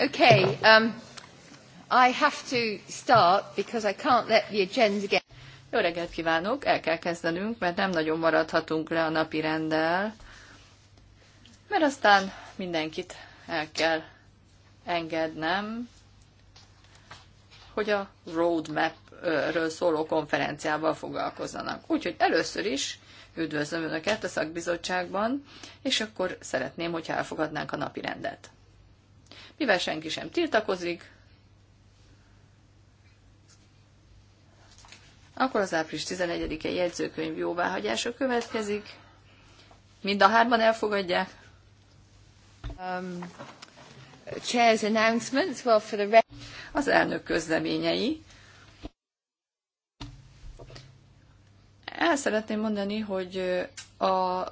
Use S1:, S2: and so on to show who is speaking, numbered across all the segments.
S1: Okay, um,
S2: I have to start because I can't let the agenda get... Jó reggelt kívánok, el kell kezdenünk, mert nem nagyon maradhatunk le a napi rendel, mert aztán mindenkit el kell engednem, hogy a roadmap-ről szóló konferenciával foglalkozzanak. Úgyhogy először is üdvözlöm Önöket a szakbizottságban, és akkor szeretném, hogyha elfogadnánk a napi rendet mivel senki sem tiltakozik, akkor az április 11-e jegyzőkönyv jóváhagyása következik. Mind a hárman elfogadják. Um, chair's announcements, well for the... Az elnök közleményei. El szeretném mondani, hogy a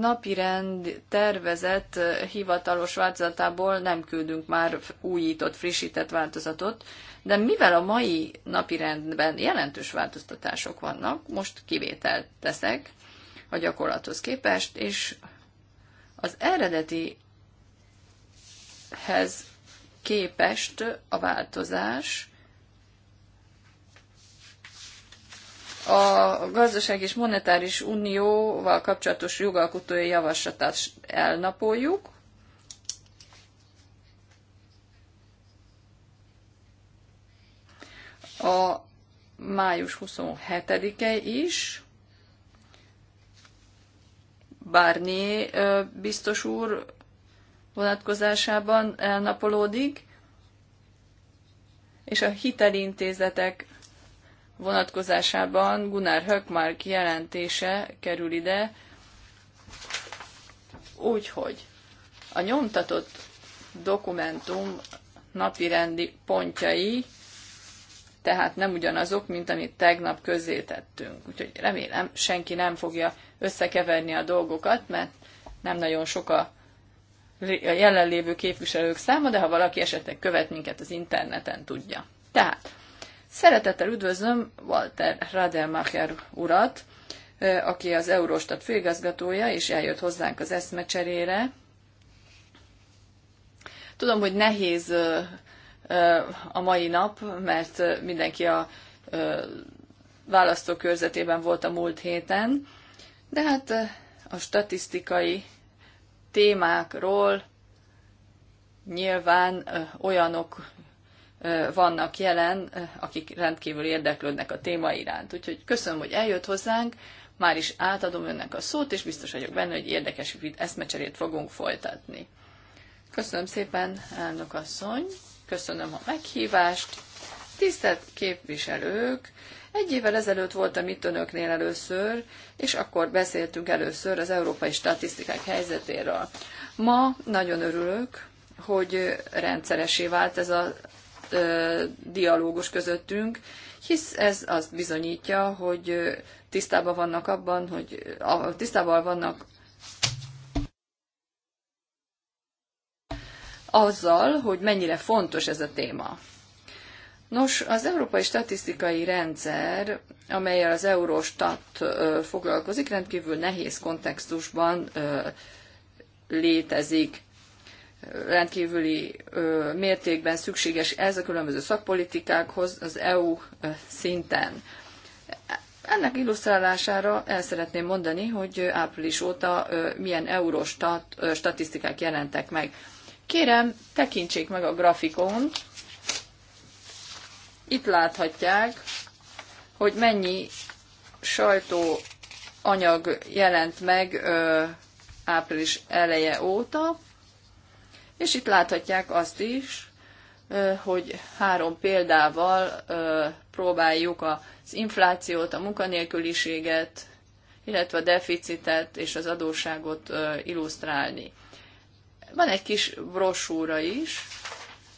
S2: napirend tervezett eh, hivatalos változatából nem küldünk már újított, frissített változatot, de mivel a mai napirendben jelentős változtatások vannak, most kivételt teszek a gyakorlathoz képest, és az eredetihez képest a változás a gazdaság és monetáris unióval kapcsolatos jogalkotói javaslatát elnapoljuk. A május 27-e is. Barnier biztos úr vonatkozásában elnapolódik, és a hitelintézetek vonatkozásában Gunnar Höckmark jelentése kerül ide, úgyhogy a nyomtatott dokumentum napirendi pontjai, tehát nem ugyanazok, mint amit tegnap közzétettünk. Úgyhogy remélem, senki nem fogja összekeverni a dolgokat, mert nem nagyon sok a jelenlévő képviselők száma, de ha valaki esetleg követ minket az interneten, tudja. Tehát Szeretettel üdvözlöm Walter Rademacher urat, aki az Euróstat főigazgatója, és eljött hozzánk az eszmecserére. Tudom, hogy nehéz a mai nap, mert mindenki a választókörzetében volt a múlt héten, de hát a statisztikai témákról nyilván olyanok vannak jelen, akik rendkívül érdeklődnek a téma iránt. Úgyhogy köszönöm, hogy eljött hozzánk, már is átadom önnek a szót, és biztos vagyok benne, hogy érdekes eszmecserét fogunk folytatni. Köszönöm szépen, elnök asszony, köszönöm a meghívást. Tisztelt képviselők, egy évvel ezelőtt voltam itt önöknél először, és akkor beszéltünk először az európai statisztikák helyzetéről. Ma nagyon örülök, hogy rendszeresé vált ez a dialógus közöttünk, hisz ez azt bizonyítja, hogy tisztában vannak abban, hogy tisztában vannak azzal, hogy mennyire fontos ez a téma. Nos, az Európai Statisztikai Rendszer, amelyel az Eurostat foglalkozik, rendkívül nehéz kontextusban létezik rendkívüli mértékben szükséges ez a különböző szakpolitikákhoz az EU szinten. Ennek illusztrálására el szeretném mondani, hogy április óta milyen stat, statisztikák jelentek meg. Kérem, tekintsék meg a grafikon. Itt láthatják, hogy mennyi sajtóanyag jelent meg április eleje óta és itt láthatják azt is, hogy három példával próbáljuk az inflációt, a munkanélküliséget, illetve a deficitet és az adósságot illusztrálni. Van egy kis brosúra is,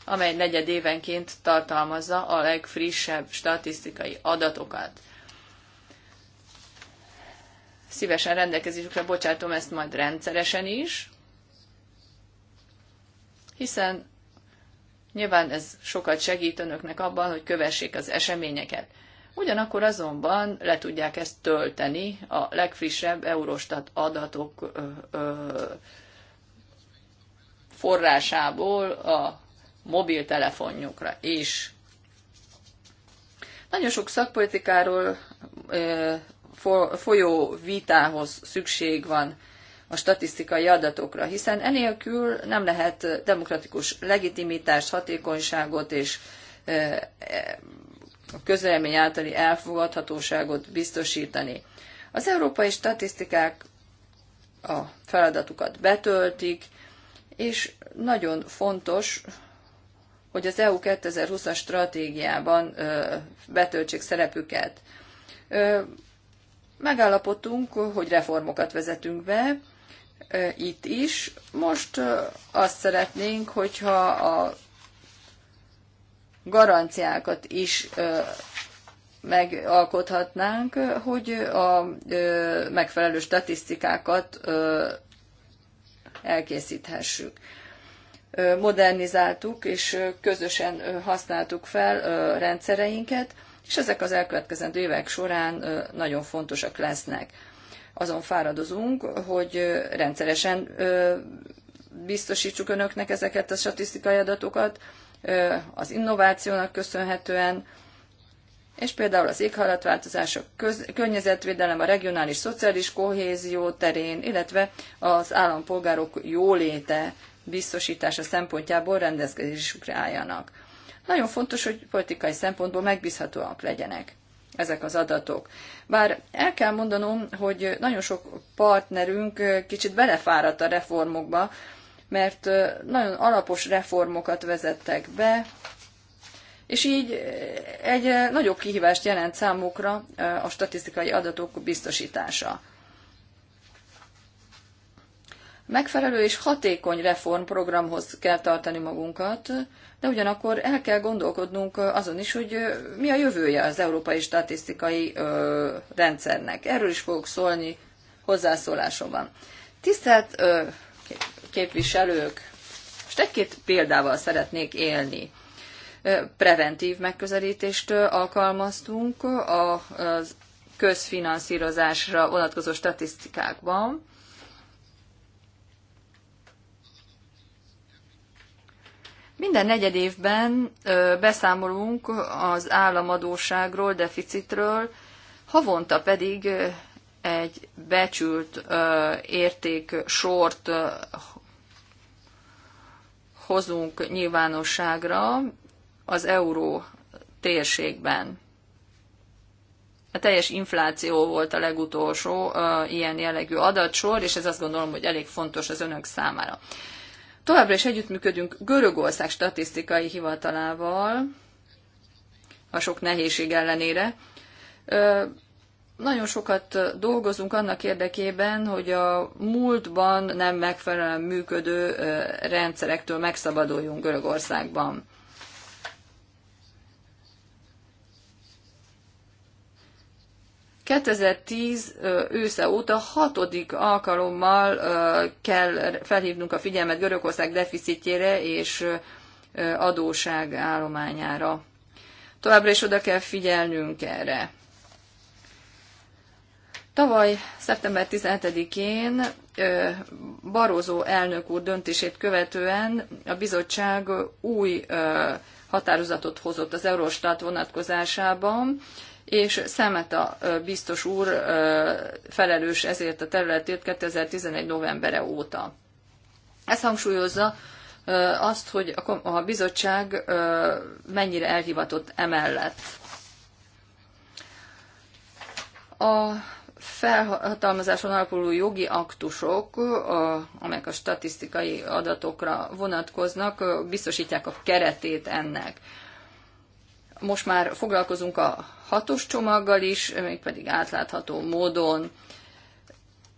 S2: amely negyed évenként tartalmazza a legfrissebb statisztikai adatokat. Szívesen rendelkezésükre bocsátom ezt majd rendszeresen is, hiszen nyilván ez sokat segít önöknek abban, hogy kövessék az eseményeket. Ugyanakkor azonban le tudják ezt tölteni a legfrissebb Eurostat adatok ö, ö, forrásából a mobiltelefonjukra is. Nagyon sok szakpolitikáról ö, folyó vitához szükség van a statisztikai adatokra, hiszen enélkül nem lehet demokratikus legitimitást, hatékonyságot és a e, e, közvélemény általi elfogadhatóságot biztosítani. Az európai statisztikák a feladatukat betöltik, és nagyon fontos, hogy az EU 2020-as stratégiában e, betöltsék szerepüket. Megállapodtunk, hogy reformokat vezetünk be, itt is. Most azt szeretnénk, hogyha a garanciákat is megalkothatnánk, hogy a megfelelő statisztikákat elkészíthessük. Modernizáltuk és közösen használtuk fel rendszereinket, és ezek az elkövetkezendő évek során nagyon fontosak lesznek azon fáradozunk, hogy rendszeresen biztosítsuk önöknek ezeket a statisztikai adatokat, az innovációnak köszönhetően, és például az éghajlatváltozások, a környezetvédelem, a regionális szociális kohézió terén, illetve az állampolgárok jóléte biztosítása szempontjából rendezkezésükre álljanak. Nagyon fontos, hogy politikai szempontból megbízhatóak legyenek ezek az adatok. Bár el kell mondanom, hogy nagyon sok partnerünk kicsit belefáradt a reformokba, mert nagyon alapos reformokat vezettek be, és így egy nagyobb kihívást jelent számukra a statisztikai adatok biztosítása megfelelő és hatékony reformprogramhoz kell tartani magunkat, de ugyanakkor el kell gondolkodnunk azon is, hogy mi a jövője az európai statisztikai rendszernek. Erről is fogok szólni hozzászólásomban. Tisztelt képviselők, most egy-két példával szeretnék élni. Preventív megközelítést alkalmaztunk a közfinanszírozásra vonatkozó statisztikákban, Minden negyed évben beszámolunk az államadóságról, deficitről, havonta pedig egy becsült érték sort hozunk nyilvánosságra az euró térségben. A teljes infláció volt a legutolsó ilyen jellegű adatsor, és ez azt gondolom, hogy elég fontos az önök számára. Továbbra is együttműködünk Görögország statisztikai hivatalával, a sok nehézség ellenére. Nagyon sokat dolgozunk annak érdekében, hogy a múltban nem megfelelően működő rendszerektől megszabaduljunk Görögországban. 2010 ősze óta hatodik alkalommal kell felhívnunk a figyelmet Görögország deficitjére és adóság állományára. Továbbra is oda kell figyelnünk erre. Tavaly szeptember 17-én Barózó elnök úr döntését követően a bizottság új határozatot hozott az Eurostat vonatkozásában, és a biztos úr felelős ezért a területért 2011. novembere óta. Ez hangsúlyozza azt, hogy a bizottság mennyire elhivatott emellett. A felhatalmazáson alapuló jogi aktusok, amelyek a statisztikai adatokra vonatkoznak, biztosítják a keretét ennek most már foglalkozunk a hatos csomaggal is, mégpedig átlátható módon.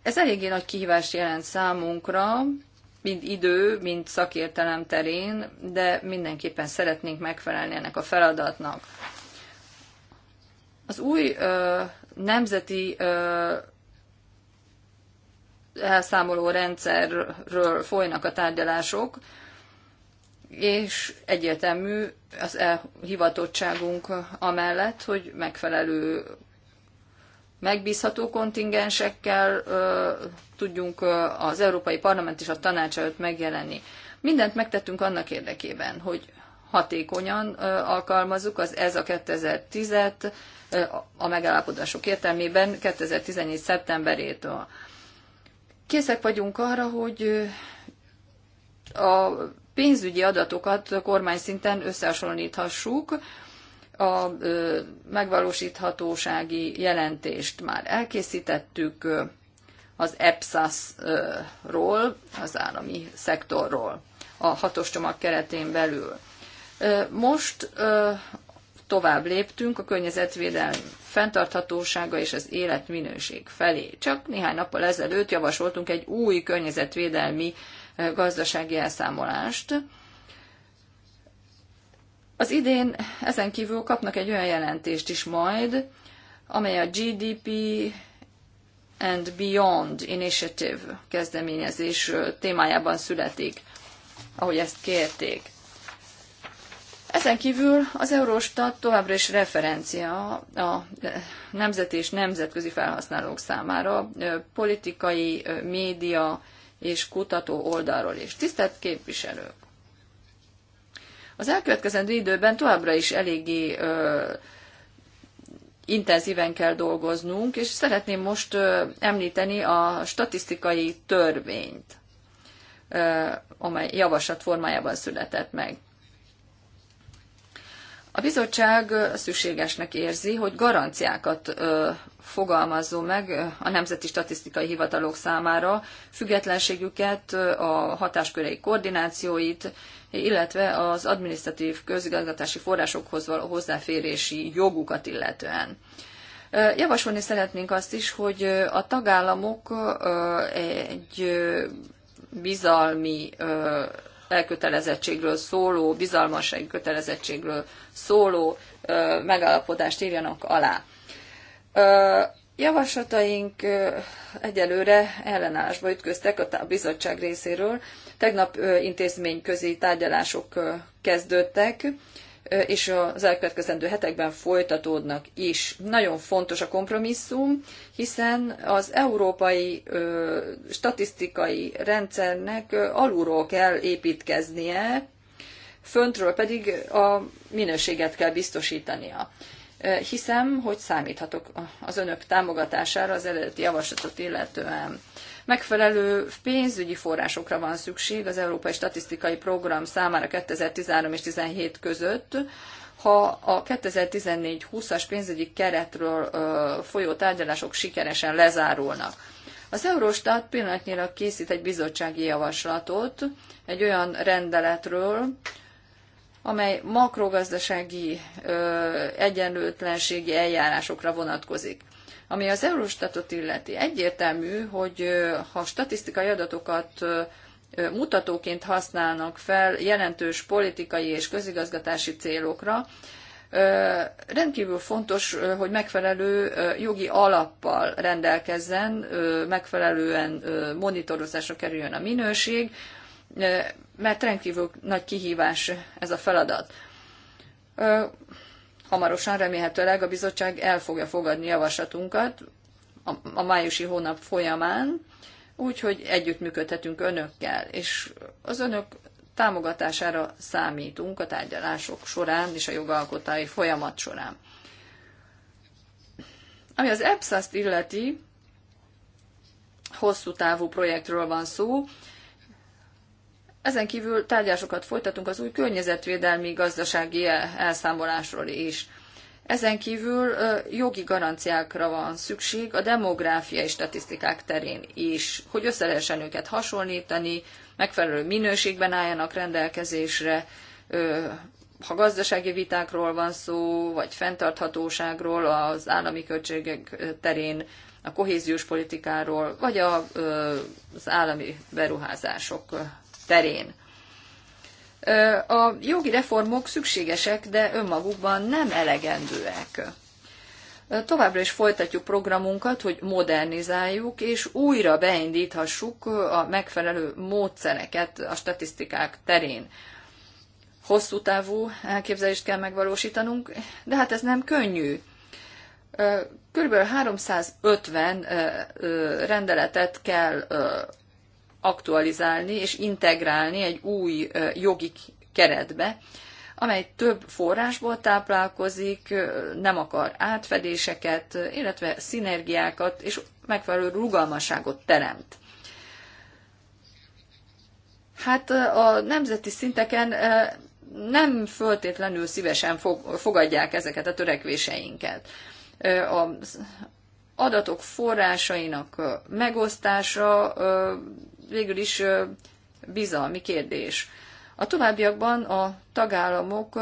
S2: Ez eléggé nagy kihívást jelent számunkra, mind idő, mind szakértelem terén, de mindenképpen szeretnénk megfelelni ennek a feladatnak. Az új ö, nemzeti ö, elszámoló rendszerről folynak a tárgyalások, és egyértelmű az elhivatottságunk amellett, hogy megfelelő megbízható kontingensekkel ö, tudjunk ö, az Európai Parlament és a tanács előtt megjelenni. Mindent megtettünk annak érdekében, hogy hatékonyan ö, alkalmazzuk az ez a 2010-et ö, a megállapodások értelmében 2014. szeptemberétől. Készek vagyunk arra, hogy a pénzügyi adatokat kormány szinten összehasonlíthassuk, a megvalósíthatósági jelentést már elkészítettük az EPSAS-ról, az állami szektorról a hatos csomag keretén belül. Most tovább léptünk a környezetvédelmi fenntarthatósága és az életminőség felé. Csak néhány nappal ezelőtt javasoltunk egy új környezetvédelmi gazdasági elszámolást. Az idén ezen kívül kapnak egy olyan jelentést is majd, amely a GDP and Beyond Initiative kezdeményezés témájában születik, ahogy ezt kérték. Ezen kívül az Eurostat továbbra is referencia a nemzeti és nemzetközi felhasználók számára, politikai, média, és kutató oldalról is. Tisztelt képviselők! Az elkövetkezendő időben továbbra is eléggé ö, intenzíven kell dolgoznunk, és szeretném most ö, említeni a statisztikai törvényt, ö, amely javaslat formájában született meg. A bizottság szükségesnek érzi, hogy garanciákat ö, fogalmazzon meg a nemzeti statisztikai hivatalok számára függetlenségüket, a hatásköreik koordinációit, illetve az adminisztratív közigazgatási forrásokhoz való hozzáférési jogukat illetően. Javasolni szeretnénk azt is, hogy a tagállamok egy bizalmi elkötelezettségről szóló, bizalmassági kötelezettségről szóló megállapodást írjanak alá. Javaslataink egyelőre ellenállásba ütköztek a bizottság részéről. Tegnap intézményközi tárgyalások kezdődtek, és az elkövetkezendő hetekben folytatódnak is. Nagyon fontos a kompromisszum, hiszen az európai statisztikai rendszernek alulról kell építkeznie, föntről pedig a minőséget kell biztosítania hiszem, hogy számíthatok az önök támogatására az eredeti javaslatot illetően. Megfelelő pénzügyi forrásokra van szükség az Európai Statisztikai Program számára 2013 és 2017 között, ha a 2014-20-as pénzügyi keretről folyó tárgyalások sikeresen lezárulnak. Az Eurostat pillanatnyilag készít egy bizottsági javaslatot egy olyan rendeletről, amely makrogazdasági egyenlőtlenségi eljárásokra vonatkozik. Ami az Eurostatot illeti, egyértelmű, hogy ha statisztikai adatokat mutatóként használnak fel jelentős politikai és közigazgatási célokra, rendkívül fontos, hogy megfelelő jogi alappal rendelkezzen, megfelelően monitorozásra kerüljön a minőség, mert rendkívül nagy kihívás ez a feladat. Hamarosan remélhetőleg a bizottság el fogja fogadni javaslatunkat a májusi hónap folyamán, úgyhogy együttműködhetünk önökkel, és az önök támogatására számítunk a tárgyalások során és a jogalkotási folyamat során. Ami az EPSZ-t illeti, hosszú távú projektről van szó, ezen kívül tárgyásokat folytatunk az új környezetvédelmi gazdasági elszámolásról is. Ezen kívül jogi garanciákra van szükség a demográfiai statisztikák terén is, hogy össze lehessen őket hasonlítani, megfelelő minőségben álljanak rendelkezésre, ha gazdasági vitákról van szó, vagy fenntarthatóságról az állami költségek terén, a kohéziós politikáról, vagy az állami beruházások terén. A jogi reformok szükségesek, de önmagukban nem elegendőek. Továbbra is folytatjuk programunkat, hogy modernizáljuk és újra beindíthassuk a megfelelő módszereket a statisztikák terén. Hosszú távú elképzelést kell megvalósítanunk, de hát ez nem könnyű. Körülbelül 350 rendeletet kell aktualizálni és integrálni egy új jogi keretbe, amely több forrásból táplálkozik, nem akar átfedéseket, illetve szinergiákat és megfelelő rugalmasságot teremt. Hát a nemzeti szinteken nem föltétlenül szívesen fogadják ezeket a törekvéseinket. Az adatok forrásainak megosztása végül is bizalmi kérdés. A továbbiakban a tagállamok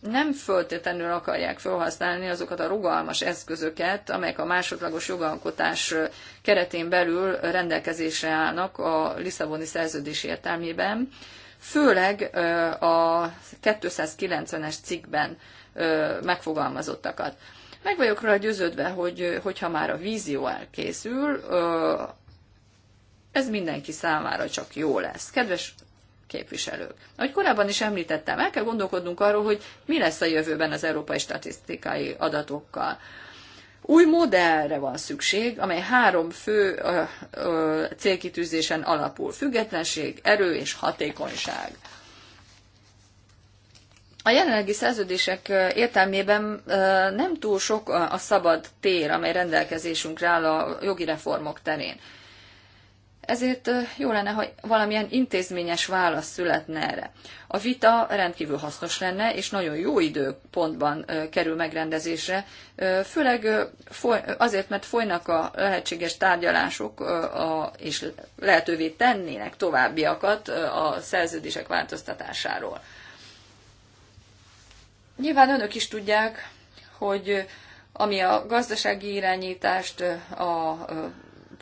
S2: nem föltétlenül akarják felhasználni azokat a rugalmas eszközöket, amelyek a másodlagos jogalkotás keretén belül rendelkezésre állnak a Lisszaboni szerződés értelmében, főleg a 290-es cikkben megfogalmazottakat. Meg vagyok rá győződve, hogy hogyha már a vízió elkészül, ez mindenki számára csak jó lesz. Kedves képviselők. Ahogy korábban is említettem, el kell gondolkodnunk arról, hogy mi lesz a jövőben az európai statisztikai adatokkal. Új modellre van szükség, amely három fő ö, ö, célkitűzésen alapul. Függetlenség, erő és hatékonyság. A jelenlegi szerződések értelmében nem túl sok a szabad tér, amely rendelkezésünkre áll a jogi reformok terén. Ezért jó lenne, hogy valamilyen intézményes válasz születne erre. A vita rendkívül hasznos lenne, és nagyon jó időpontban kerül megrendezésre, főleg azért, mert folynak a lehetséges tárgyalások, és lehetővé tennének továbbiakat a szerződések változtatásáról. Nyilván önök is tudják, hogy ami a gazdasági irányítást, a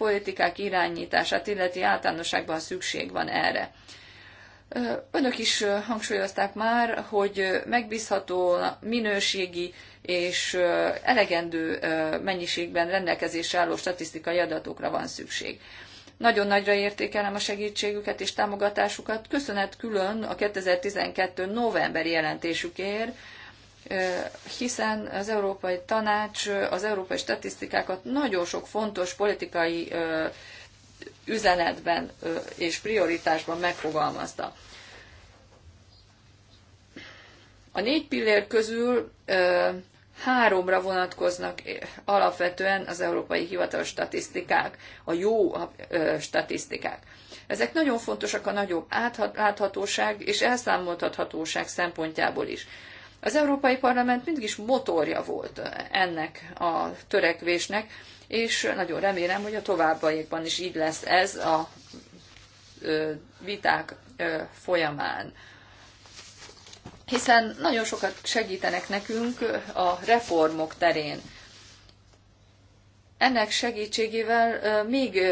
S2: politikák irányítását illeti általánosságban szükség van erre. Önök is hangsúlyozták már, hogy megbízható, minőségi és elegendő mennyiségben rendelkezésre álló statisztikai adatokra van szükség. Nagyon nagyra értékelem a segítségüket és támogatásukat. Köszönet külön a 2012. novemberi jelentésükért, hiszen az Európai Tanács az európai statisztikákat nagyon sok fontos politikai üzenetben és prioritásban megfogalmazta. A négy pillér közül háromra vonatkoznak alapvetően az európai hivatalos statisztikák, a jó statisztikák. Ezek nagyon fontosak a nagyobb áthatóság és elszámoltathatóság szempontjából is. Az Európai Parlament mindig is motorja volt ennek a törekvésnek, és nagyon remélem, hogy a továbbiakban is így lesz ez a viták folyamán. Hiszen nagyon sokat segítenek nekünk a reformok terén. Ennek segítségével még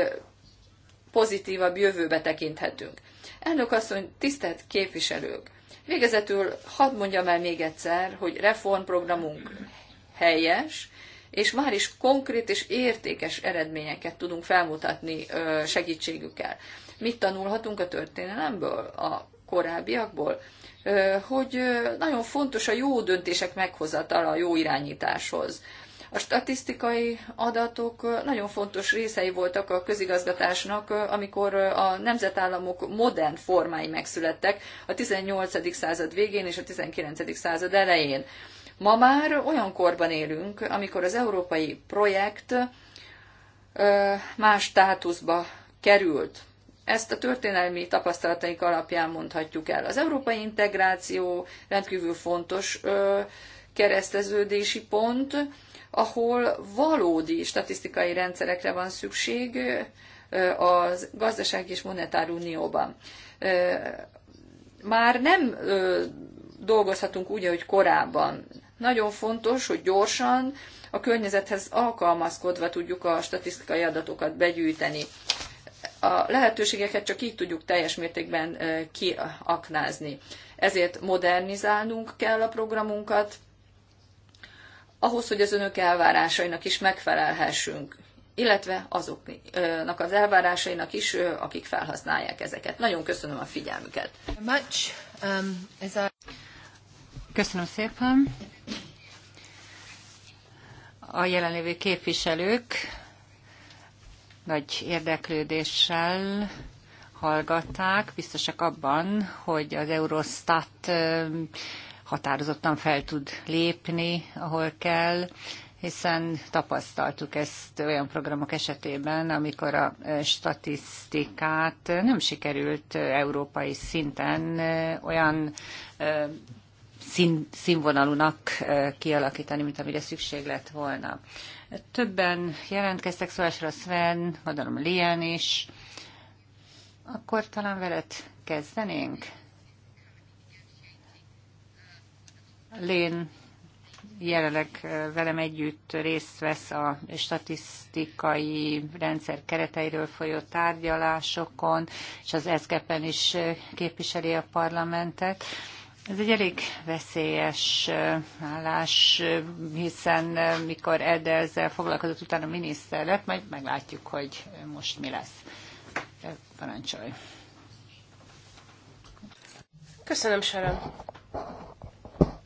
S2: pozitívabb jövőbe tekinthetünk. Elnök asszony, tisztelt képviselők! Végezetül hadd mondjam el még egyszer, hogy reformprogramunk helyes, és már is konkrét és értékes eredményeket tudunk felmutatni segítségükkel. Mit tanulhatunk a történelemből, a korábbiakból? Hogy nagyon fontos a jó döntések meghozatala a jó irányításhoz a statisztikai adatok nagyon fontos részei voltak a közigazgatásnak, amikor a nemzetállamok modern formái megszülettek a 18. század végén és a 19. század elején. Ma már olyan korban élünk, amikor az európai projekt más státuszba került. Ezt a történelmi tapasztalataink alapján mondhatjuk el. Az európai integráció rendkívül fontos kereszteződési pont, ahol valódi statisztikai rendszerekre van szükség a gazdaság és monetár unióban. Már nem dolgozhatunk úgy, ahogy korábban. Nagyon fontos, hogy gyorsan, a környezethez alkalmazkodva tudjuk a statisztikai adatokat begyűjteni. A lehetőségeket csak így tudjuk teljes mértékben kiaknázni. Ezért modernizálnunk kell a programunkat, ahhoz, hogy az önök elvárásainak is megfelelhessünk, illetve azoknak az elvárásainak is, akik felhasználják ezeket. Nagyon köszönöm a figyelmüket.
S1: Um, köszönöm szépen. A jelenlévő képviselők nagy érdeklődéssel hallgatták, biztosak abban, hogy az Eurostat határozottan fel tud lépni, ahol kell, hiszen tapasztaltuk ezt olyan programok esetében, amikor a e, statisztikát nem sikerült e, európai szinten e, olyan szín, színvonalúnak kialakítani, mint amire szükség lett volna. Többen jelentkeztek, szólásra Sven, gondolom Lien is. Akkor talán veled kezdenénk? Lén jelenleg eh, velem együtt részt vesz a statisztikai rendszer kereteiről folyó tárgyalásokon, és az ESGEP-en is eh, képviseli a parlamentet. Ez egy elég veszélyes eh, állás, hiszen mikor edd ezzel foglalkozott, utána miniszter lett, majd meglátjuk, hogy most mi lesz.
S3: Parancsolj! Köszönöm, Sharon!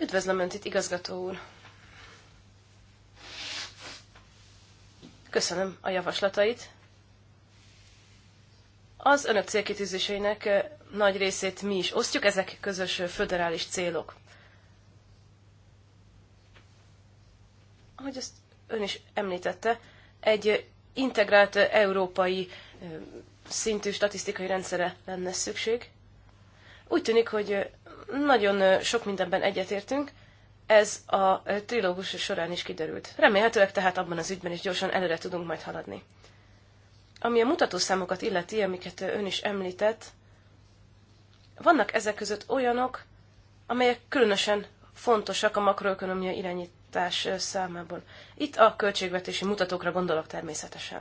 S3: Üdvözlöm Önt itt, igazgató úr! Köszönöm a javaslatait. Az Önök célkitűzéseinek eh, nagy részét mi is osztjuk, ezek közös eh, föderális célok. Ahogy ezt Ön is említette, egy eh, integrált európai szintű statisztikai rendszere lenne szükség. Úgy tűnik, hogy nagyon sok mindenben egyetértünk, ez a trilógus során is kiderült. Remélhetőleg tehát abban az ügyben is gyorsan előre tudunk majd haladni. Ami a mutatószámokat illeti, amiket ön is említett, vannak ezek között olyanok, amelyek különösen fontosak a makroökonomia irányítás számából. Itt a költségvetési mutatókra gondolok természetesen.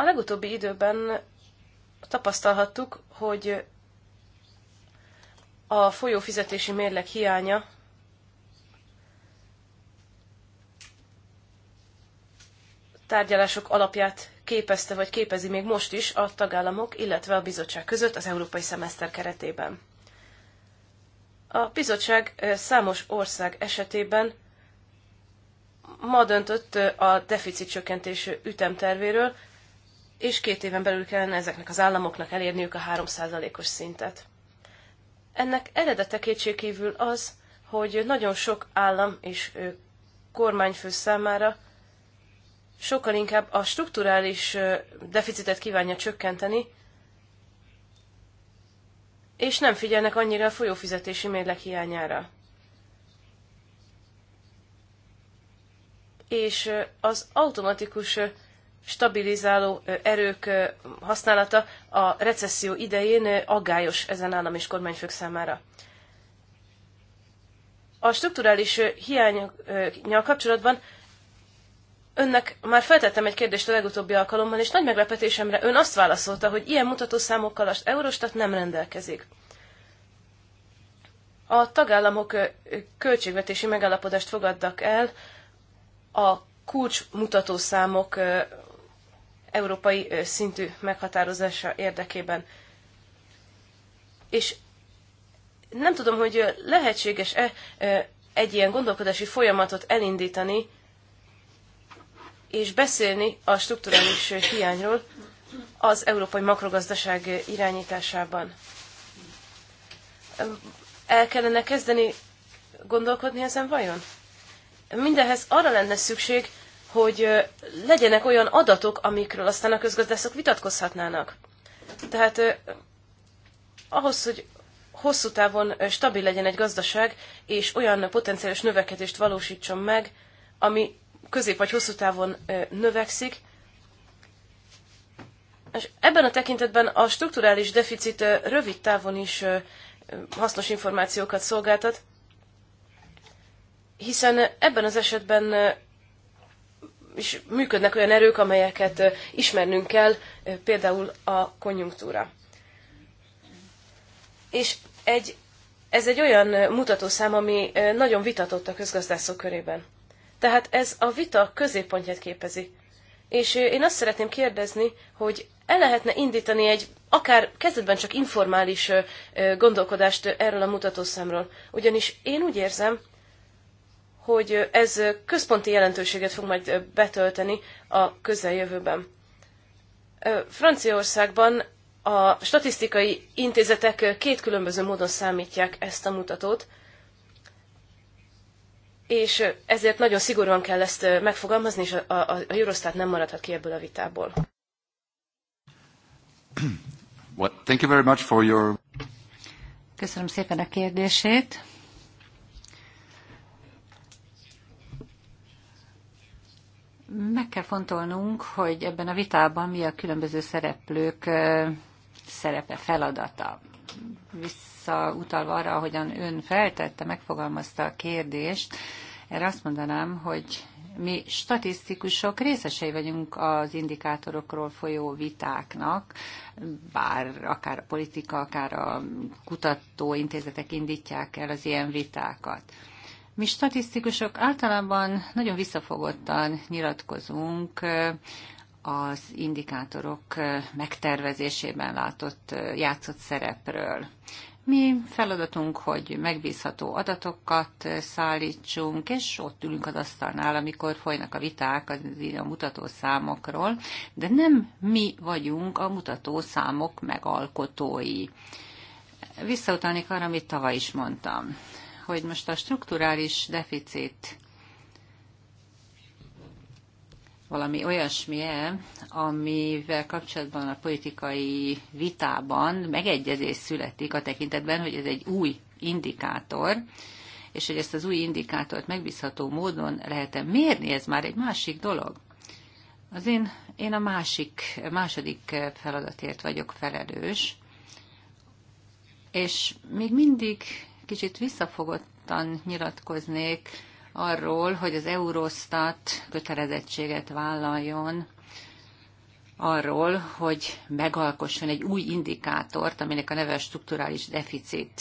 S3: A legutóbbi időben tapasztalhattuk, hogy a folyó fizetési mérleg hiánya tárgyalások alapját képezte vagy képezi még most is a tagállamok, illetve a bizottság között az európai szemeszter keretében. A bizottság eh, számos ország esetében ma döntött eh, a deficit csökkentés ütemtervéről, és két éven belül kellene ezeknek az államoknak elérniük a 3%-os szintet. Ennek eredete kétségkívül az, hogy nagyon sok állam és kormányfő számára sokkal inkább a strukturális deficitet kívánja csökkenteni, és nem figyelnek annyira a folyófizetési mérlek hiányára. És az automatikus stabilizáló erők használata a recesszió idején aggályos ezen állam és kormányfők számára. A strukturális hiányjal kapcsolatban önnek már feltettem egy kérdést a legutóbbi alkalommal, és nagy meglepetésemre ön azt válaszolta, hogy ilyen mutatószámokkal az Eurostat nem rendelkezik. A tagállamok költségvetési megállapodást fogadtak el a kulcs mutatószámok európai szintű meghatározása érdekében. És nem tudom, hogy lehetséges-e egy ilyen gondolkodási folyamatot elindítani, és beszélni a strukturális hiányról az európai makrogazdaság irányításában. El kellene kezdeni gondolkodni ezen vajon? Mindenhez arra lenne szükség, hogy legyenek olyan adatok, amikről aztán a közgazdászok vitatkozhatnának. Tehát ahhoz, hogy hosszú távon stabil legyen egy gazdaság, és olyan potenciális növekedést valósítson meg, ami közép vagy hosszú távon növekszik, és ebben a tekintetben a strukturális deficit rövid távon is hasznos információkat szolgáltat, hiszen ebben az esetben és működnek olyan erők, amelyeket ismernünk kell, például a konjunktúra. És egy, ez egy olyan mutatószám, ami nagyon vitatott a közgazdászok körében. Tehát ez a vita középpontját képezi. És én azt szeretném kérdezni, hogy el lehetne indítani egy akár kezdetben csak informális gondolkodást erről a mutatószámról. Ugyanis én úgy érzem, hogy ez központi jelentőséget fog majd betölteni a közeljövőben. Franciaországban a statisztikai intézetek két különböző módon számítják ezt a mutatót, és ezért nagyon szigorúan kell ezt megfogalmazni, és a, a, a Eurostat nem maradhat ki ebből a vitából.
S2: Well, thank you very much for your...
S1: Köszönöm szépen a kérdését. Meg kell fontolnunk, hogy ebben a vitában mi a különböző szereplők szerepe, feladata. Visszautalva arra, ahogyan ön feltette, megfogalmazta a kérdést, erre azt mondanám, hogy mi statisztikusok részesei vagyunk az indikátorokról folyó vitáknak, bár akár a politika, akár a kutatóintézetek indítják el az ilyen vitákat. Mi statisztikusok általában nagyon visszafogottan nyilatkozunk az indikátorok megtervezésében látott, játszott szerepről. Mi feladatunk, hogy megbízható adatokat szállítsunk, és ott ülünk az asztalnál, amikor folynak a viták az, a mutatószámokról, de nem mi vagyunk a mutatószámok megalkotói. Visszautalnék arra, amit tavaly is mondtam hogy most a strukturális deficit valami olyasmi -e, amivel kapcsolatban a politikai vitában megegyezés születik a tekintetben, hogy ez egy új indikátor, és hogy ezt az új indikátort megbízható módon lehet -e mérni, ez már egy másik dolog. Az én, én a másik, második feladatért vagyok felelős, és még mindig kicsit visszafogottan nyilatkoznék arról, hogy az Eurostat kötelezettséget vállaljon arról, hogy megalkosson egy új indikátort, aminek a neve a strukturális deficit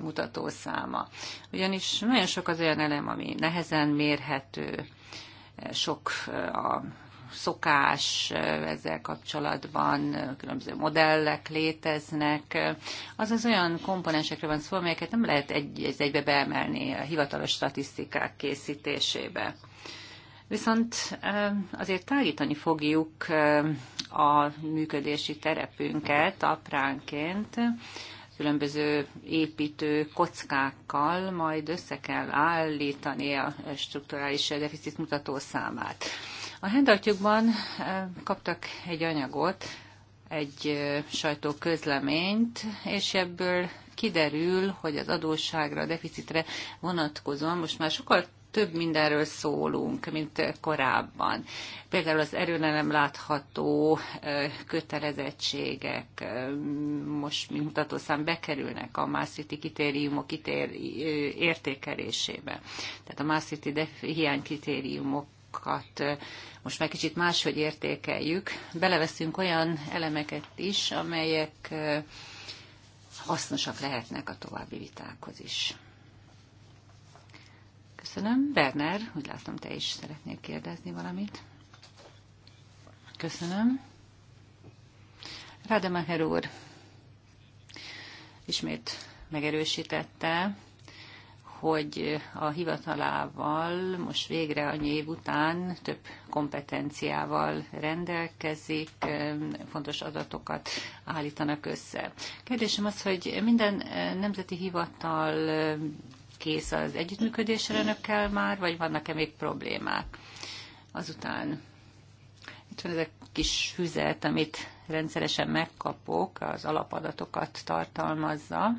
S1: mutatószáma. Ugyanis nagyon sok az olyan elem, ami nehezen mérhető, sok a szokás ezzel kapcsolatban, különböző modellek léteznek. Azaz olyan komponensekre van szó, amelyeket nem lehet egy, egy egybe beemelni a hivatalos statisztikák készítésébe. Viszont azért tágítani fogjuk a működési terepünket apránként, különböző építő kockákkal majd össze kell állítani a strukturális deficit mutató számát. A hendartyúkban kaptak egy anyagot, egy sajtóközleményt, és ebből kiderül, hogy az adósságra, a deficitre vonatkozóan most már sokkal több mindenről szólunk, mint korábban. Például az erőne nem látható kötelezettségek, most mint szám bekerülnek a Maastrichti kitériumok értékelésébe. Tehát a Maastrichti def, hiánykitériumok dolgokat most már kicsit máshogy értékeljük. Beleveszünk olyan elemeket is, amelyek hasznosak lehetnek a további vitákhoz is. Köszönöm. Berner, úgy látom, te is szeretnél kérdezni valamit. Köszönöm. Rademacher úr ismét megerősítette, hogy a hivatalával most végre annyi év után több kompetenciával rendelkezik, fontos adatokat állítanak össze. Kérdésem az, hogy minden eh, nemzeti hivatal eh, kész az együttműködésre önökkel már, vagy vannak-e még problémák? Azután itt van ez a kis füzet, amit rendszeresen megkapok, az alapadatokat tartalmazza.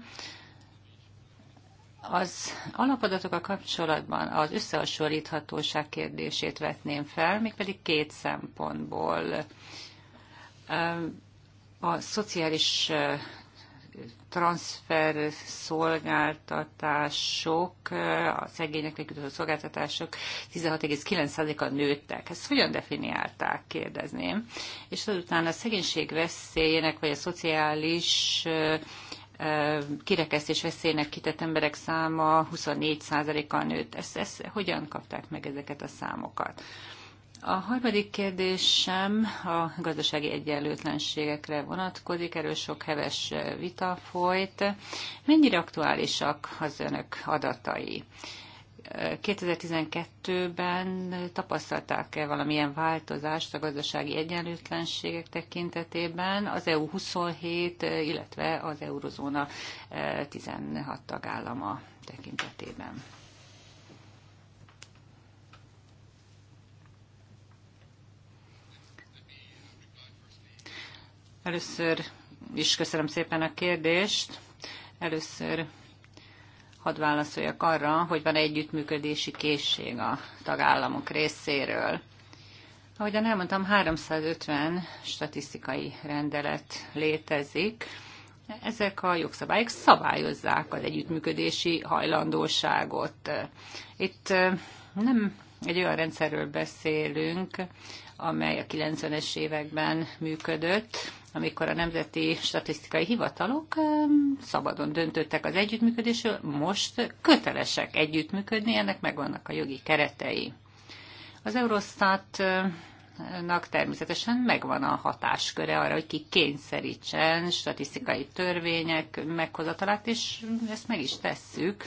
S1: Az alapadatok a kapcsolatban az összehasonlíthatóság kérdését vetném fel, mégpedig két szempontból. A szociális transfer szolgáltatások, a szegényeknek jutott szolgáltatások 16,9%-a nőttek. Ezt hogyan definiálták, kérdezném. És azután a szegénység veszélyének, vagy a szociális kirekesztés veszélynek kitett emberek száma 24%-kal nőtt. Ezt, ezt hogyan kapták meg ezeket a számokat? A harmadik kérdésem a gazdasági egyenlőtlenségekre vonatkozik, erről sok heves vita folyt. Mennyire aktuálisak az önök adatai? 2012-ben tapasztalták-e valamilyen változást a gazdasági egyenlőtlenségek tekintetében az EU 27, illetve az eurozóna 16 e, tagállama tekintetében? Először is köszönöm szépen a kérdést. Először hadd válaszoljak arra, hogy van együttműködési készség a tagállamok részéről. Ahogyan elmondtam, 350 statisztikai rendelet létezik. Ezek a jogszabályok szabályozzák az együttműködési hajlandóságot. Itt nem egy olyan rendszerről beszélünk, amely a 90-es években működött, amikor a Nemzeti Statisztikai Hivatalok szabadon döntöttek az együttműködésről, most kötelesek együttműködni, ennek megvannak a jogi keretei. Az Eurostat természetesen megvan a hatásköre arra, hogy ki kényszerítsen statisztikai törvények meghozatalát, és ezt meg is tesszük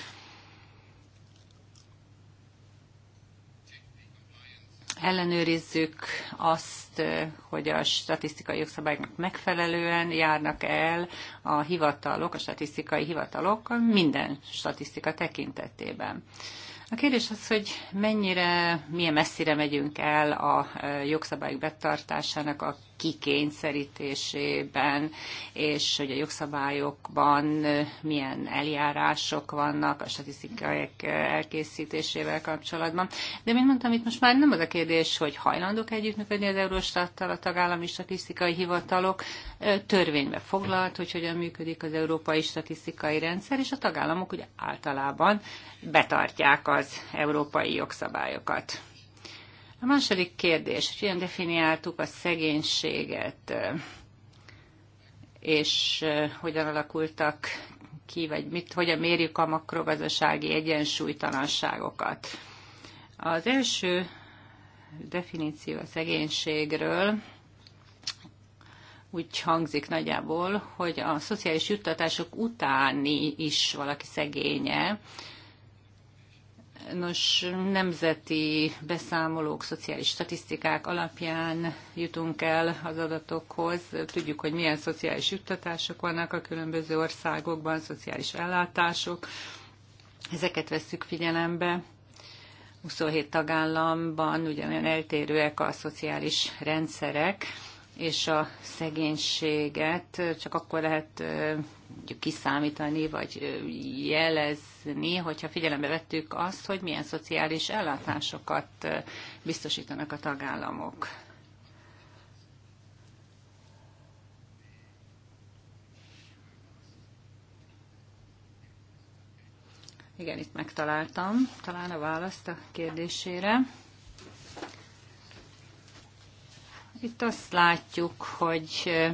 S1: ellenőrizzük azt, hogy a statisztikai jogszabályoknak megfelelően járnak el a hivatalok, a statisztikai hivatalok minden statisztika tekintetében. A kérdés az, hogy mennyire, milyen messzire megyünk el a jogszabályok betartásának a kikényszerítésében, és hogy a jogszabályokban milyen eljárások vannak a statisztikák elkészítésével kapcsolatban. De mint mondtam, itt most már nem az a kérdés, hogy hajlandók együttműködni az Eurostattal a tagállami statisztikai hivatalok, törvénybe foglalt, hogy hogyan működik az európai statisztikai rendszer, és a tagállamok ugye általában betartják az európai jogszabályokat. A második kérdés, hogyan definiáltuk a szegénységet, és hogyan alakultak ki, vagy mit, hogyan mérjük a makrogazdasági egyensúlytalanságokat. Az első definíció a szegénységről úgy hangzik nagyjából, hogy a szociális juttatások utáni is valaki szegénye, Nos, nemzeti beszámolók, szociális statisztikák alapján jutunk el az adatokhoz. Tudjuk, hogy milyen szociális juttatások vannak a különböző országokban, szociális ellátások. Ezeket vesszük figyelembe. 27 tagállamban ugyanilyen eltérőek a szociális rendszerek, és a szegénységet csak akkor lehet mondjuk kiszámítani, vagy jelezni, hogyha figyelembe vettük azt, hogy milyen szociális ellátásokat biztosítanak a tagállamok. Igen, itt megtaláltam talán a választ a kérdésére. Itt azt látjuk, hogy eh,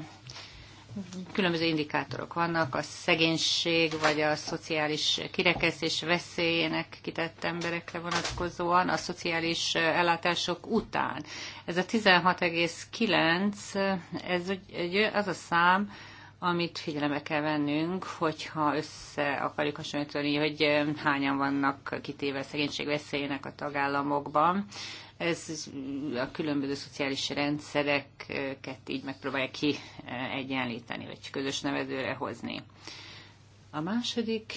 S1: különböző indikátorok vannak, a szegénység vagy a szociális kirekesztés veszélyének kitett emberekre vonatkozóan, a szociális eh, ellátások után. Ez a 16,9, eh, ez az a szám, amit figyelembe kell vennünk, hogyha össze akarjuk hasonlítani, hogy hányan vannak kitéve a szegénység veszélyének a tagállamokban. Ez a különböző szociális rendszereket így megpróbálja ki egyenlíteni, vagy közös nevezőre hozni. A második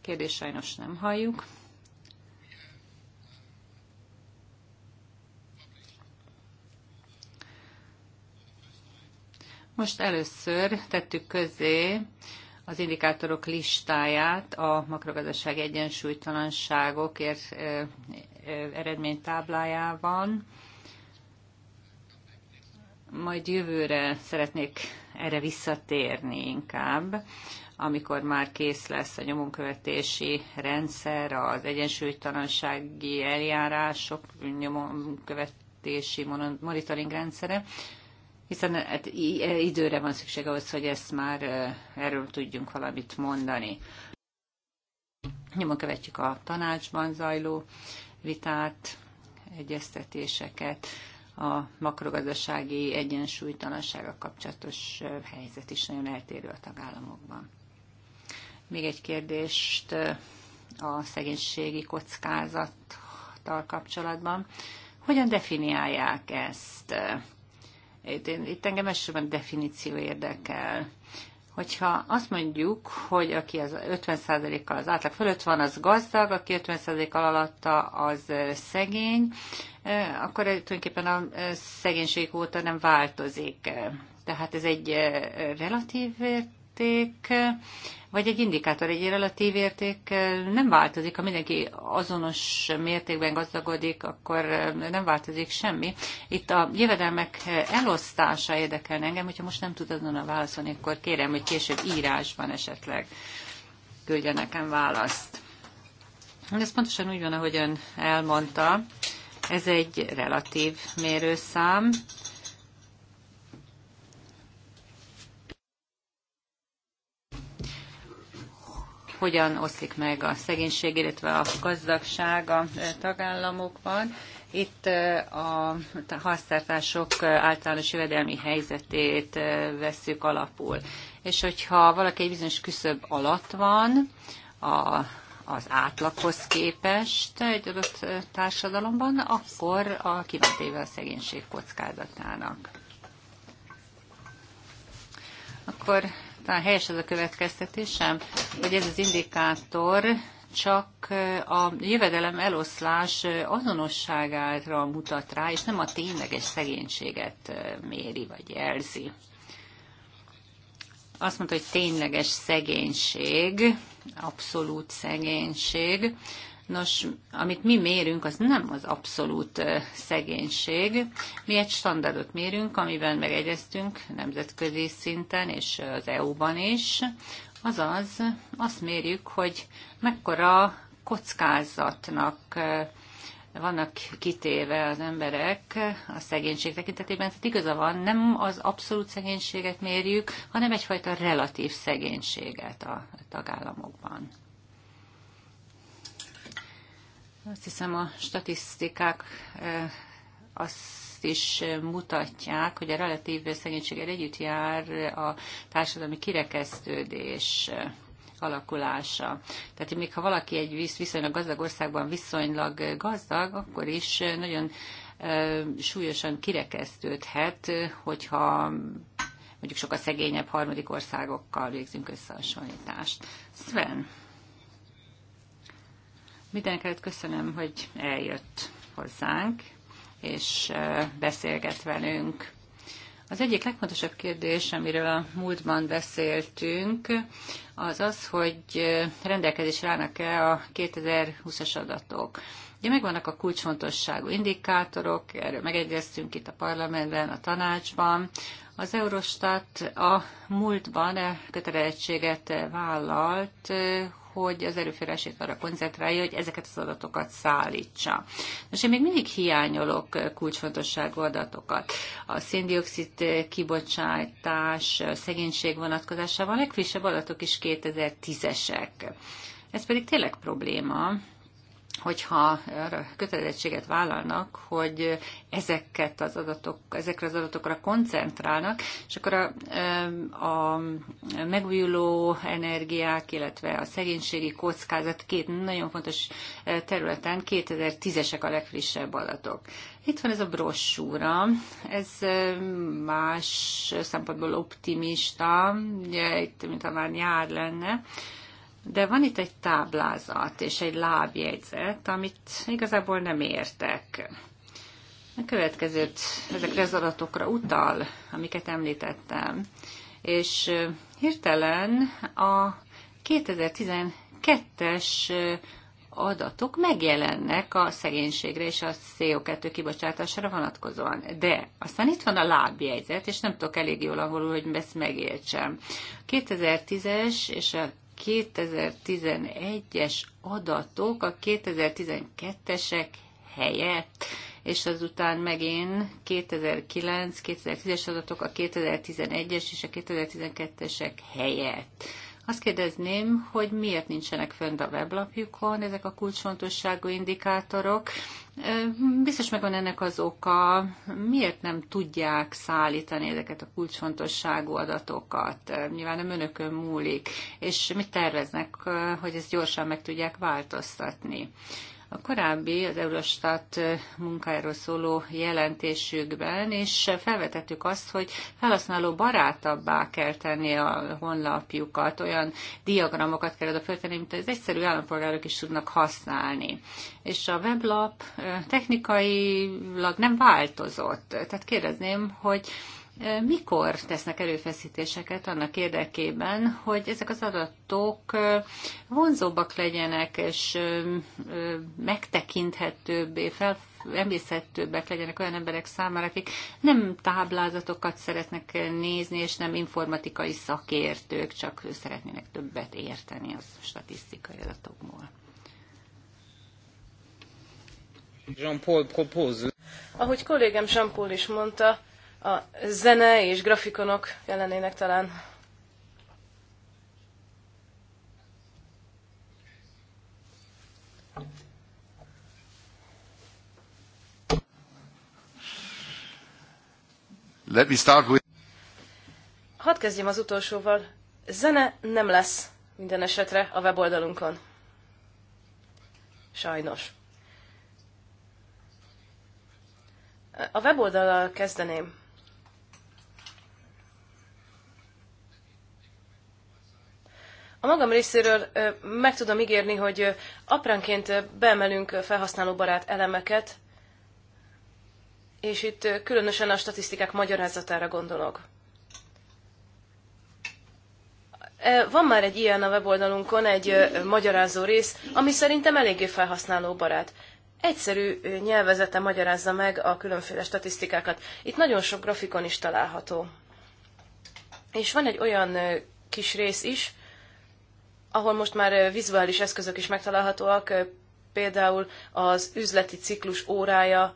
S1: kérdés sajnos nem halljuk. Most először tettük közé az indikátorok listáját a makrogazdasági egyensúlytalanságokért eredménytáblájában. Majd jövőre szeretnék erre visszatérni inkább, amikor már kész lesz a nyomonkövetési rendszer, az egyensúlytalansági eljárások nyomonkövetési monitoring rendszere, hiszen hát, e, időre van szükség ahhoz, hogy ezt már e, erről tudjunk valamit mondani. Nyomon követjük a tanácsban zajló vitát, egyeztetéseket, a makrogazdasági egyensúlytalansága kapcsolatos e, helyzet is nagyon eltérő a tagállamokban. Még egy kérdést a szegénységi kockázattal kapcsolatban. Hogyan definiálják ezt? Itt, itt engem elsősorban definíció érdekel. Hogyha azt mondjuk, hogy aki az 50%-kal az átlag fölött van, az gazdag, aki 50%-kal alatta, az szegény, akkor tulajdonképpen a szegénység óta nem változik. Tehát ez egy relatív érték, vagy egy indikátor, egy relatív érték nem változik. Ha mindenki azonos mértékben gazdagodik, akkor nem változik semmi. Itt a jövedelmek elosztása érdekel engem, hogyha most nem tud azon a válaszolni, akkor kérem, hogy később írásban esetleg küldje nekem választ. Hát ez pontosan úgy van, ahogy ön elmondta. Ez egy relatív mérőszám, hogyan oszlik meg a szegénység, illetve a gazdagság a e, tagállamokban. Itt e, a háztartások általános jövedelmi helyzetét e, veszük alapul. És hogyha valaki egy bizonyos küszöb alatt van, a az átlaghoz képest egy adott társadalomban, akkor a kivetéve a szegénység kockázatának. Akkor talán helyes ez a következtetésem, hogy ez az indikátor csak a jövedelem eloszlás azonosságára mutat rá, és nem a tényleges szegénységet méri vagy jelzi. Azt mondta, hogy tényleges szegénység, abszolút szegénység. Nos, amit mi mérünk, az nem az abszolút szegénység. Mi egy standardot mérünk, amiben megegyeztünk nemzetközi szinten és az EU-ban is. Azaz, azt mérjük, hogy mekkora kockázatnak vannak kitéve az emberek a szegénység tekintetében. Tehát igaza van, nem az abszolút szegénységet mérjük, hanem egyfajta relatív szegénységet a tagállamokban. Azt hiszem a statisztikák azt is mutatják, hogy a relatív szegénységgel együtt jár a társadalmi kirekesztődés alakulása. Tehát még ha valaki egy viszonylag gazdag országban viszonylag gazdag, akkor is nagyon súlyosan kirekesztődhet, hogyha mondjuk sokkal szegényebb harmadik országokkal végzünk összehasonlítást. Sven. Mindenkelőtt köszönöm, hogy eljött hozzánk, és beszélget velünk. Az egyik legfontosabb kérdés, amiről a múltban beszéltünk, az az, hogy rendelkezésre állnak-e a 2020-as adatok. Ugye megvannak a kulcsfontosságú indikátorok, erről megegyeztünk itt a parlamentben, a tanácsban. Az Eurostat a múltban e kötelezettséget vállalt, hogy az erőforrásét arra koncentrálja, hogy ezeket az adatokat szállítsa. Most én még mindig hiányolok kulcsfontosságú adatokat. A széndiokszid kibocsátás, szegénység vonatkozásában legfrissebb adatok is 2010-esek. Ez pedig tényleg probléma, hogyha arra kötelezettséget vállalnak, hogy ezeket az adatok, ezekre az adatokra koncentrálnak, és akkor a, a megújuló energiák, illetve a szegénységi kockázat két nagyon fontos területen 2010-esek a legfrissebb adatok. Itt van ez a brossúra, ez más szempontból optimista, ugye itt, mintha már nyár lenne, de van itt egy táblázat és egy lábjegyzet, amit igazából nem értek. A következőt ezekre az adatokra utal, amiket említettem. És hirtelen a 2012-es adatok megjelennek a szegénységre és a CO2 kibocsátásra vonatkozóan. De aztán itt van a lábjegyzet, és nem tudok elég jól angolul, hogy ezt megértsem. 2010-es és a 2011-es adatok a 2012-esek helyett, és azután megint 2009-2010-es adatok a 2011-es és a 2012-esek helyett. Azt kérdezném, hogy miért nincsenek fönt a weblapjukon ezek a kulcsfontosságú indikátorok, Biztos megvan ennek az oka, miért nem tudják szállítani ezeket a kulcsfontosságú adatokat. Nyilván nem önökön múlik, és mit terveznek, hogy ezt gyorsan meg tudják változtatni. A korábbi, az Eurostat munkájáról szóló jelentésükben is felvetettük azt, hogy felhasználó barátabbá kell tenni a honlapjukat, olyan diagramokat kell oda föltenni, mint az egyszerű állampolgárok is tudnak használni. És a weblap technikailag nem változott. Tehát kérdezném, hogy mikor tesznek erőfeszítéseket annak érdekében, hogy ezek az adatok vonzóbbak legyenek, és megtekinthetőbbé, fel, emészhetőbbek legyenek olyan emberek számára, akik nem táblázatokat szeretnek nézni, és nem informatikai szakértők, csak szeretnének többet érteni az statisztikai adatokból. Jean-Paul propose.
S3: Ahogy kollégám Jean-Paul is mondta, a zene és grafikonok kellenének talán. Let me start with... Hadd kezdjem az utolsóval. Zene nem lesz minden esetre a weboldalunkon. Sajnos. A weboldallal kezdeném. A magam részéről meg tudom ígérni, hogy apránként beemelünk felhasználóbarát elemeket, és itt különösen a statisztikák magyarázatára gondolok. Van már egy ilyen a weboldalunkon, egy magyarázó rész, ami szerintem eléggé felhasználóbarát. Egyszerű nyelvezete magyarázza meg a különféle statisztikákat. Itt nagyon sok grafikon is található. És van egy olyan kis rész is, ahol most már vizuális eszközök is megtalálhatóak, például az üzleti ciklus órája,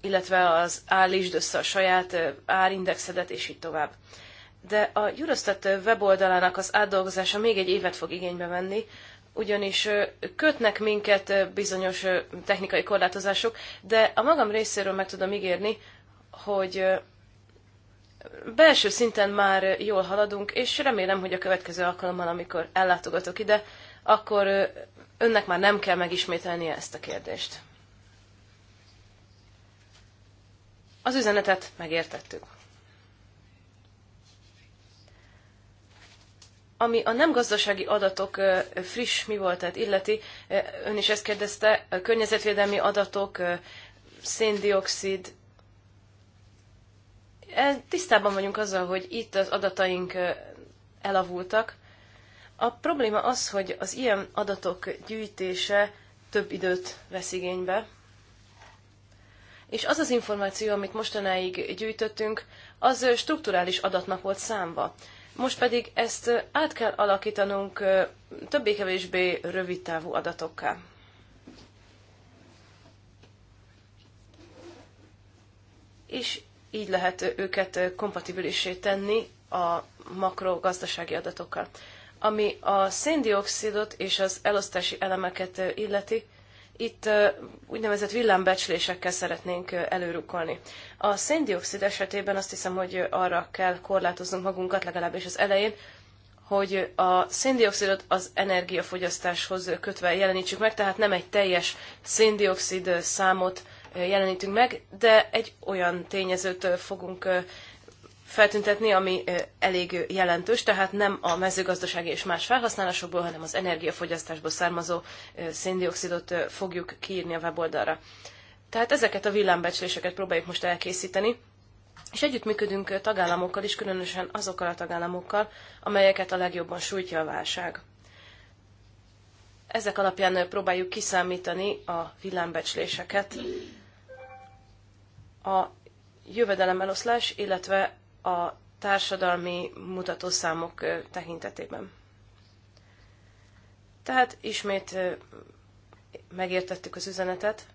S3: illetve az állítsd össze a saját árindexedet, és így tovább. De a Eurostat weboldalának az átdolgozása még egy évet fog igénybe venni, ugyanis kötnek minket bizonyos technikai korlátozások, de a magam részéről meg tudom ígérni, hogy belső szinten már jól haladunk, és remélem, hogy a következő alkalommal, amikor ellátogatok ide, akkor önnek már nem kell megismételnie ezt a kérdést. Az üzenetet megértettük. Ami a nem gazdasági adatok friss mi voltát illeti, ön is ezt kérdezte, környezetvédelmi adatok, széndiokszid, Tisztában vagyunk azzal, hogy itt az adataink elavultak. A probléma az, hogy az ilyen adatok gyűjtése több időt vesz igénybe, és az az információ, amit mostanáig gyűjtöttünk, az strukturális adatnak volt számva. Most pedig ezt át kell alakítanunk többé-kevésbé rövid távú adatokká. És így lehet őket kompatibilisé tenni a makrogazdasági adatokkal. Ami a széndiokszidot és az elosztási elemeket illeti, itt úgynevezett villámbecslésekkel szeretnénk előrukolni. A széndiokszid esetében azt hiszem, hogy arra kell korlátoznunk magunkat, legalábbis az elején, hogy a széndiokszidot az energiafogyasztáshoz kötve jelenítsük meg, tehát nem egy teljes széndiokszid számot jelenítünk meg, de egy olyan tényezőt fogunk feltüntetni, ami elég jelentős, tehát nem a mezőgazdasági és más felhasználásokból, hanem az energiafogyasztásból származó széndiokszidot fogjuk kiírni a weboldalra. Tehát ezeket a villámbecsléseket próbáljuk most elkészíteni, és együttműködünk tagállamokkal is, különösen azokkal a tagállamokkal, amelyeket a legjobban sújtja a válság. Ezek alapján próbáljuk kiszámítani a villámbecsléseket, a jövedelem eloszlás, illetve a társadalmi mutatószámok tekintetében. Tehát ismét megértettük az üzenetet,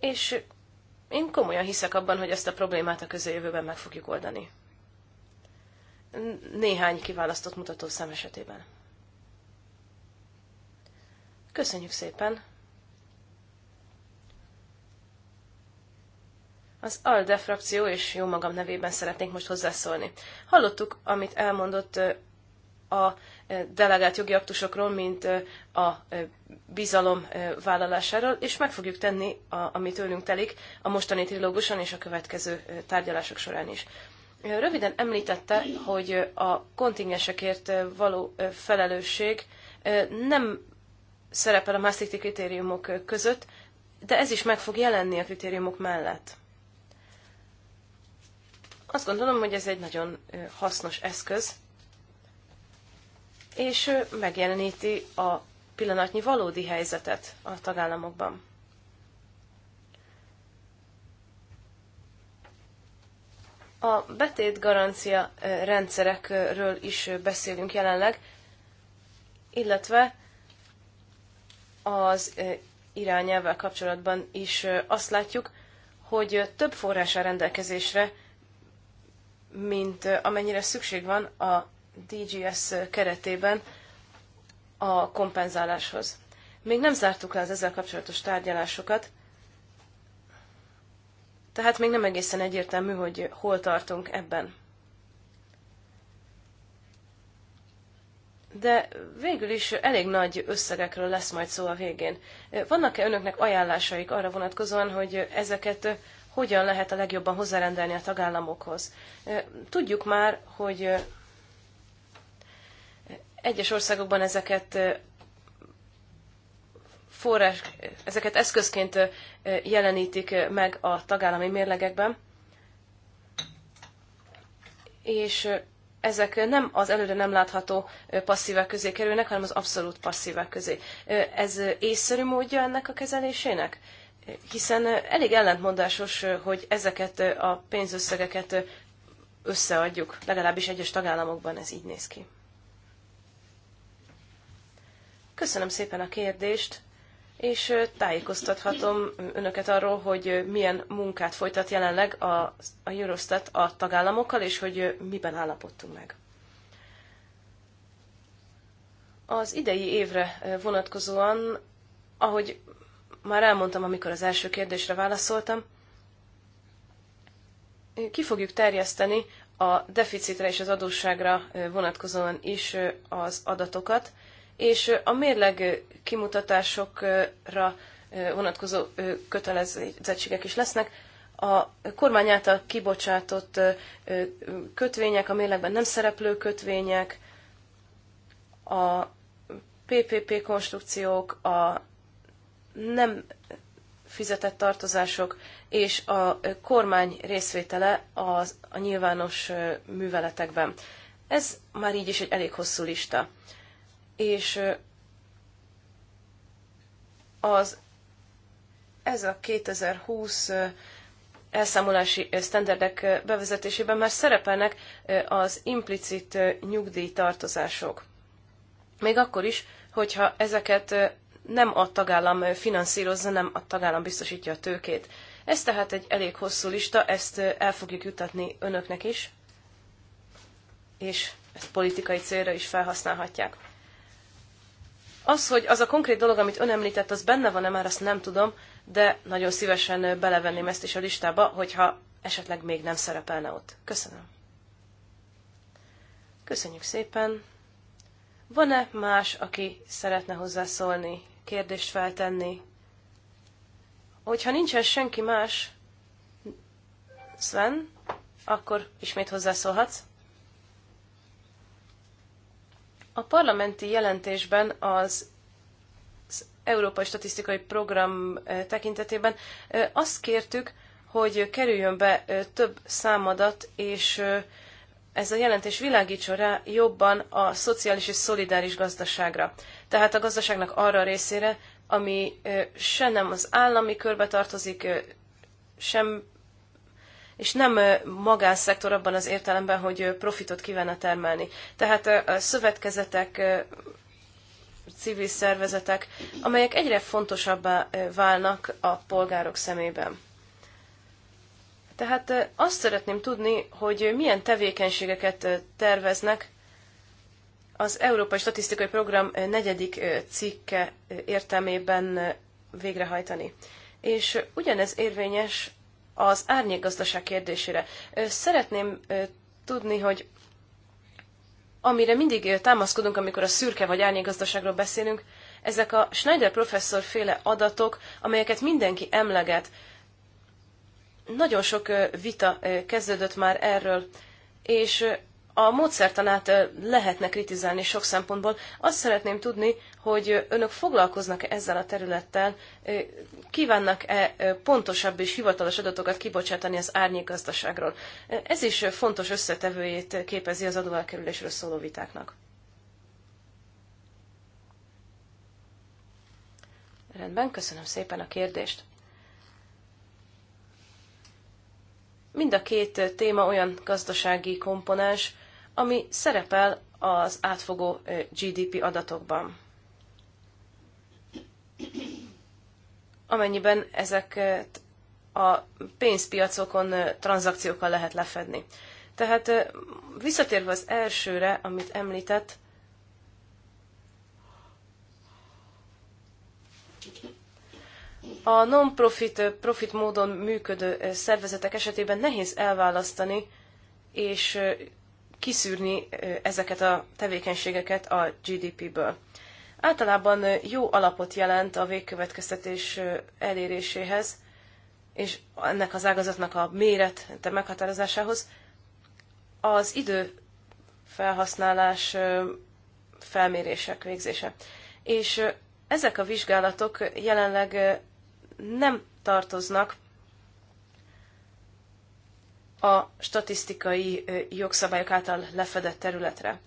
S3: és én komolyan hiszek abban, hogy ezt a problémát a közeljövőben meg fogjuk oldani. Néhány kiválasztott mutatószám esetében. Köszönjük szépen! Az ALDE frakció és jó magam nevében szeretnék most hozzászólni. Hallottuk, amit elmondott a delegált jogi aktusokról, mint a bizalom vállalásáról, és meg fogjuk tenni, amit tőlünk telik, a mostani trilóguson és a következő tárgyalások során is. Röviden említette, hogy a kontingensekért való felelősség nem szerepel a Maastrichti kritériumok között, de ez is meg fog jelenni a kritériumok mellett. Azt gondolom, hogy ez egy nagyon hasznos eszköz, és megjeleníti a pillanatnyi valódi helyzetet a tagállamokban. A betét garancia rendszerekről is beszélünk jelenleg, illetve az irányelvvel kapcsolatban is azt látjuk, hogy több forrás rendelkezésre mint amennyire szükség van a DGS keretében a kompenzáláshoz. Még nem zártuk le az ezzel kapcsolatos tárgyalásokat, tehát még nem egészen egyértelmű, hogy hol tartunk ebben. De végül is elég nagy összegekről lesz majd szó a végén. Vannak-e önöknek ajánlásaik arra vonatkozóan, hogy ezeket hogyan lehet a legjobban hozzárendelni a tagállamokhoz. Tudjuk már, hogy egyes országokban ezeket forrás, ezeket eszközként jelenítik meg a tagállami mérlegekben, és ezek nem az előre nem látható passzívek közé kerülnek, hanem az abszolút passzívek közé. Ez észszerű módja ennek a kezelésének? hiszen elég ellentmondásos, hogy ezeket a pénzösszegeket összeadjuk, legalábbis egyes tagállamokban ez így néz ki. Köszönöm szépen a kérdést, és tájékoztathatom önöket arról, hogy milyen munkát folytat jelenleg a, a Eurostat a tagállamokkal, és hogy miben állapodtunk meg. Az idei évre vonatkozóan, ahogy már elmondtam, amikor az első kérdésre válaszoltam, ki fogjuk terjeszteni a deficitre és az adósságra vonatkozóan is az adatokat, és a mérleg kimutatásokra vonatkozó kötelezettségek is lesznek. A kormány által kibocsátott kötvények, a mérlegben nem szereplő kötvények, a PPP konstrukciók, a nem fizetett tartozások és a kormány részvétele az, a nyilvános műveletekben. Ez már így is egy elég hosszú lista. És az ez a 2020 elszámolási sztenderdek bevezetésében már szerepelnek az implicit nyugdíjtartozások. Még akkor is, hogyha ezeket nem a tagállam finanszírozza, nem a tagállam biztosítja a tőkét. Ez tehát egy elég hosszú lista, ezt el fogjuk jutatni önöknek is, és ezt politikai célra is felhasználhatják. Az, hogy az a konkrét dolog, amit ön említett, az benne van-e már, azt nem tudom, de nagyon szívesen belevenném ezt is a listába, hogyha esetleg még nem szerepelne ott. Köszönöm. Köszönjük szépen. Van-e más, aki szeretne hozzászólni kérdést feltenni. Hogyha nincsen senki más, Sven, akkor ismét hozzászólhatsz. A parlamenti jelentésben az Európai Statisztikai Program tekintetében azt kértük, hogy kerüljön be több számadat, és ez a jelentés világítson rá jobban a szociális és szolidáris gazdaságra. Tehát a gazdaságnak arra a részére, ami se nem az állami körbe tartozik, sem, és nem magánszektor abban az értelemben, hogy profitot kívánna termelni. Tehát a szövetkezetek, civil szervezetek, amelyek egyre fontosabbá válnak a polgárok szemében. Tehát azt szeretném tudni, hogy milyen tevékenységeket terveznek az Európai Statisztikai Program negyedik cikke értelmében végrehajtani. És ugyanez érvényes az árnyékgazdaság kérdésére. Szeretném tudni, hogy amire mindig támaszkodunk, amikor a szürke vagy árnyékgazdaságról beszélünk, ezek a Schneider professzor féle adatok, amelyeket mindenki emleget, nagyon sok vita kezdődött már erről, és a módszertanát lehetne kritizálni sok szempontból. Azt szeretném tudni, hogy önök foglalkoznak-e ezzel a területtel, kívánnak-e pontosabb és hivatalos adatokat kibocsátani az árnyékgazdaságról. Ez is fontos összetevőjét képezi az adóelkerülésről szóló vitáknak. Rendben, köszönöm szépen a kérdést. Mind a két téma olyan gazdasági komponens, ami szerepel az átfogó GDP adatokban. Amennyiben ezeket a pénzpiacokon tranzakciókkal lehet lefedni. Tehát visszatérve az elsőre, amit említett, a non-profit profit módon működő szervezetek esetében nehéz elválasztani és kiszűrni ezeket a tevékenységeket a GDP-ből. Általában jó alapot jelent a végkövetkeztetés eléréséhez, és ennek az ágazatnak a méret, mérete meghatározásához. Az idő felhasználás felmérések végzése. És ezek a vizsgálatok jelenleg nem tartoznak a statisztikai jogszabályok által lefedett területre.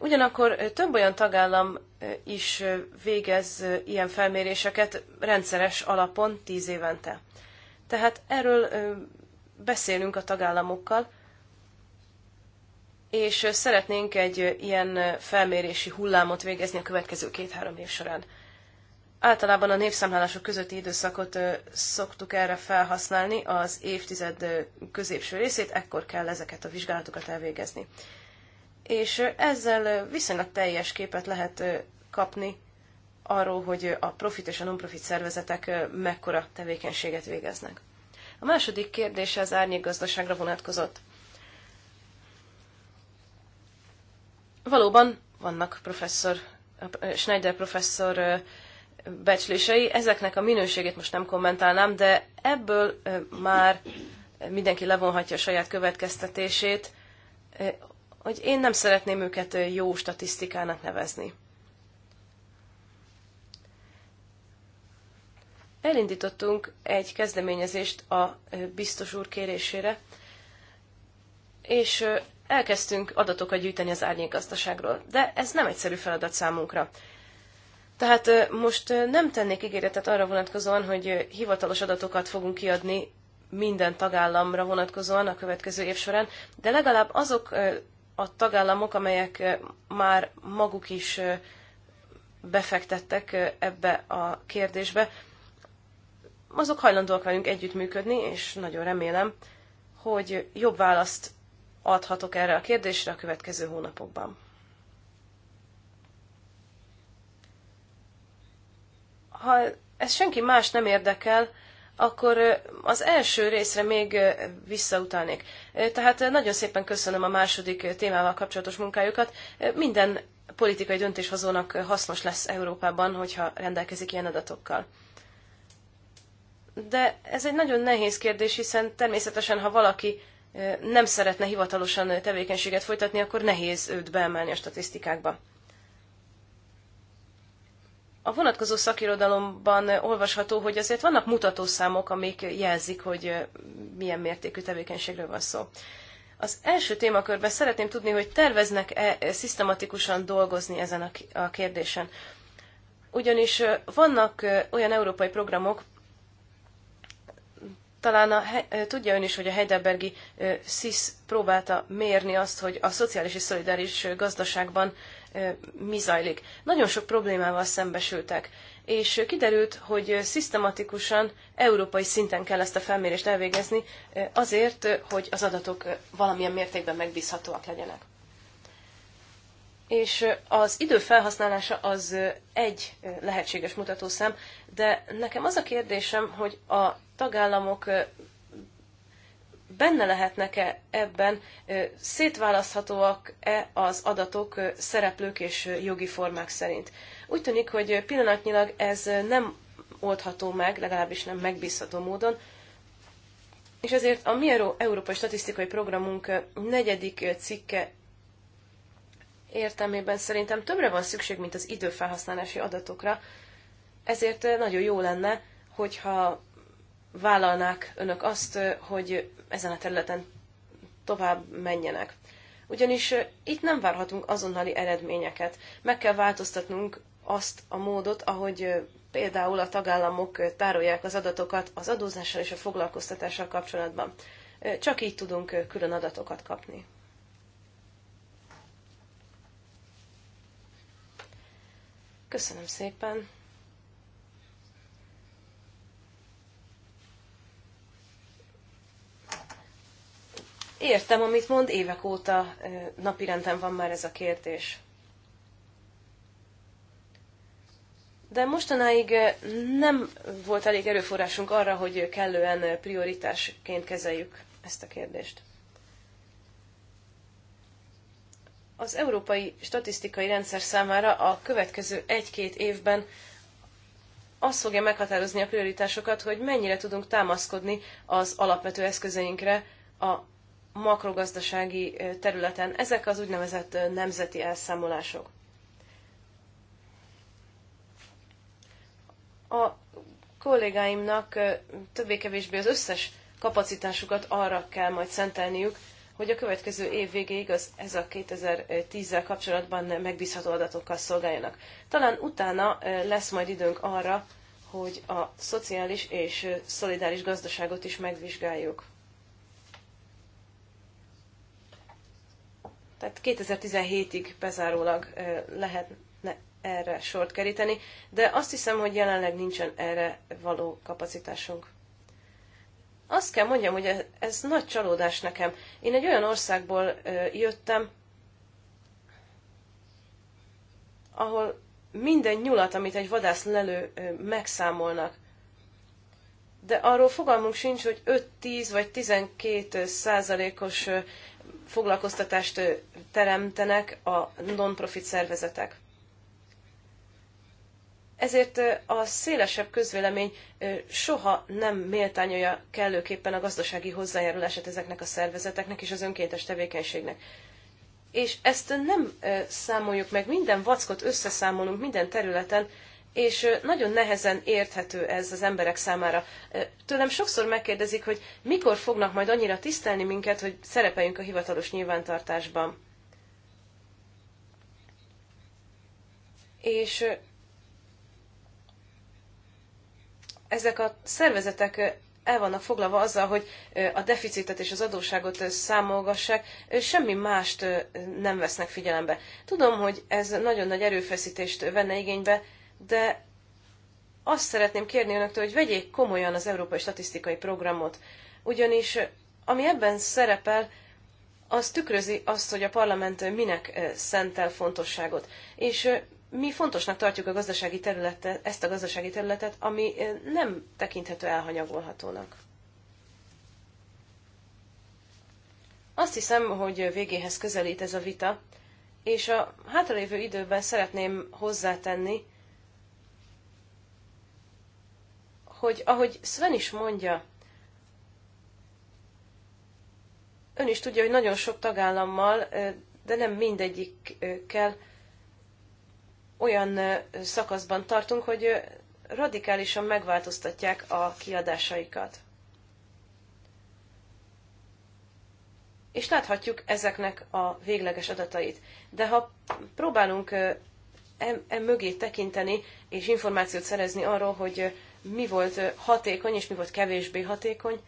S3: Ugyanakkor több olyan tagállam is végez ilyen felméréseket rendszeres alapon tíz évente. Tehát erről beszélünk a tagállamokkal, és szeretnénk egy ilyen felmérési hullámot végezni a következő két-három év során. Általában a népszámlálások közötti időszakot szoktuk erre felhasználni, az évtized középső részét, ekkor kell ezeket a vizsgálatokat elvégezni. És ezzel viszonylag teljes képet lehet kapni arról, hogy a profit és a non-profit szervezetek mekkora tevékenységet végeznek. A második kérdés az árnyékgazdaságra vonatkozott. Valóban vannak professzor, Schneider professzor becslései. Ezeknek a minőségét most nem kommentálnám, de ebből már mindenki levonhatja a saját következtetését, hogy én nem szeretném őket jó statisztikának nevezni. Elindítottunk egy kezdeményezést a biztos úr kérésére, és elkezdtünk adatokat gyűjteni az gazdaságról. de ez nem egyszerű feladat számunkra. Tehát most nem tennék ígéretet arra vonatkozóan, hogy hivatalos adatokat fogunk kiadni minden tagállamra vonatkozóan a következő év során, de legalább azok a tagállamok, amelyek már maguk is befektettek ebbe a kérdésbe, azok hajlandóak velünk együttműködni, és nagyon remélem, hogy jobb választ adhatok erre a kérdésre a következő hónapokban. ha ez senki más nem érdekel, akkor az első részre még visszautalnék. Tehát nagyon szépen köszönöm a második témával kapcsolatos munkájukat. Minden politikai döntéshozónak hasznos lesz Európában, hogyha rendelkezik ilyen adatokkal. De ez egy nagyon nehéz kérdés, hiszen természetesen, ha valaki nem szeretne hivatalosan tevékenységet folytatni, akkor nehéz őt beemelni a statisztikákba a vonatkozó szakirodalomban olvasható, hogy azért vannak mutatószámok, amik jelzik, hogy milyen mértékű tevékenységről van szó. Az első témakörben szeretném tudni, hogy terveznek-e szisztematikusan dolgozni ezen a kérdésen. Ugyanis vannak olyan európai programok, talán a, tudja ön is, hogy a Heidelbergi SZISZ próbálta mérni azt, hogy a szociális és szolidáris gazdaságban mi zajlik. Nagyon sok problémával szembesültek, és kiderült, hogy szisztematikusan európai szinten kell ezt a felmérést elvégezni azért, hogy az adatok valamilyen mértékben megbízhatóak legyenek. És az idő felhasználása az egy lehetséges mutatószám, de nekem az a kérdésem, hogy a tagállamok benne lehetnek-e ebben, szétválaszthatóak-e az adatok szereplők és jogi formák szerint. Úgy tűnik, hogy pillanatnyilag ez nem oldható meg, legalábbis nem megbízható módon, és ezért a mi Európai Statisztikai Programunk negyedik cikke értelmében szerintem többre van szükség, mint az időfelhasználási adatokra, ezért nagyon jó lenne, hogyha vállalnák önök azt, hogy ezen a területen tovább menjenek. Ugyanis itt nem várhatunk azonnali eredményeket. Meg kell változtatnunk azt a módot, ahogy például a tagállamok tárolják az adatokat az adózással és a foglalkoztatással kapcsolatban. Csak így tudunk külön adatokat kapni. Köszönöm szépen! Értem, amit mond, évek óta napirenden van már ez a kérdés. De mostanáig nem volt elég erőforrásunk arra, hogy kellően prioritásként kezeljük ezt a kérdést. Az európai statisztikai rendszer számára a következő egy-két évben az fogja meghatározni a prioritásokat, hogy mennyire tudunk támaszkodni az alapvető eszközeinkre a makrogazdasági területen. Ezek az úgynevezett nemzeti elszámolások. A kollégáimnak többé-kevésbé az összes kapacitásukat arra kell majd szentelniük, hogy a következő év végéig az, ez a 2010-zel kapcsolatban megbízható adatokkal szolgáljanak. Talán utána lesz majd időnk arra, hogy a szociális és szolidáris gazdaságot is megvizsgáljuk. Tehát 2017-ig bezárólag lehetne erre sort keríteni, de azt hiszem, hogy jelenleg nincsen erre való kapacitásunk. Azt kell mondjam, hogy ez, ez nagy csalódás nekem. Én egy olyan országból jöttem, ahol minden nyulat, amit egy vadász lelő, megszámolnak. De arról fogalmunk sincs, hogy 5-10 vagy 12 százalékos foglalkoztatást teremtenek a non-profit szervezetek. Ezért a szélesebb közvélemény soha nem méltányolja kellőképpen a gazdasági hozzájárulását ezeknek a szervezeteknek és az önkéntes tevékenységnek. És ezt nem számoljuk meg, minden vackot összeszámolunk minden területen, és nagyon nehezen érthető ez az emberek számára. Tőlem sokszor megkérdezik, hogy mikor fognak majd annyira tisztelni minket, hogy szerepeljünk a hivatalos nyilvántartásban. És ezek a szervezetek el vannak foglalva azzal, hogy a deficitet és az adósságot számolgassák, semmi mást nem vesznek figyelembe. Tudom, hogy ez nagyon nagy erőfeszítést venne igénybe, de azt szeretném kérni önöktől, hogy vegyék komolyan az Európai Statisztikai Programot, ugyanis ami ebben szerepel, az tükrözi azt, hogy a parlament minek szentel fontosságot. És mi fontosnak tartjuk a gazdasági területet, ezt a gazdasági területet, ami nem tekinthető elhanyagolhatónak. Azt hiszem, hogy végéhez közelít ez a vita, és a hátralévő időben szeretném hozzátenni, hogy ahogy Sven is mondja, ön is tudja, hogy nagyon sok tagállammal, de nem mindegyikkel olyan szakaszban tartunk, hogy radikálisan megváltoztatják a kiadásaikat. És láthatjuk ezeknek a végleges adatait. De ha próbálunk e, e mögé tekinteni és információt szerezni arról, hogy mi volt hatékony és mi volt kevésbé hatékony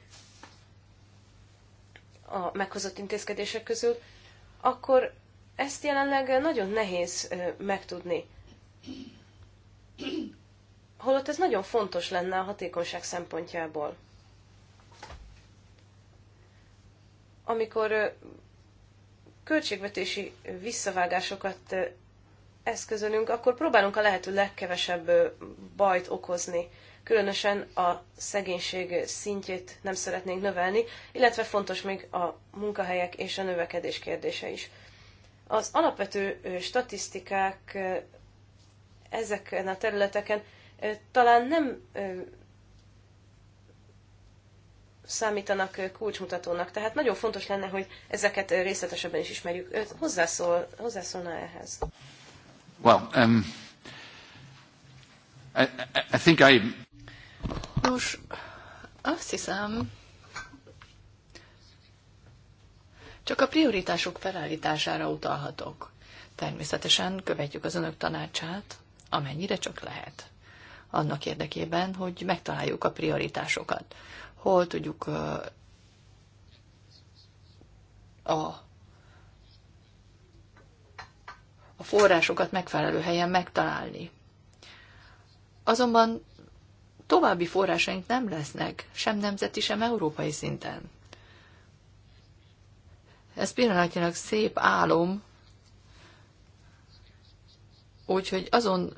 S3: a meghozott intézkedések közül, akkor ezt jelenleg nagyon nehéz megtudni. Holott ez nagyon fontos lenne a hatékonyság szempontjából. Amikor költségvetési visszavágásokat eszközölünk, akkor próbálunk a lehető legkevesebb bajt okozni különösen a szegénység szintjét nem szeretnénk növelni, illetve fontos még a munkahelyek és a növekedés kérdése is. Az alapvető statisztikák ezeken a területeken talán nem számítanak kulcsmutatónak, tehát nagyon fontos lenne, hogy ezeket részletesebben is ismerjük. Hozzászól, hozzászólna ehhez?
S1: Well, um, I, I think I
S3: Nos, azt hiszem,
S2: csak a prioritások felállítására utalhatok. Természetesen követjük az önök tanácsát, amennyire csak lehet. Annak érdekében, hogy megtaláljuk a prioritásokat. Hol tudjuk a, a forrásokat megfelelő helyen megtalálni. Azonban további forrásaink nem lesznek, sem nemzeti, sem európai szinten. Ez pillanatnyilag szép álom, úgyhogy azon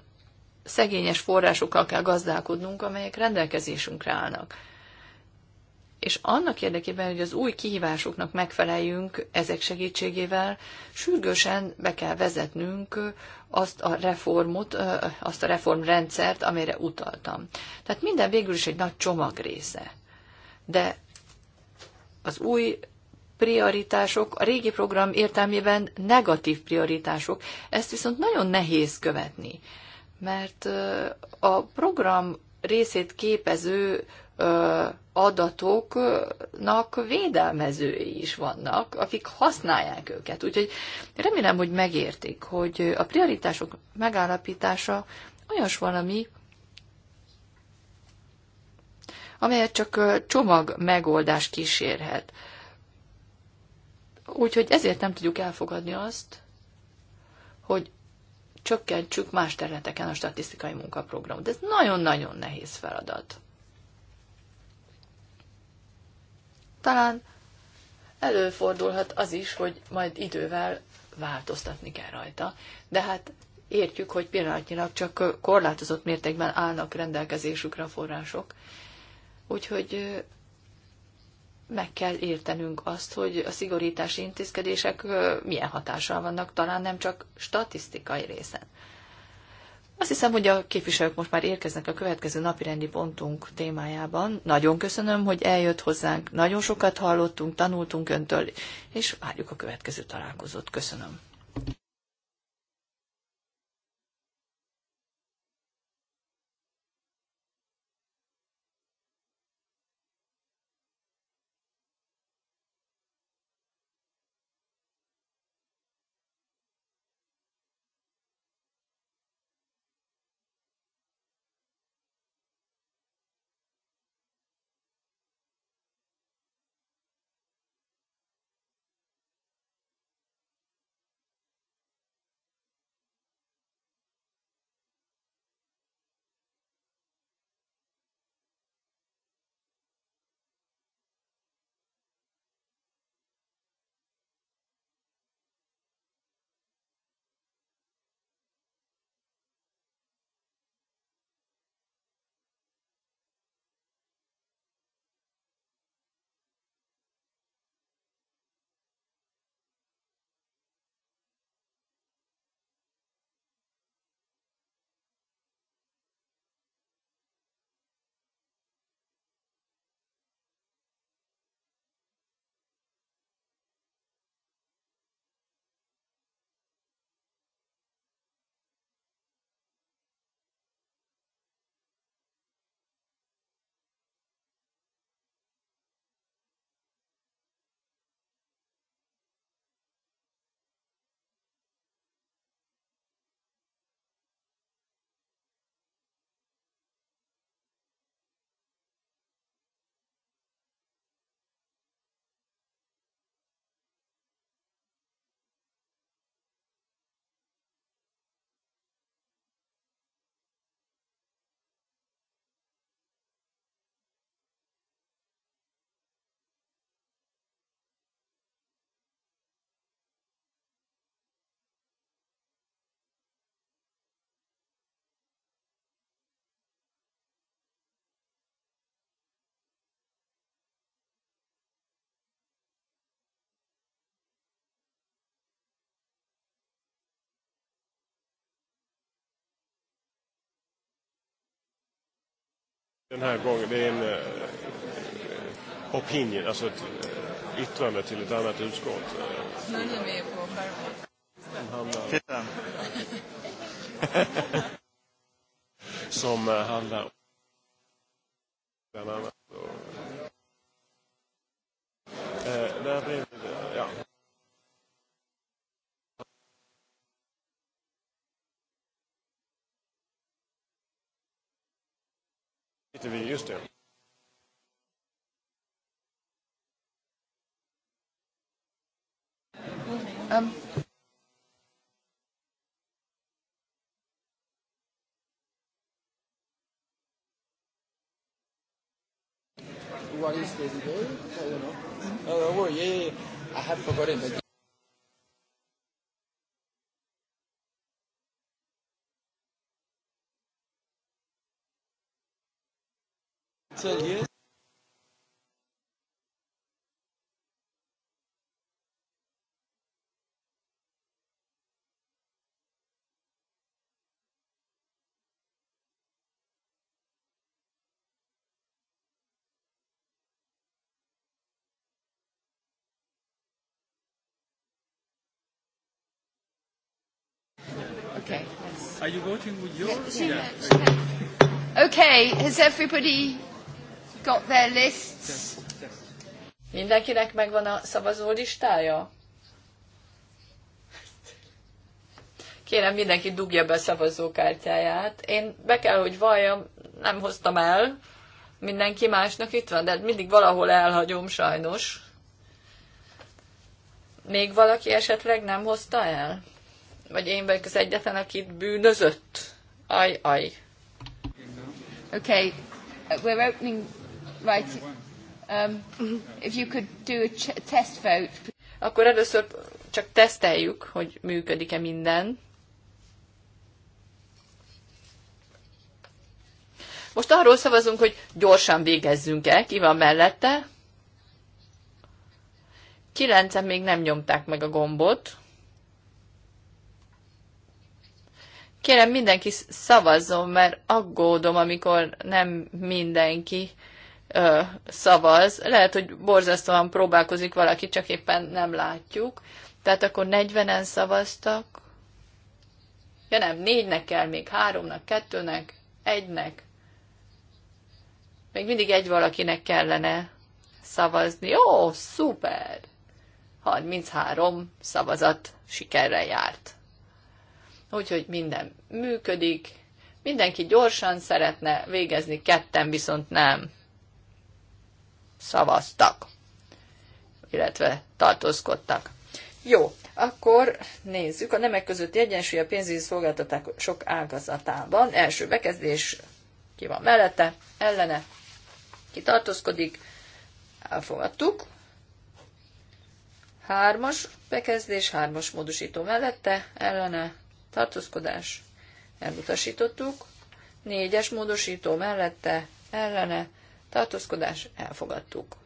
S2: szegényes forrásokkal kell gazdálkodnunk, amelyek rendelkezésünkre állnak és annak érdekében, hogy az új kihívásoknak megfeleljünk ezek segítségével, sürgősen be kell vezetnünk azt a reformot, azt a reformrendszert, amire utaltam. Tehát minden végül is egy nagy csomag része. De az új prioritások a régi program értelmében negatív prioritások. Ezt viszont nagyon nehéz követni, mert a program részét képező adatoknak védelmezői is vannak, akik használják őket. Úgyhogy remélem, hogy megértik, hogy a prioritások megállapítása olyas valami, amelyet csak csomag megoldás kísérhet. Úgyhogy ezért nem tudjuk elfogadni azt, hogy csökkentsük más területeken a statisztikai munkaprogramot. Ez nagyon-nagyon nehéz feladat. talán előfordulhat az is, hogy majd idővel változtatni kell rajta. De hát értjük, hogy pillanatnyilag csak korlátozott mértékben állnak rendelkezésükre a források. Úgyhogy meg kell értenünk azt, hogy a szigorítási intézkedések milyen hatással vannak, talán nem csak statisztikai részen. Azt hiszem, hogy a képviselők most már érkeznek a következő napi rendi pontunk témájában. Nagyon köszönöm, hogy eljött hozzánk. Nagyon sokat hallottunk, tanultunk öntől, és várjuk a következő találkozót. Köszönöm.
S3: Den här gången, det är en eh, opinion, alltså ett eh, yttrande till ett annat utskott. Snurren är
S1: på skärmen. Som eh, handlar om bland annat. Och,
S3: eh, där blev to be used to. Um. What is the delay? I don't know. Oh, Yeah, yeah, yeah. I have forgotten. Okay. Yes. Are you voting with yours? Yeah.
S2: yeah. Okay. Has everybody got their lists? Mindenkinek megvan a szavazó listája? Kérem, mindenki dugja be a szavazókártyáját. Én be kell, hogy valljam, nem hoztam el. Mindenki másnak itt van, de mindig valahol elhagyom sajnos. Még valaki esetleg nem hozta el? Vagy én vagyok az egyetlen, akit bűnözött? Aj, aj. Okay, uh, we're opening Right. Um, if you could do a test vote. Akkor először csak teszteljük, hogy működik-e minden. Most arról szavazunk, hogy gyorsan végezzünk el. Ki van mellette? Kilencen még nem nyomták meg a gombot. Kérem, mindenki szavazzon, mert aggódom, amikor nem mindenki ö, szavaz. Lehet, hogy borzasztóan próbálkozik valaki, csak éppen nem látjuk. Tehát akkor 40-en szavaztak. Ja nem, négynek kell még, háromnak, kettőnek, egynek. Még mindig egy valakinek kellene szavazni. Ó, szuper! 33 szavazat sikerrel járt. Úgyhogy minden működik, mindenki gyorsan szeretne végezni, ketten viszont nem szavaztak, illetve tartózkodtak. Jó, akkor nézzük a nemek közötti egyensúly a pénzügyi szolgáltatások sok ágazatában. Első bekezdés, ki van mellette, ellene, ki tartózkodik, elfogadtuk. Hármas bekezdés, hármas módosító mellette, ellene, tartózkodás, elutasítottuk. Négyes módosító mellette, ellene, tartózkodás, elfogadtuk.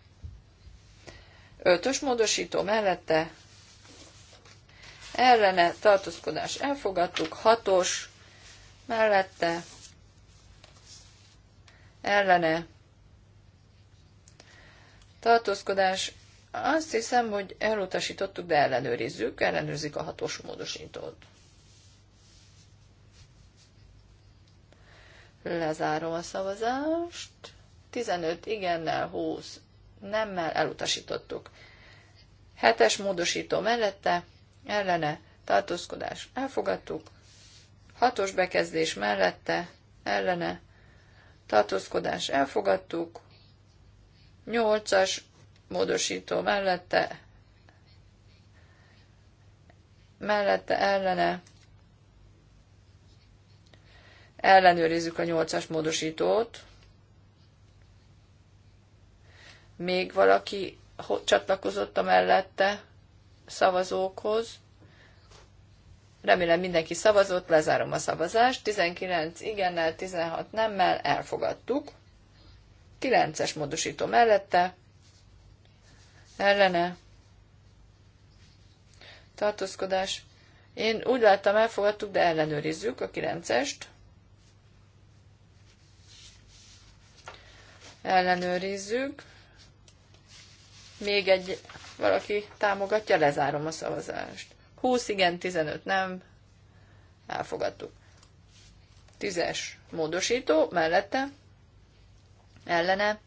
S2: Ötös módosító mellette ellene tartózkodás elfogadtuk, hatos mellette ellene tartózkodás azt hiszem, hogy elutasítottuk, de ellenőrizzük, ellenőrzik a hatós módosítót. Lezárom a szavazást. 15 igennel, 20 nemmel elutasítottuk. Hetes módosító mellette, ellene, tartózkodás elfogadtuk. Hatos bekezdés mellette, ellene, tartózkodás elfogadtuk. Nyolcas módosító mellette, mellette, ellene, ellenőrizzük a nyolcas módosítót. Még valaki csatlakozott a mellette szavazókhoz. Remélem mindenki szavazott, lezárom a szavazást. 19 igennel, 16 nemmel elfogadtuk. 9-es módosító mellette, ellene, tartózkodás. Én úgy láttam, elfogadtuk, de ellenőrizzük a 9-est. Ellenőrizzük. Még egy valaki támogatja, lezárom a szavazást. 20 igen, 15 nem. Elfogadtuk. 10-es módosító mellette. Ellene.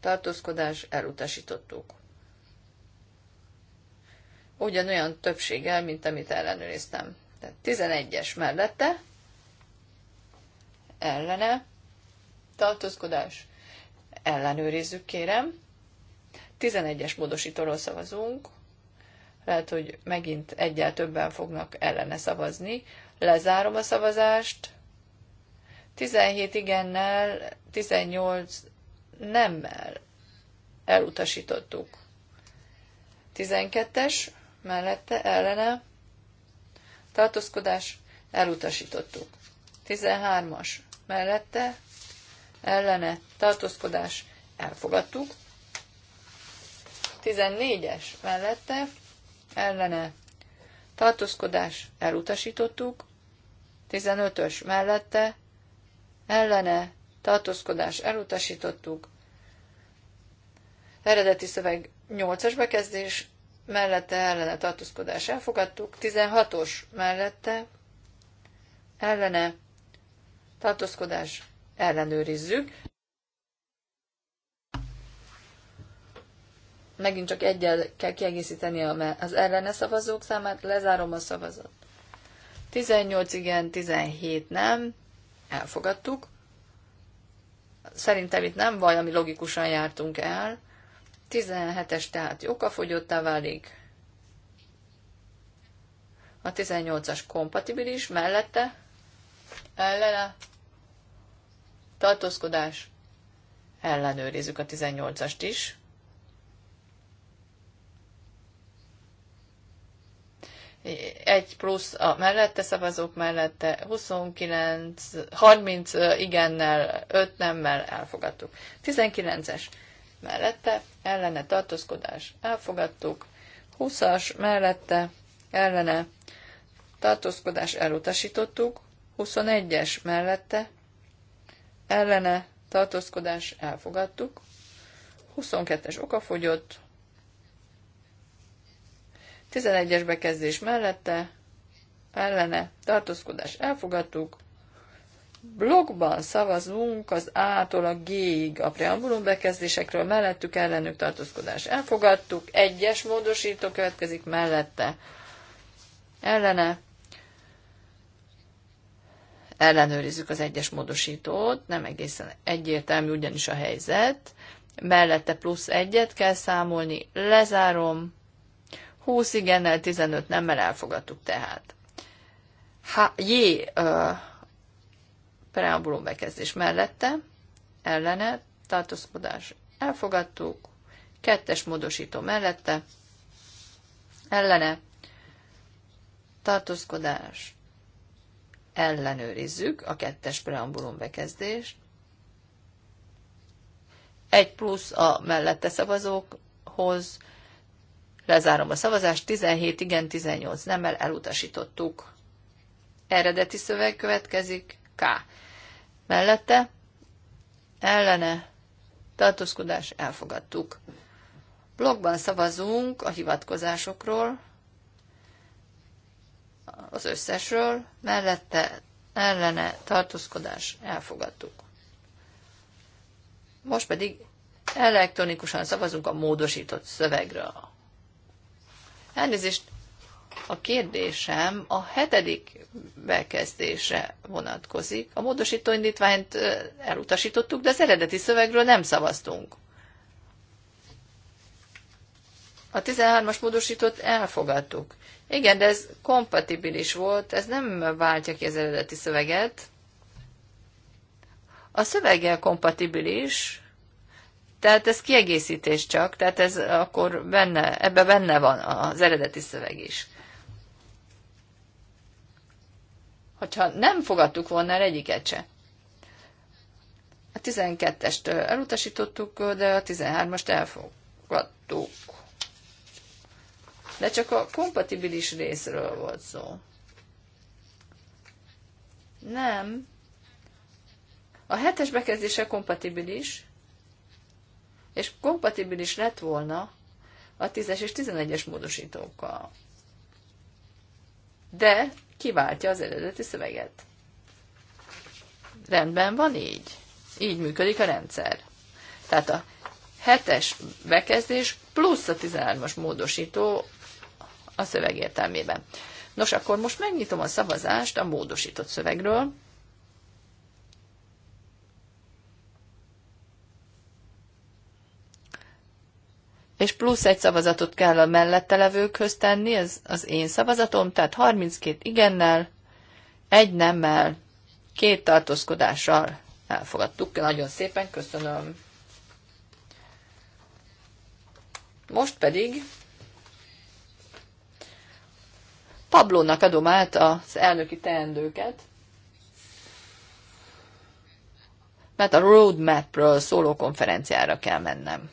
S2: Tartózkodás elutasítottuk. Ugyanolyan többséggel, mint amit ellenőriztem. Tehát 11-es mellette. Ellene. Tartózkodás. Ellenőrizzük, kérem. 11-es módosítóról szavazunk, lehet, hogy megint egyel többen fognak ellene szavazni. Lezárom a szavazást. 17 igennel, 18 nemmel elutasítottuk. 12-es mellette ellene tartózkodás elutasítottuk. 13-as mellette ellene tartózkodás elfogadtuk. 14-es mellette ellene tartózkodás elutasítottuk, 15-ös mellette ellene tartózkodás elutasítottuk, eredeti szöveg 8-as bekezdés mellette ellene tartózkodás elfogadtuk, 16-os mellette ellene tartózkodás ellenőrizzük. megint csak egyel kell kiegészíteni az ellene szavazók számát, lezárom a szavazat. 18 igen, 17 nem, elfogadtuk. Szerintem itt nem valami logikusan jártunk el. 17-es tehát jókafogyottá válik. A 18-as kompatibilis, mellette ellene tartózkodás. Ellenőrizzük a 18-ast is. egy plusz a mellette szavazók mellette, 29, 30 igennel, 5 nemmel elfogadtuk. 19-es mellette, ellene tartózkodás elfogadtuk. 20-as mellette, ellene tartózkodás elutasítottuk. 21-es mellette, ellene tartózkodás elfogadtuk. 22-es okafogyott, 11-es bekezdés mellette, ellene, tartózkodás elfogadtuk. Blogban szavazunk az A-tól a G-ig a preambulum bekezdésekről, mellettük ellenük tartózkodás elfogadtuk. Egyes módosító következik mellette, ellene. Ellenőrizzük az egyes módosítót, nem egészen egyértelmű ugyanis a helyzet. Mellette plusz egyet kell számolni, lezárom, 20 igennel, 15 nemmel elfogadtuk tehát. ha jé ö, preambulum bekezdés mellette, ellene, tartózkodás elfogadtuk, kettes módosító mellette, ellene, tartózkodás ellenőrizzük a kettes preambulum bekezdést, egy plusz a mellette szavazókhoz, Lezárom a szavazást, 17 igen, 18 nemmel elutasítottuk. Eredeti szöveg következik, K. Mellette, ellene, tartózkodás, elfogadtuk. Blogban szavazunk a hivatkozásokról, az összesről, mellette, ellene, tartózkodás, elfogadtuk. Most pedig elektronikusan szavazunk a módosított szövegről. Elnézést, a kérdésem a hetedik bekezdése vonatkozik. A módosító indítványt elutasítottuk, de az eredeti szövegről nem szavaztunk. A 13-as módosítót elfogadtuk. Igen, de ez kompatibilis volt, ez nem váltja ki az eredeti szöveget. A szöveggel kompatibilis, tehát ez kiegészítés csak, tehát ez akkor benne, ebbe benne van az eredeti szöveg is. Hogyha nem fogadtuk volna el egyiket se. A 12-est elutasítottuk, de a 13-ast elfogadtuk. De csak a kompatibilis részről volt szó. Nem. A hetes bekezdése kompatibilis, és kompatibilis lett volna a 10-es és 11-es módosítókkal. De kiváltja az eredeti szöveget. Rendben van így. Így működik a rendszer. Tehát a 7-es bekezdés plusz a 13-as módosító a szöveg értelmében. Nos, akkor most megnyitom a szavazást a módosított szövegről. és plusz egy szavazatot kell a mellette levőkhöz tenni, ez az én szavazatom, tehát 32 igennel, egy nemmel, két tartózkodással elfogadtuk. Nagyon szépen köszönöm. Most pedig Pablónak adom át az elnöki teendőket, mert a roadmapről szóló konferenciára kell mennem.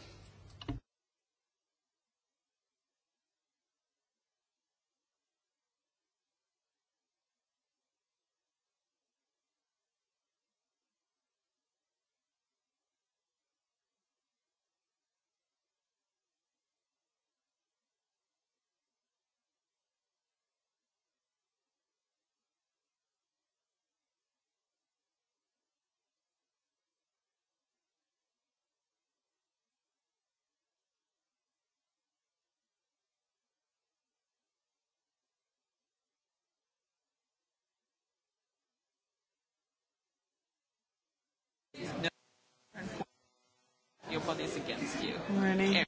S3: is against you. Really?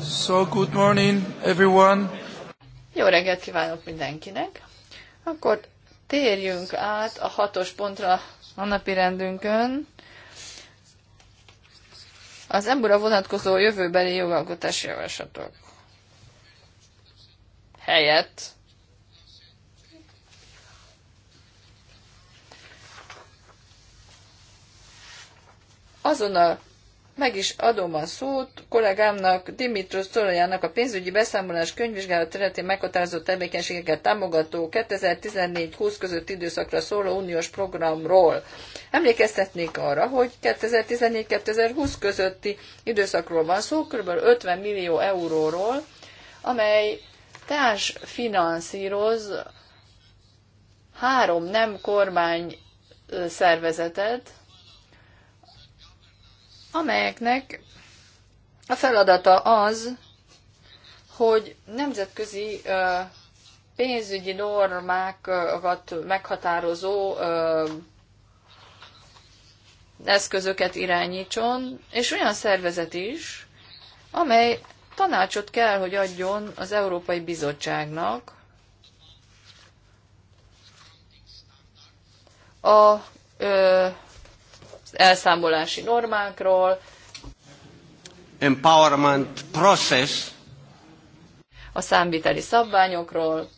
S1: So, good morning, everyone.
S2: Jó reggelt kívánok mindenkinek. Akkor térjünk át a hatos pontra a napi rendünkön az embora vonatkozó jövőbeli jogalkotási javaslatok helyett azonnal meg is adom a szót kollégámnak, Dimitros Szolajának a pénzügyi beszámolás könyvvizsgálat területén meghatározott tevékenységeket támogató 2014-20 között időszakra szóló uniós programról. Emlékeztetnék arra, hogy 2014-2020 közötti időszakról van szó, kb. 50 millió euróról, amely finanszíroz három nem kormány szervezetet, amelyeknek a feladata az, hogy nemzetközi pénzügyi normákat meghatározó eszközöket irányítson, és olyan szervezet is, amely tanácsot kell, hogy adjon az Európai Bizottságnak a elszámolási normákról,
S3: empowerment process,
S2: a számviteli szabványokról,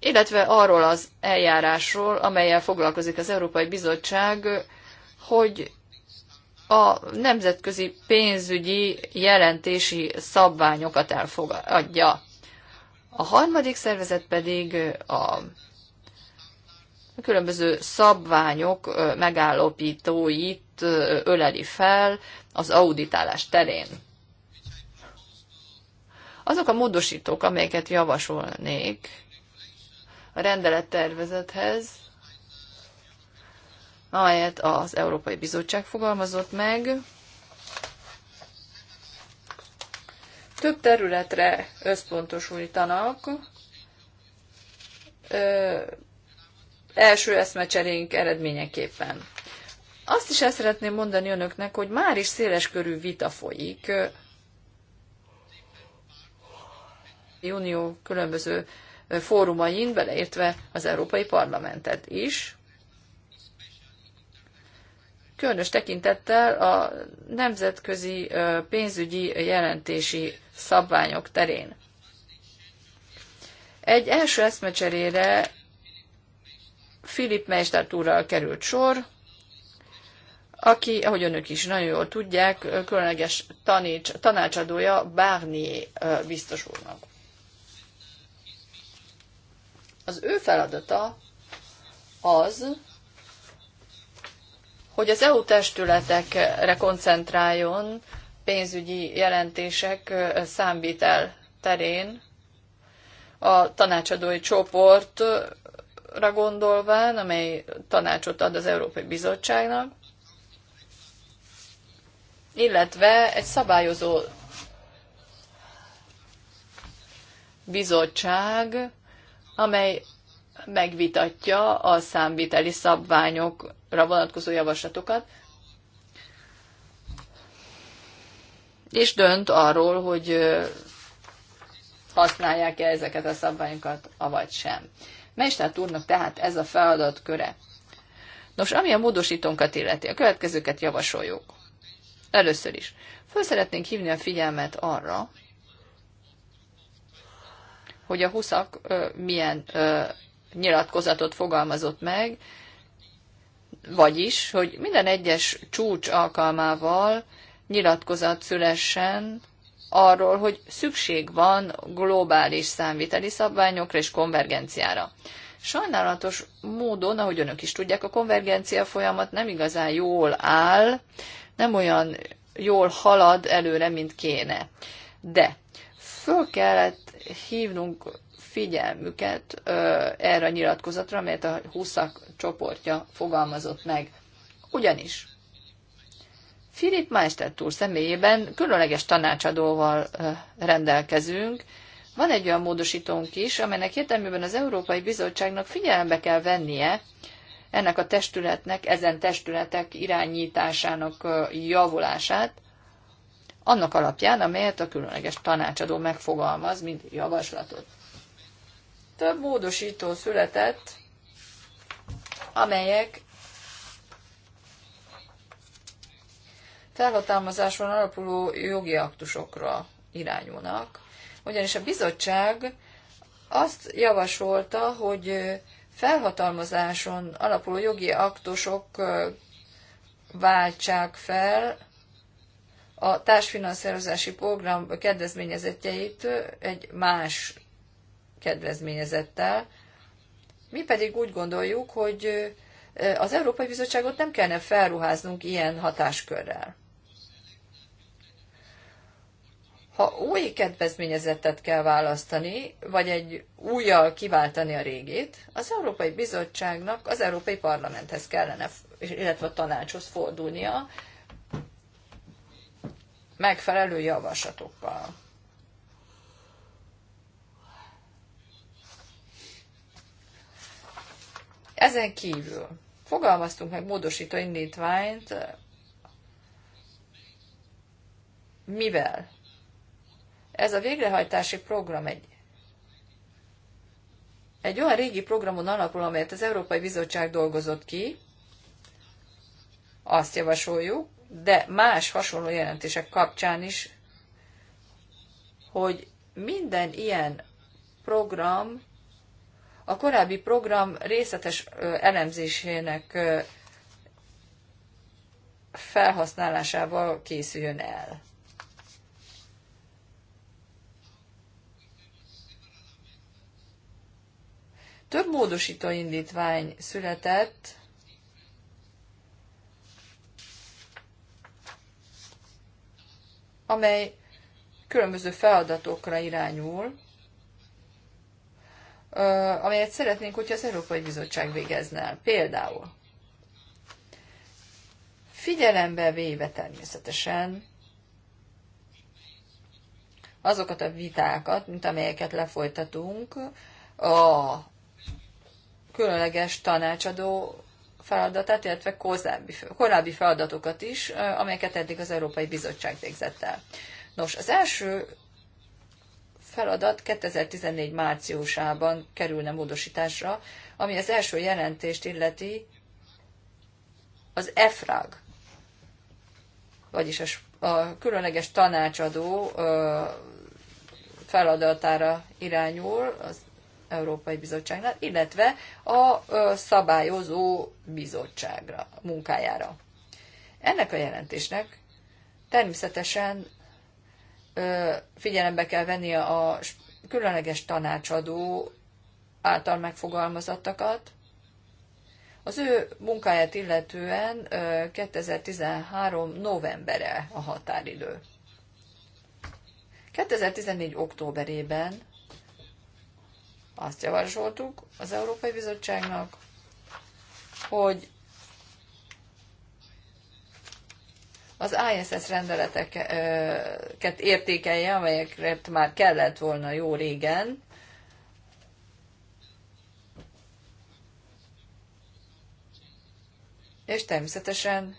S2: illetve arról az eljárásról, amelyel foglalkozik az Európai Bizottság, hogy a nemzetközi pénzügyi jelentési szabványokat elfogadja. A harmadik szervezet pedig a a különböző szabványok megállapítóit öleli fel az auditálás terén. Azok a módosítók, amelyeket javasolnék a rendelettervezethez, amelyet az Európai Bizottság fogalmazott meg, több területre összpontosulítanak, első eszmecserénk eredményeképpen. Azt is el szeretném mondani önöknek, hogy már is széleskörű vita folyik unió különböző fórumain, beleértve az Európai Parlamentet is, különös tekintettel a nemzetközi pénzügyi jelentési szabványok terén. Egy első eszmecserére Philip Meistert úrral került sor, aki, ahogy önök is nagyon jól tudják, különleges tanícs, tanácsadója Barnier biztos úrnak. Az ő feladata az, hogy az EU testületekre koncentráljon pénzügyi jelentések számvitel terén. A tanácsadói csoport ra gondolván, amely tanácsot ad az Európai Bizottságnak, illetve egy szabályozó bizottság, amely megvitatja a számviteli szabványokra vonatkozó javaslatokat, és dönt arról, hogy használják-e ezeket a szabványokat, avagy sem. Mestát úrnak tehát ez a feladat köre. Nos, ami a módosítónkat illeti, a következőket javasoljuk. Először is, föl szeretnénk hívni a figyelmet arra, hogy a huszak milyen ö, nyilatkozatot fogalmazott meg, vagyis, hogy minden egyes csúcs alkalmával nyilatkozat szülessen arról, hogy szükség van globális számviteli szabványokra és konvergenciára. Sajnálatos módon, ahogy önök is tudják, a konvergencia folyamat nem igazán jól áll, nem olyan jól halad előre, mint kéne. De föl kellett hívnunk figyelmüket ö, erre a nyilatkozatra, amelyet a 20 csoportja fogalmazott meg. Ugyanis Philip Meistert úr személyében különleges tanácsadóval rendelkezünk. Van egy olyan módosítónk is, amelynek értelműben az Európai Bizottságnak figyelembe kell vennie ennek a testületnek, ezen testületek irányításának javulását, annak alapján, amelyet a különleges tanácsadó megfogalmaz, mint javaslatot. Több módosító született, amelyek felhatalmazáson alapuló jogi aktusokra irányulnak, ugyanis a bizottság azt javasolta, hogy felhatalmazáson alapuló jogi aktusok váltsák fel a társfinanszírozási program kedvezményezetjeit egy más kedvezményezettel. Mi pedig úgy gondoljuk, hogy az Európai Bizottságot nem kellene felruháznunk ilyen hatáskörrel. ha új kedvezményezettet kell választani, vagy egy újjal kiváltani a régét, az Európai Bizottságnak az Európai Parlamenthez kellene, illetve a tanácshoz fordulnia megfelelő javaslatokkal. Ezen kívül fogalmaztunk meg módosító indítványt, mivel ez a végrehajtási program egy, egy olyan régi programon alapul, amelyet az Európai Bizottság dolgozott ki, azt javasoljuk, de más hasonló jelentések kapcsán is, hogy minden ilyen program a korábbi program részletes elemzésének felhasználásával készüljön el. Több módosító indítvány született, amely különböző feladatokra irányul, amelyet szeretnénk, hogyha az Európai Bizottság végezne el. Például figyelembe véve természetesen azokat a vitákat, mint amelyeket lefolytatunk a különleges tanácsadó feladatát, illetve korábbi feladatokat is, amelyeket eddig az Európai Bizottság végzett el. Nos, az első feladat 2014 márciusában kerülne módosításra, ami az első jelentést illeti az EFRAG, vagyis a, a különleges tanácsadó feladatára irányul, az Európai Bizottságnál, illetve a szabályozó bizottságra, munkájára. Ennek a jelentésnek természetesen figyelembe kell venni a különleges tanácsadó által megfogalmazottakat. Az ő munkáját illetően 2013. novembere a határidő. 2014. októberében azt javasoltuk az Európai Bizottságnak, hogy az ISS rendeleteket értékelje, amelyekre már kellett volna jó régen, és természetesen,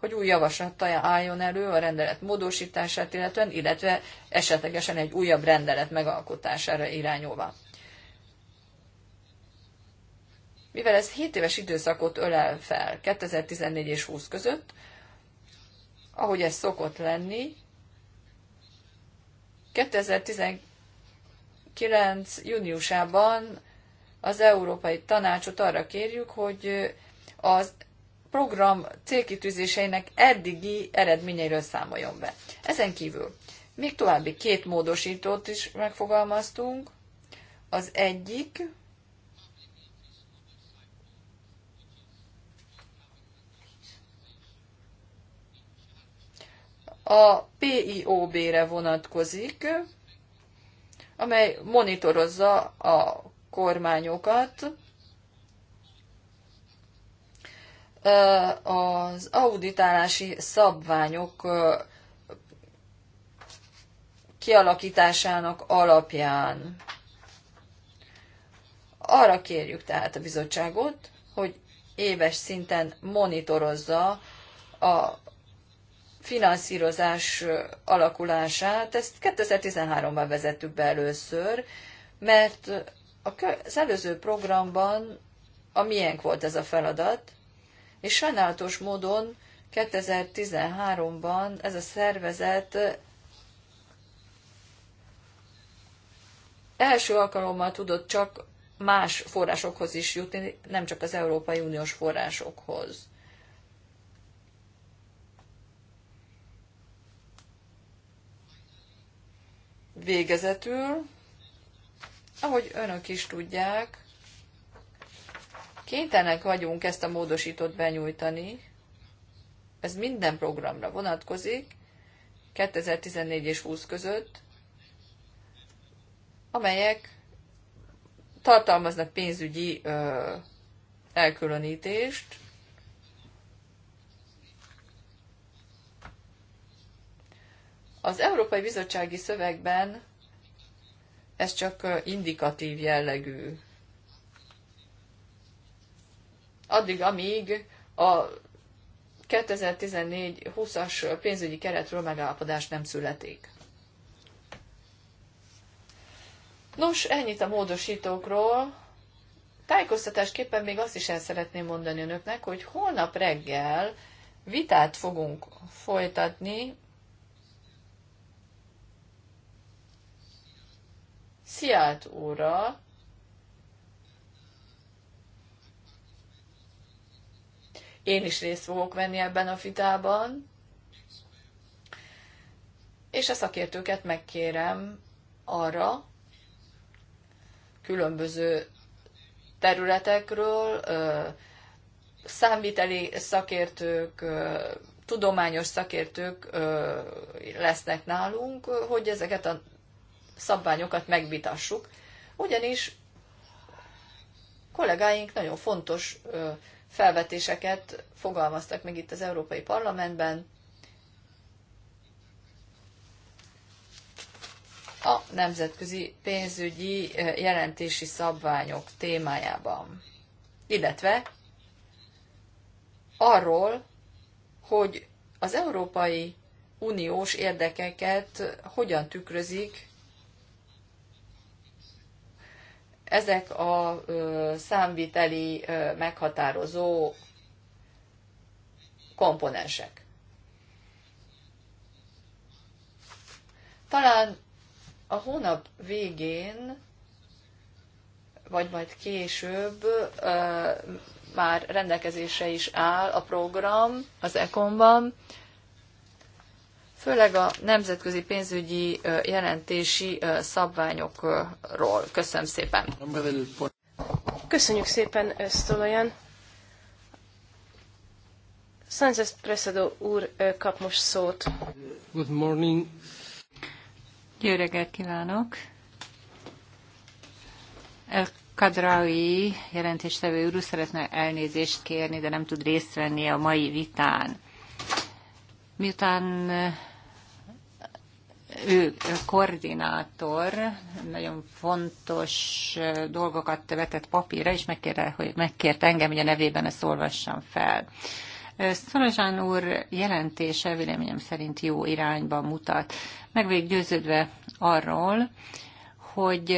S2: hogy új javaslattal álljon elő a rendelet módosítását, illetően, illetve esetlegesen egy újabb rendelet megalkotására irányulva. mivel ez 7 éves időszakot ölel fel, 2014 és 20 között, ahogy ez szokott lenni, 2019. júniusában az Európai Tanácsot arra kérjük, hogy az program célkitűzéseinek eddigi eredményeiről számoljon be. Ezen kívül még további két módosítót is megfogalmaztunk. Az egyik a PIOB-re vonatkozik, amely monitorozza a kormányokat, az auditálási szabványok kialakításának alapján. Arra kérjük tehát a bizottságot, hogy éves szinten monitorozza a finanszírozás alakulását, ezt 2013-ban vezettük be először, mert az előző programban a miénk volt ez a feladat, és sajnálatos módon 2013-ban ez a szervezet első alkalommal tudott csak más forrásokhoz is jutni, nem csak az Európai Uniós forrásokhoz. Végezetül, ahogy önök is tudják, kénytelenek vagyunk ezt a módosítót benyújtani. Ez minden programra vonatkozik, 2014 és 20 között, amelyek tartalmaznak pénzügyi ö, elkülönítést, Az Európai Bizottsági Szövegben ez csak indikatív jellegű. Addig, amíg a 2014-20-as pénzügyi keretről megállapodás nem születik. Nos, ennyit a módosítókról. Tájékoztatásképpen még azt is el szeretném mondani önöknek, hogy holnap reggel vitát fogunk folytatni Sziát óra. én is részt fogok venni ebben a fitában. és a szakértőket megkérem arra, különböző területekről, számviteli szakértők, tudományos szakértők lesznek nálunk, hogy ezeket a szabványokat megvitassuk, ugyanis kollégáink nagyon fontos felvetéseket fogalmaztak meg itt az Európai Parlamentben a nemzetközi pénzügyi jelentési szabványok témájában, illetve arról, hogy az Európai Uniós érdekeket hogyan tükrözik ezek a számviteli meghatározó komponensek. Talán a hónap végén, vagy majd később már rendelkezésre is áll a program az ECOM-ban, főleg a nemzetközi pénzügyi jelentési szabványokról. Köszönöm szépen!
S3: Köszönjük szépen, Sztolajan! Sánchez Presedo úr kap most szót. Good morning. Jó
S1: reggelt kívánok! El Kadraui jelentéstevő úr szeretne elnézést kérni, de nem tud részt venni a mai vitán. Miután ő koordinátor, nagyon fontos dolgokat vetett papírra, és megkérte, hogy megkért engem, hogy a nevében ezt olvassam fel. Szolozsán úr jelentése véleményem szerint jó irányba mutat. Meg győződve arról, hogy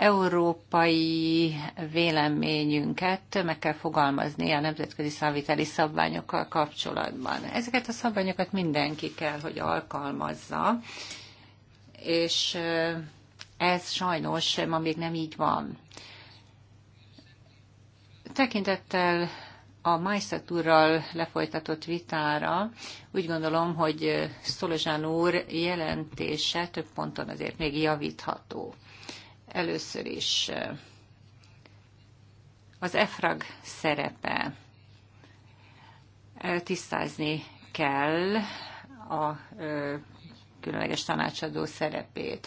S1: európai véleményünket meg kell fogalmazni a nemzetközi számviteli szabványokkal kapcsolatban. Ezeket a szabványokat mindenki kell, hogy alkalmazza, és ez sajnos ma még nem így van. Tekintettel a Májszatúrral lefolytatott vitára úgy gondolom, hogy Szolozsán úr jelentése több ponton azért még javítható. Először is az EFRAG szerepe tisztázni kell a különleges tanácsadó szerepét.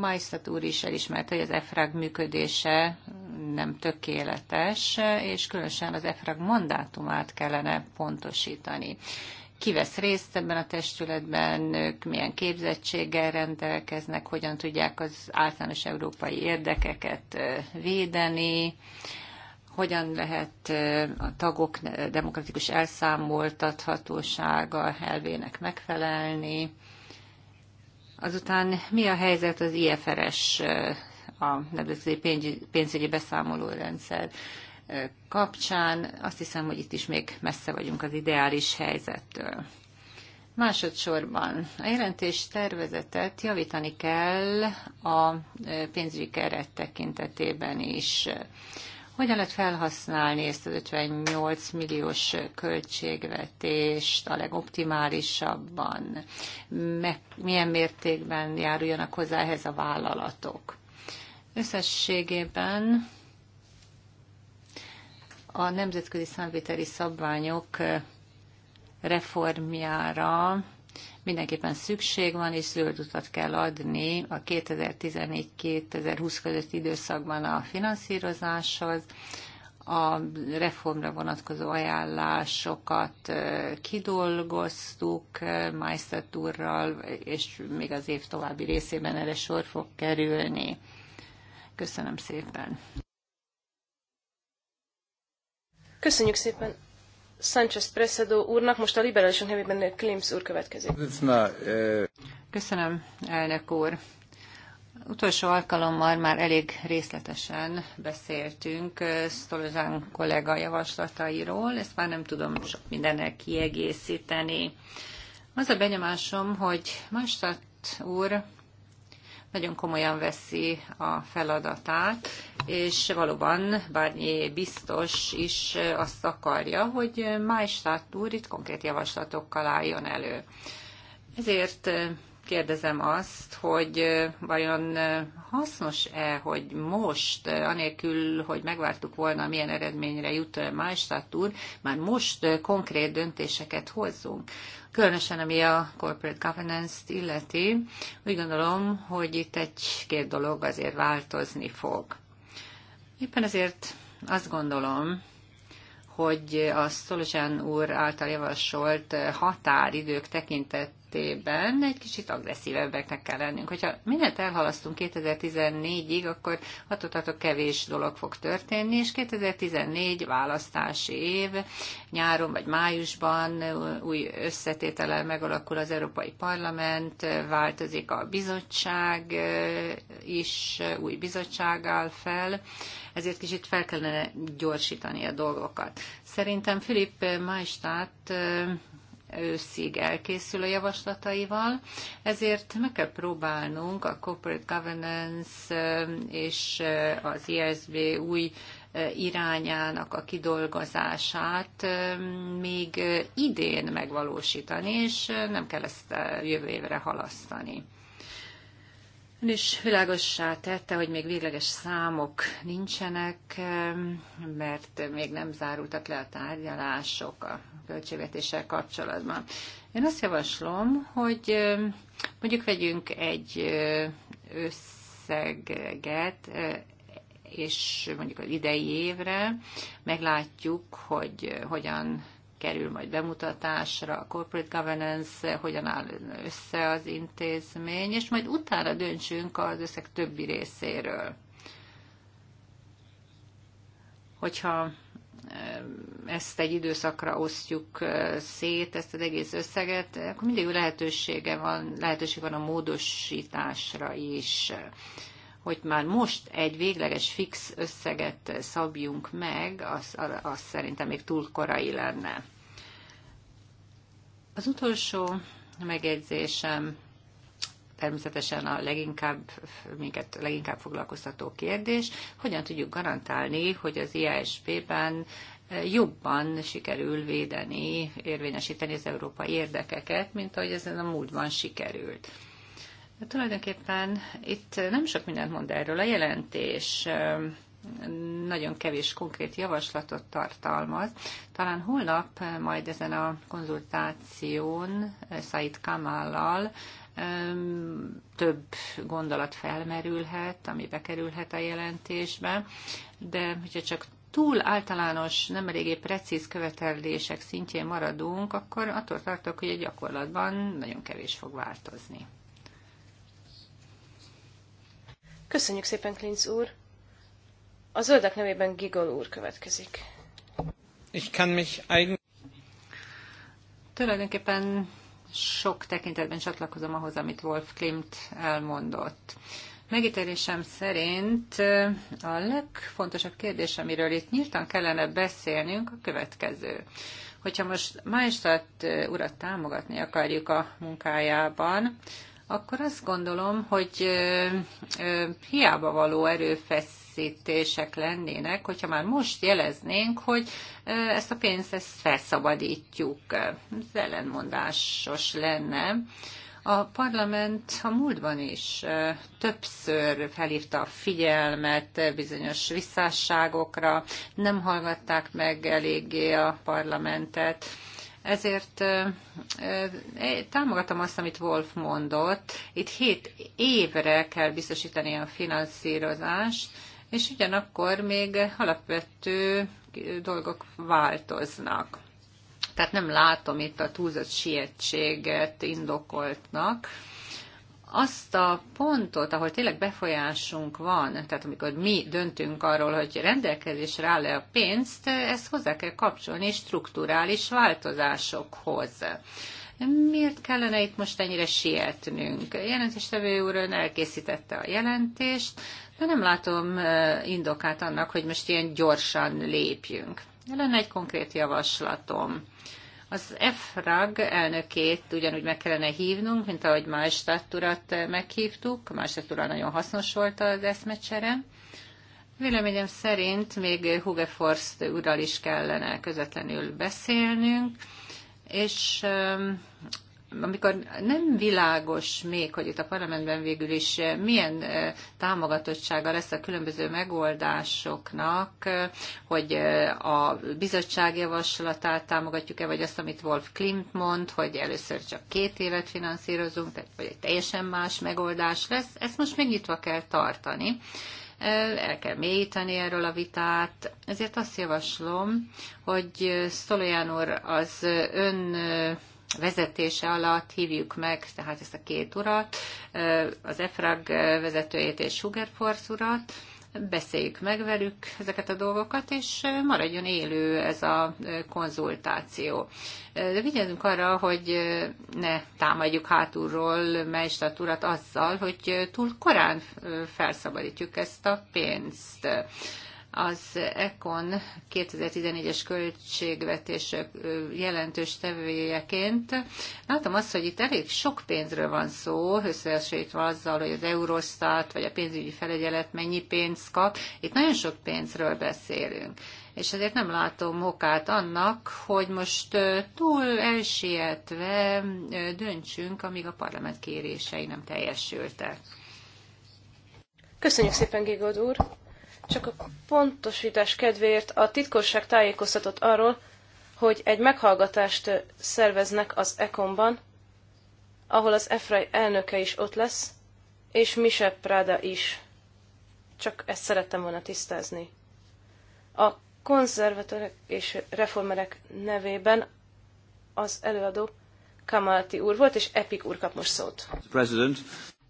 S1: Majszat úr is elismerte, hogy az EFRAG működése nem tökéletes, és különösen az EFRAG mandátumát kellene pontosítani ki vesz részt ebben a testületben, ők milyen képzettséggel rendelkeznek, hogyan tudják az általános európai érdekeket védeni, hogyan lehet a tagok demokratikus elszámoltathatósága elvének megfelelni. Azután mi a helyzet az IFRS, a nemzetközi pénzügyi beszámolórendszer? rendszer? kapcsán. Azt hiszem, hogy itt is még messze vagyunk az ideális helyzettől. Másodszorban a jelentés tervezetet javítani kell a e, pénzügyi keret tekintetében is. Hogyan lehet felhasználni ezt az 58 milliós költségvetést a legoptimálisabban? milyen mértékben járuljanak hozzá ehhez a vállalatok? Összességében a nemzetközi számvételi szabványok reformjára mindenképpen szükség van, és zöld utat kell adni a 2014-2020 közötti időszakban a finanszírozáshoz. A reformra vonatkozó ajánlásokat kidolgoztuk Meistert úrral, és még az év további részében erre sor fog kerülni. Köszönöm
S3: szépen! Köszönjük szépen Sánchez Presedo úrnak, most a liberálisok nevében Klims úr következik.
S1: Köszönöm, elnök úr. Utolsó alkalommal már elég részletesen beszéltünk eh, Stolozán kollega javaslatairól, ezt már nem tudom sok mindennel kiegészíteni. Az a benyomásom, hogy Mastat úr nagyon komolyan veszi a feladatát, és valóban Barnier biztos is azt akarja, hogy Májstát úr itt konkrét javaslatokkal álljon elő. Ezért kérdezem azt, hogy vajon hasznos-e, hogy most, anélkül, hogy megvártuk volna, milyen eredményre jut Májstát úr, már most konkrét döntéseket hozzunk. Különösen ami a corporate governance-t illeti, úgy gondolom, hogy itt egy-két dolog azért változni fog. Éppen ezért azt gondolom, hogy a Szolozsán úr által javasolt határidők tekintet esetében egy kicsit agresszívebbeknek kell lennünk. Hogyha mindent elhalasztunk 2014-ig, akkor hatotatok kevés dolog fog történni, és 2014 választási év, nyáron vagy májusban új összetétellel megalakul az Európai Parlament, változik a bizottság is, új bizottság áll fel, ezért kicsit fel kellene gyorsítani a dolgokat. Szerintem Filip Maistát őszig elkészül a javaslataival, ezért meg kell próbálnunk a corporate governance és az ISB új irányának a kidolgozását még idén megvalósítani, és nem kell ezt jövő évre halasztani. Ön is világossá tette, hogy még végleges számok nincsenek, mert még nem zárultak le a tárgyalások a költségvetéssel kapcsolatban. Én azt javaslom, hogy mondjuk vegyünk egy összeget, és mondjuk az idei évre meglátjuk, hogy hogyan kerül majd bemutatásra, a corporate governance, hogyan áll össze az intézmény, és majd utána döntsünk az összeg többi részéről. Hogyha e, ezt egy időszakra osztjuk e, szét, ezt az egész összeget, akkor mindig lehetősége van, lehetőség van a módosításra is hogy már most egy végleges fix összeget szabjunk meg, az, az szerintem még túl korai lenne. Az utolsó megjegyzésem természetesen a leginkább, minket leginkább foglalkoztató kérdés, hogyan tudjuk garantálni, hogy az IASP-ben eh, jobban sikerül védeni, érvényesíteni az európai érdekeket, mint ahogy ez a múltban sikerült. Tulajdonképpen itt nem sok mindent mond erről a jelentés nagyon kevés konkrét javaslatot tartalmaz. Talán holnap majd ezen a konzultáción Said Kamállal több gondolat felmerülhet, ami bekerülhet a jelentésbe, de hogyha csak túl általános, nem eléggé precíz követelések szintjén maradunk, akkor attól tartok, hogy a gyakorlatban nagyon kevés fog változni.
S3: Köszönjük szépen, Klinz úr! A zöldek nevében Gigol úr következik.
S1: Ich kann mich eigen... Tulajdonképpen sok tekintetben csatlakozom ahhoz, amit Wolf Klimt elmondott. Megítélésem szerint eh, a legfontosabb kérdés, amiről itt nyíltan kellene beszélnünk, a következő. Hogyha most Maestat eh, urat támogatni akarjuk a munkájában, akkor azt gondolom, hogy hiába való erőfeszítések lennének, hogyha már most jeleznénk, hogy ezt a pénzt ezt felszabadítjuk. Ez ellenmondásos lenne. A parlament a múltban is többször felhívta a figyelmet bizonyos visszásságokra, nem hallgatták meg eléggé a parlamentet. Ezért támogatom azt, amit Wolf mondott. Itt hét évre kell biztosítani a finanszírozást, és ugyanakkor még alapvető dolgok változnak. Tehát nem látom itt a túlzott sietséget indokoltnak azt a pontot, ahol tényleg befolyásunk van, tehát amikor mi döntünk arról, hogy rendelkezésre áll-e a pénzt, ezt hozzá kell kapcsolni strukturális változásokhoz. Miért kellene itt most ennyire sietnünk? A jelentéstevő úr ön elkészítette a jelentést, de nem látom indokát annak, hogy most ilyen gyorsan lépjünk. Lenne egy konkrét javaslatom az EFRAG elnökét ugyanúgy meg kellene hívnunk, mint ahogy Maestat urat meghívtuk. Maestat urat nagyon hasznos volt az eszmecsere. Véleményem szerint még Hugo Forst ural is kellene közvetlenül beszélnünk, és amikor nem világos még, hogy itt a parlamentben végül is eh, milyen eh, támogatottsága lesz a különböző megoldásoknak, eh, hogy a bizottság javaslatát támogatjuk-e, vagy azt, amit Wolf Klimt mond, hogy először csak két évet finanszírozunk, tehát vagy egy teljesen más megoldás lesz, ezt most megnyitva kell tartani el kell mélyíteni erről a vitát. Ezért azt javaslom, hogy Szoloján úr az ön vezetése alatt hívjuk meg tehát ezt a két urat, az EFRAG vezetőjét és Force urat, beszéljük meg velük ezeket a dolgokat, és maradjon élő ez a konzultáció. De vigyázzunk arra, hogy ne támadjuk hátulról Meistat urat azzal, hogy túl korán felszabadítjuk ezt a pénzt. Az ECON 2014-es költségvetés jelentős tevőjeként látom azt, hogy itt elég sok pénzről van szó, összehasonlítva azzal, hogy az Eurostat vagy a pénzügyi felügyelet mennyi pénzt kap. Itt nagyon sok pénzről beszélünk és azért nem látom okát annak, hogy most túl elsietve döntsünk, amíg a parlament kérései
S3: nem teljesültek. Köszönjük szépen, Gégod úr! Csak a pontosítás kedvéért a titkosság tájékoztatott arról, hogy egy meghallgatást szerveznek az Ekonban, ahol az EFRAI elnöke is ott lesz, és Mise Prada is. Csak ezt szerettem volna tisztázni. A konzervatőrök és reformerek nevében az előadó Kamalti úr volt, és Epik úr kap most szót.
S2: President.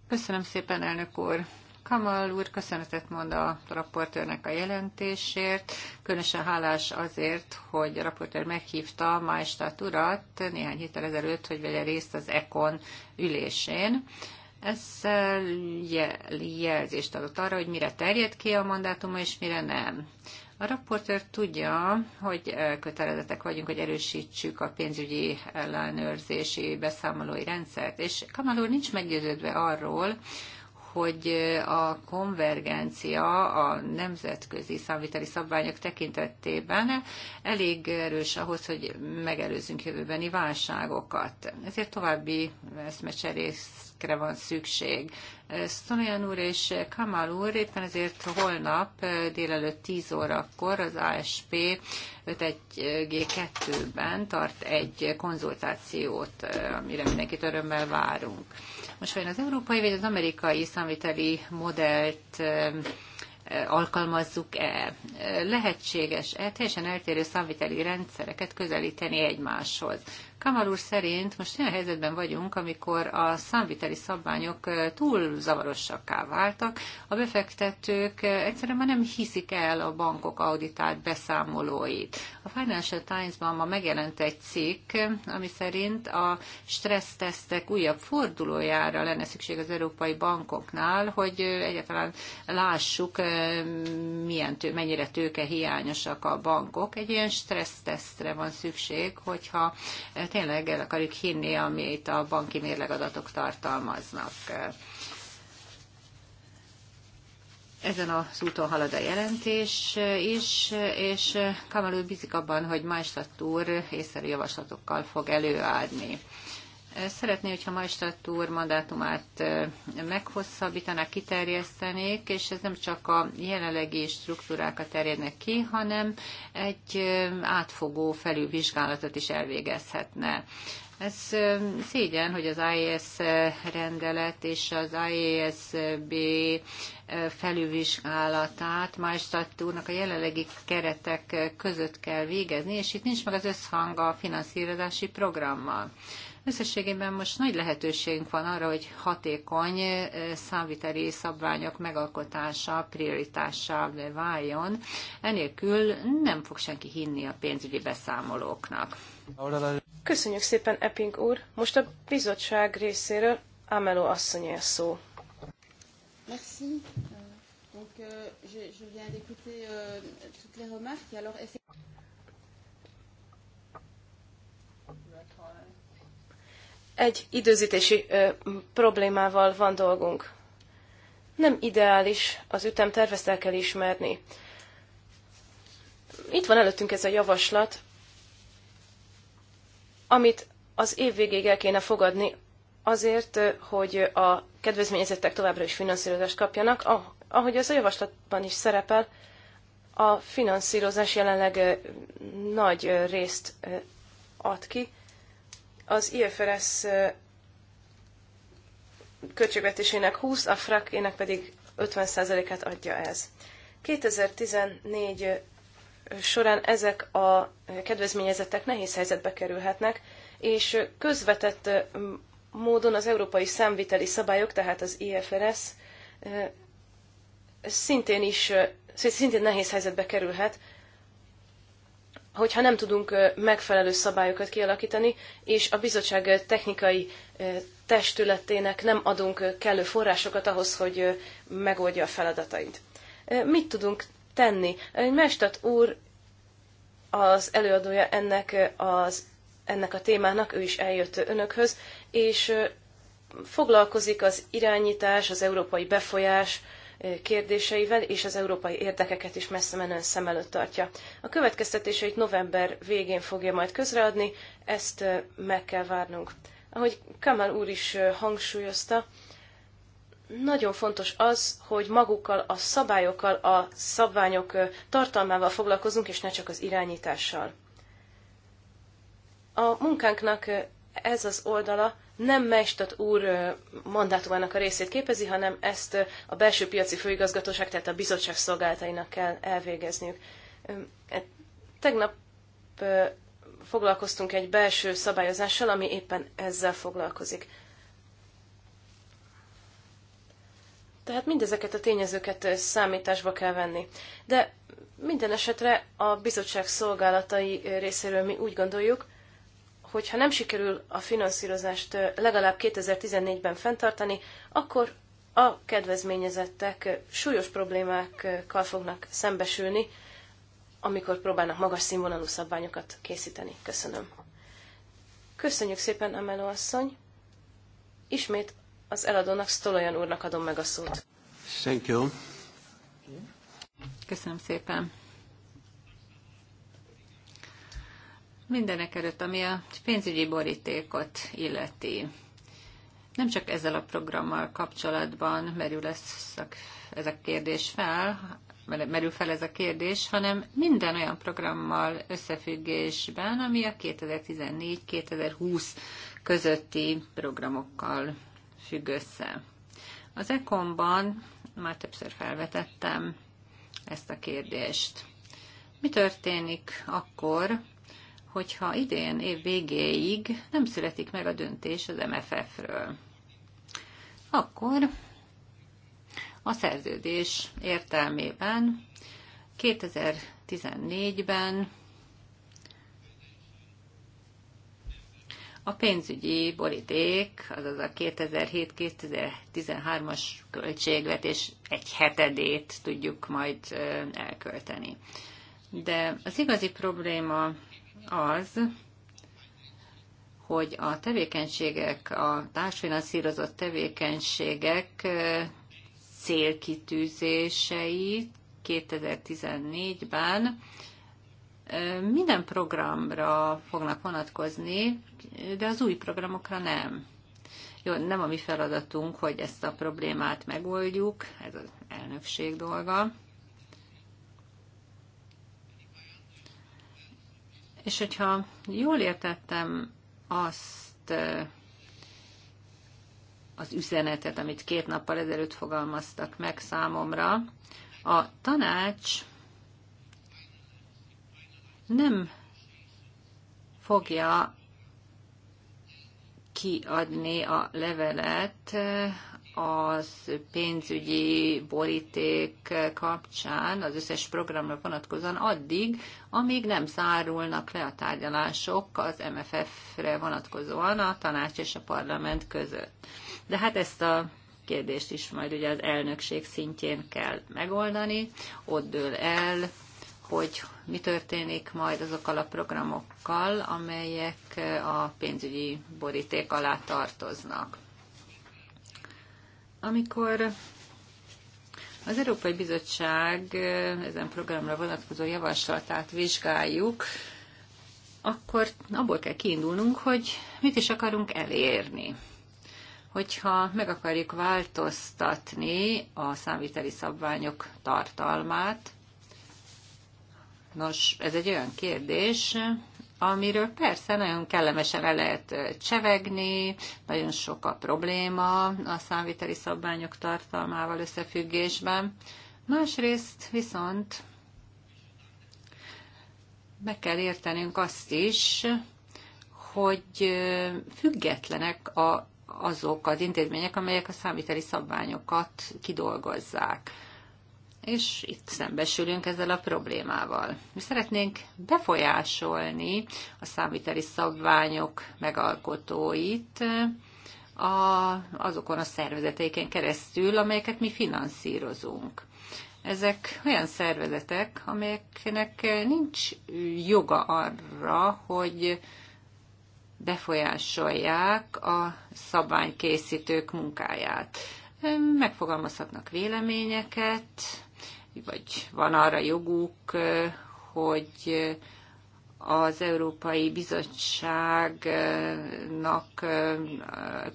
S1: Köszönöm szépen, elnök úr. Kamal úr köszönetet mond a raportőrnek a jelentésért, különösen hálás azért, hogy a raportőr meghívta Maestat urat néhány héttel ezelőtt, hogy vegye részt az ECON ülésén. Ezzel jelzést adott arra, hogy mire terjed ki a mandátuma, és mire nem. A raportőr tudja, hogy kötelezettek vagyunk, hogy erősítsük a pénzügyi ellenőrzési beszámolói rendszert, és Kamal úr nincs meggyőződve arról, hogy a konvergencia a nemzetközi számviteli szabványok tekintetében elég erős ahhoz, hogy megelőzzünk jövőbeni válságokat. Ezért további eszmecserész eszközökre van szükség. Sztoljan úr és Kamal úr éppen ezért holnap délelőtt 10 órakor az ASP 51G2-ben tart egy konzultációt, amire mindenkit örömmel várunk. Most vajon az európai vagy az amerikai számviteli modellt alkalmazzuk-e? Lehetséges-e teljesen eltérő számviteli rendszereket közelíteni egymáshoz? Kamal úr szerint most olyan helyzetben vagyunk, amikor a számviteli szabványok túl zavarosakká váltak, a befektetők egyszerűen már nem hiszik el a bankok auditált beszámolóit. A Financial Times-ban ma megjelent egy cikk, ami szerint a stressztesztek újabb fordulójára lenne szükség az európai bankoknál, hogy egyáltalán lássuk, milyen tő, mennyire tőke hiányosak a bankok. Egy ilyen stressztesztre van szükség, hogyha tényleg el akarjuk hinni, amit a banki mérlegadatok tartalmaznak. Ezen az úton halad a jelentés is, és Kamalú bízik abban, hogy Májstatt úr észre javaslatokkal fog előállni. Szeretné, hogyha a túr mandátumát meghosszabbítanák, kiterjesztenék, és ez nem csak a jelenlegi struktúrákat terjednek ki, hanem egy átfogó felülvizsgálatot is elvégezhetne. Ez szégyen, hogy az IES rendelet és az IESB felülvizsgálatát Maestat a jelenlegi keretek között kell végezni, és itt nincs meg az összhang a finanszírozási programmal. Összességében most nagy lehetőségünk van arra, hogy hatékony számviteli szabványok megalkotása prioritássá váljon. Enélkül nem fog senki hinni a pénzügyi beszámolóknak.
S3: Köszönjük szépen, Epping úr! Most a bizottság részéről Ameló asszonyi a szó. Merci. Euh, donc, euh, je, je viens d'écouter euh, toutes les remarques. Alors, effectivement... egy időzítési ö, problémával van dolgunk. Nem ideális az ütem, tervezt el kell ismerni. Itt van előttünk ez a javaslat, amit az év végéig el kéne fogadni azért, hogy a kedvezményezettek továbbra is finanszírozást kapjanak. Ah, ahogy az a javaslatban is szerepel, a finanszírozás jelenleg nagy részt ad ki, az IFRS költségvetésének 20, a frakének pedig 50%-át adja ez. 2014 során ezek a kedvezményezettek nehéz helyzetbe kerülhetnek, és közvetett módon az európai számviteli szabályok, tehát az IFRS szintén is szintén nehéz helyzetbe kerülhet, hogyha nem tudunk megfelelő szabályokat kialakítani, és a bizottság technikai testületének nem adunk kellő forrásokat ahhoz, hogy megoldja a feladatait. Mit tudunk tenni? Mestat úr az előadója ennek, az, ennek a témának, ő is eljött önökhöz, és foglalkozik az irányítás, az európai befolyás, kérdéseivel, és az európai érdekeket is messze menően szem előtt tartja. A következtetéseit november végén fogja majd közreadni, ezt meg kell várnunk. Ahogy Kamal úr is hangsúlyozta, nagyon fontos az, hogy magukkal, a szabályokkal, a szabványok tartalmával foglalkozunk, és ne csak az irányítással. A munkánknak ez az oldala nem Mestat úr mandátumának a részét képezi, hanem ezt a belső piaci főigazgatóság, tehát a bizottság szolgálatainak kell elvégezniük. E, tegnap foglalkoztunk egy belső szabályozással, ami éppen ezzel foglalkozik. Tehát mindezeket a tényezőket számításba kell venni. De minden esetre a bizottság szolgálatai részéről mi úgy gondoljuk, hogyha nem sikerül a finanszírozást legalább 2014-ben fenntartani, akkor a kedvezményezettek súlyos problémákkal fognak szembesülni, amikor próbálnak magas színvonalú szabványokat készíteni. Köszönöm. Köszönjük szépen, Amelo asszony. Ismét az eladónak, Stolojan úrnak adom meg a szót. Thank you. Köszönöm szépen. Mindenek
S1: előtt, ami a pénzügyi borítékot illeti. Nem csak ezzel a programmal kapcsolatban merül ez a, ez a kérdés fel, merül fel ez a kérdés, hanem minden olyan programmal összefüggésben, ami a 2014-2020 közötti programokkal függ össze. Az ECOM-ban már többször felvetettem ezt a kérdést. Mi történik akkor, hogyha idén év végéig nem születik meg a döntés az MFF-ről, akkor a szerződés értelmében 2014-ben a pénzügyi boríték, azaz a 2007-2013-as költségvetés egy hetedét tudjuk majd elkölteni. De az igazi probléma az, hogy a tevékenységek, a társfinanszírozott tevékenységek célkitűzései 2014-ben minden programra fognak vonatkozni, de az új programokra nem. Jó, nem a mi feladatunk, hogy ezt a problémát megoldjuk, ez az elnökség dolga. És hogyha jól értettem azt az üzenetet, amit két nappal ezelőtt fogalmaztak meg számomra, a tanács nem fogja kiadni a levelet az pénzügyi boríték kapcsán az összes programra vonatkozóan addig, amíg nem zárulnak le a tárgyalások az MFF-re vonatkozóan a tanács és a parlament között. De hát ezt a kérdést is majd ugye az elnökség szintjén kell megoldani, ott dől el, hogy mi történik majd azokkal a programokkal, amelyek a pénzügyi boríték alá tartoznak. Amikor az Európai Bizottság eh, ezen programra vonatkozó javaslatát vizsgáljuk, akkor abból kell kiindulnunk, hogy mit is akarunk elérni. Hogyha meg akarjuk változtatni a számviteli szabványok tartalmát, nos, ez egy olyan kérdés, amiről persze nagyon kellemesen le lehet csevegni, nagyon sok a probléma a számviteli szabványok tartalmával összefüggésben. Másrészt viszont meg kell értenünk azt is, hogy függetlenek a, azok az intézmények, amelyek a számviteli szabványokat kidolgozzák és itt szembesülünk ezzel a problémával. Mi szeretnénk befolyásolni a számviteli szabványok megalkotóit a, azokon a szervezetéken keresztül, amelyeket mi finanszírozunk. Ezek olyan szervezetek, amelyeknek nincs joga arra, hogy befolyásolják a szabványkészítők munkáját. Megfogalmazhatnak véleményeket, vagy van arra joguk, hogy az Európai Bizottságnak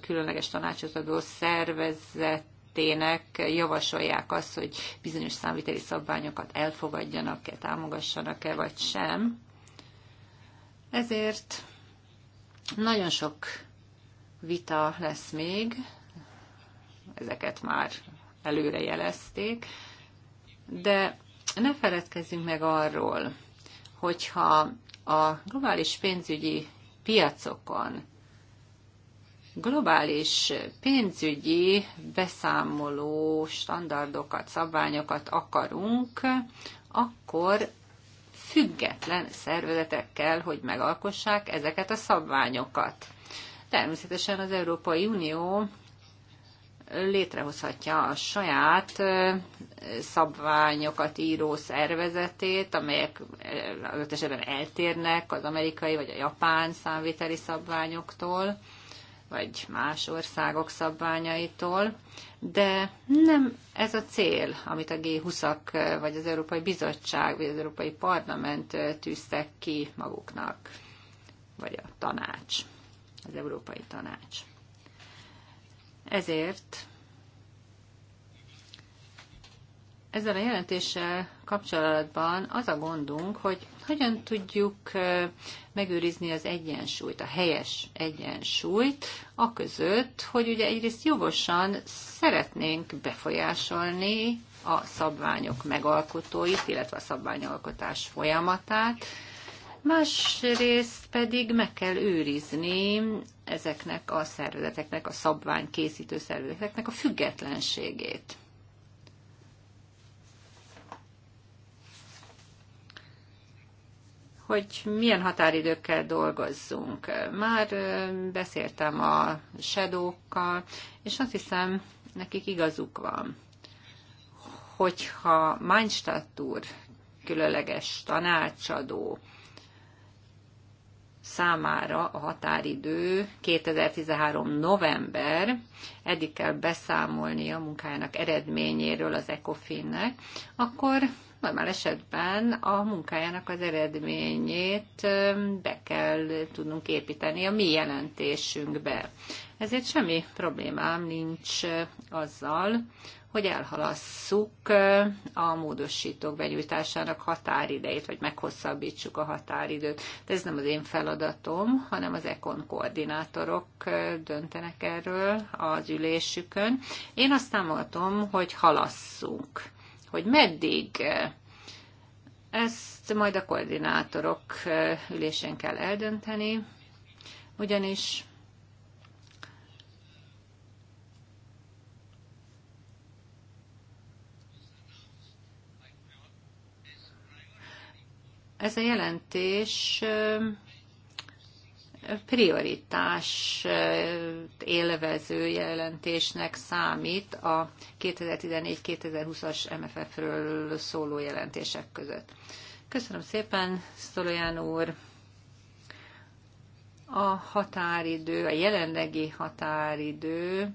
S1: különleges tanácsadó szervezetének javasolják azt, hogy bizonyos számviteli szabványokat elfogadjanak-e, támogassanak-e, vagy sem. Ezért nagyon sok vita lesz még, ezeket már előre jelezték, de ne feledkezzünk meg arról, hogyha a globális pénzügyi piacokon globális pénzügyi beszámoló standardokat, szabványokat akarunk, akkor független szervezetek kell, hogy megalkossák ezeket a szabványokat. Természetesen az Európai Unió létrehozhatja a saját szabványokat író szervezetét, amelyek az esetben eltérnek az amerikai vagy a japán számviteli szabványoktól, vagy más országok szabványaitól, de nem ez a cél, amit a G20-ak, vagy az Európai Bizottság, vagy az Európai Parlament tűztek ki maguknak, vagy a tanács, az Európai Tanács. Ezért ezzel a jelentéssel kapcsolatban az a gondunk, hogy hogyan tudjuk megőrizni az egyensúlyt, a helyes egyensúlyt, a között, hogy ugye egyrészt jogosan szeretnénk befolyásolni a szabványok megalkotóit, illetve a szabványalkotás folyamatát, másrészt pedig meg kell őrizni ezeknek a szervezeteknek, a szabvány készítő szervezeteknek a függetlenségét. hogy milyen határidőkkel dolgozzunk. Már beszéltem a shadowkkal, és azt hiszem, nekik igazuk van. Hogyha Mainstadt úr, különleges tanácsadó, számára a határidő 2013. november, eddig kell beszámolni a munkájának eredményéről az ECOFIN-nek, akkor normál esetben a munkájának az eredményét be kell tudnunk építeni a mi jelentésünkbe. Ezért semmi problémám nincs azzal, hogy elhalasszuk a módosítók benyújtásának határidejét, vagy meghosszabbítsuk a határidőt. De ez nem az én feladatom, hanem az ekon koordinátorok döntenek erről az ülésükön. Én azt támogatom, hogy halasszunk. Hogy meddig ezt majd a koordinátorok ülésén kell eldönteni, ugyanis Ez a jelentés prioritás élvező jelentésnek számít a 2014-2020-as MFF-ről szóló jelentések között. Köszönöm szépen, Szoloján úr! A határidő, a jelenlegi határidő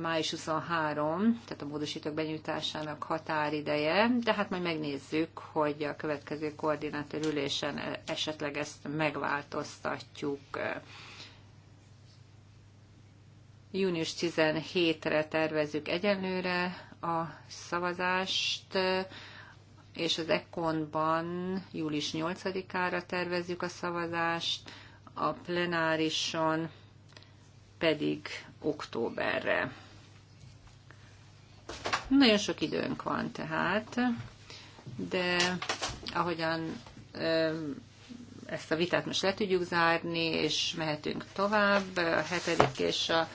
S1: május 23, tehát a módosítók benyújtásának határideje, de hát majd megnézzük, hogy a következő koordinátor ülésen e- esetleg ezt megváltoztatjuk. Június 17-re tervezzük egyenlőre a szavazást, és az Ekonban július 8-ára tervezzük a szavazást, a plenárison pedig októberre. Nagyon sok időnk van tehát, de ahogyan ezt a vitát most le tudjuk zárni, és mehetünk tovább. A hetedik és a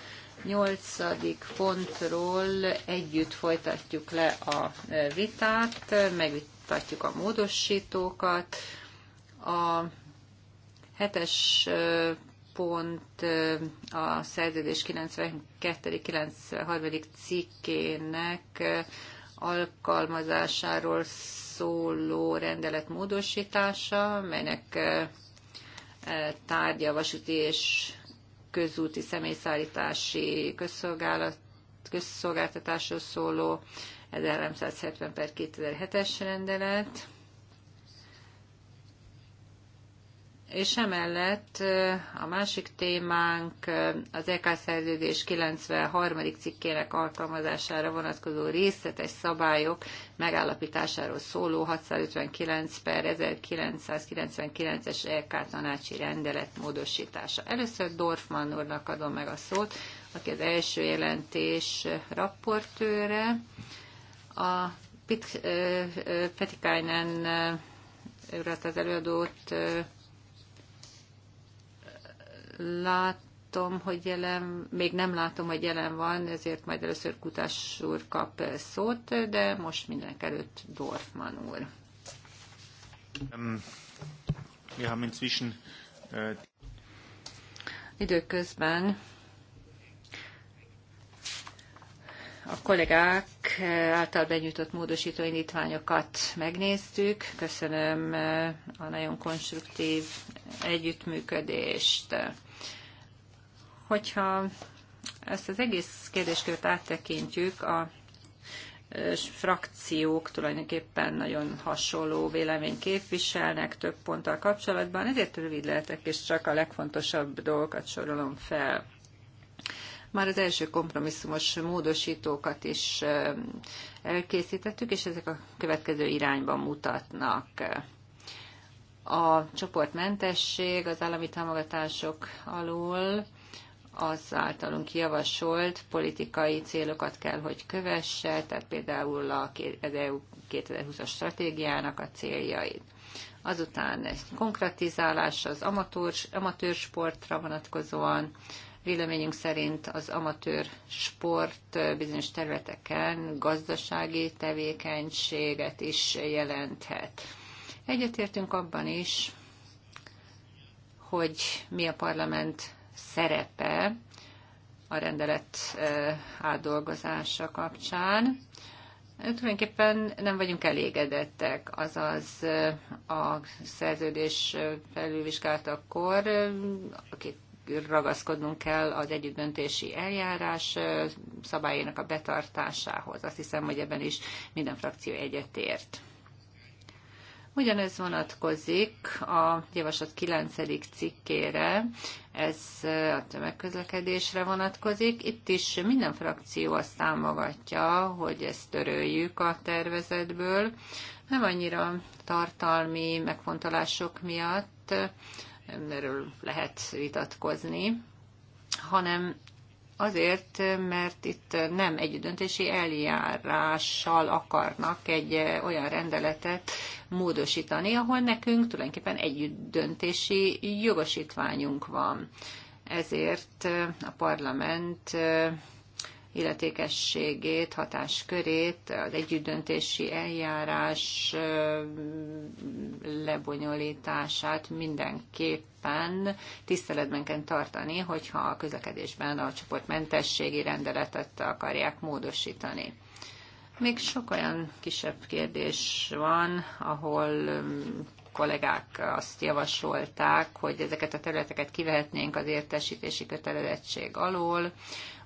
S1: nyolcadik pontról együtt folytatjuk le a vitát, megvitatjuk a módosítókat. A hetes pont a szerződés 92.-93. cikkének alkalmazásáról szóló rendelet módosítása, melynek tárgya vasúti és közúti személyszállítási közszolgáltatásról szóló 1370 per 2007-es rendelet. És emellett a másik témánk az EK szerződés 93. cikkének alkalmazására vonatkozó részletes szabályok megállapításáról szóló 659 per 1999-es EK tanácsi rendelet módosítása. Először Dorfman úrnak adom meg a szót, aki az első jelentés raportőre. A Petikainen urat az előadót látom, hogy jelen, még nem látom, hogy jelen van, ezért majd először Kutás úr kap szót, de most mindenek előtt Dorfman úr. Um, inzwischen, uh... Időközben a kollégák által benyújtott módosító indítványokat megnéztük. Köszönöm äh, a nagyon konstruktív együttműködést. Hogyha ezt az egész kérdéskört áttekintjük, a frakciók tulajdonképpen nagyon hasonló vélemény képviselnek több ponttal kapcsolatban, ezért rövid lehetek, és csak a legfontosabb dolgokat sorolom fel. Már az első kompromisszumos módosítókat is elkészítettük, és ezek a következő irányban mutatnak. A csoportmentesség az állami támogatások alól, az általunk javasolt politikai célokat kell, hogy kövesse, tehát például a EU 2020-as stratégiának a céljait. Azután egy konkretizálás az amatőr, amatőr sportra vonatkozóan. Véleményünk szerint az amatőr sport bizonyos területeken gazdasági tevékenységet is jelenthet. Egyetértünk abban is, hogy mi a parlament szerepe a rendelet átdolgozása kapcsán. Tulajdonképpen nem vagyunk elégedettek, azaz a szerződés felülvizsgáltakor ragaszkodnunk kell az együttdöntési eljárás szabályainak a betartásához. Azt hiszem, hogy ebben is minden frakció egyetért. Ugyanez vonatkozik a javaslat 9. cikkére, ez a tömegközlekedésre vonatkozik. Itt is minden frakció azt támogatja, hogy ezt töröljük a tervezetből. Nem annyira tartalmi megfontolások miatt, erről lehet vitatkozni, hanem Azért, mert itt nem döntési eljárással akarnak egy olyan rendeletet módosítani, ahol nekünk tulajdonképpen döntési jogosítványunk van. Ezért a parlament illetékességét, hatáskörét az együttdöntési eljárás lebonyolítását mindenképpen tiszteletben kell tartani, hogyha a közlekedésben a csoportmentességi rendeletet akarják módosítani. Még sok olyan kisebb kérdés van, ahol kollégák azt javasolták, hogy ezeket a területeket kivehetnénk az értesítési kötelezettség alól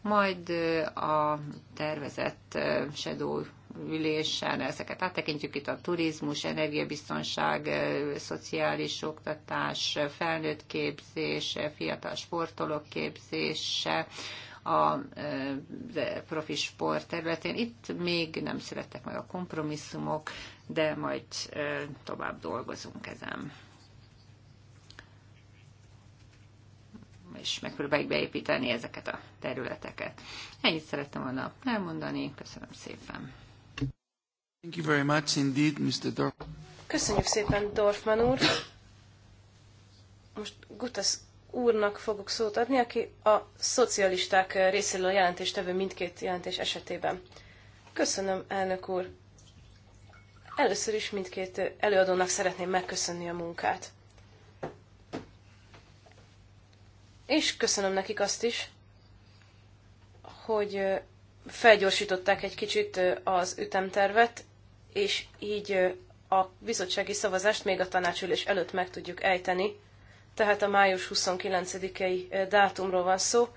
S1: majd a tervezett shadow ülésen ezeket áttekintjük itt a turizmus, energiabiztonság, szociális oktatás, felnőtt képzés, fiatal sportolók képzése, a profi sport területén. Itt még nem születtek meg a kompromisszumok, de majd tovább dolgozunk ezen. és megpróbáljuk beépíteni ezeket a területeket. Ennyit szerettem volna
S3: elmondani. Köszönöm szépen.
S1: Thank you very much indeed, Mr. Dorf.
S3: Köszönjük szépen, Dorfman úr. Most Gutas úrnak fogok szót adni, aki a szocialisták részéről a jelentéstevő mindkét jelentés esetében. Köszönöm, elnök úr. Először is mindkét előadónak szeretném megköszönni a munkát. és köszönöm nekik azt is, hogy felgyorsították egy kicsit az ütemtervet, és így a bizottsági szavazást még a tanácsülés előtt meg tudjuk ejteni. Tehát a május 29-i dátumról van szó,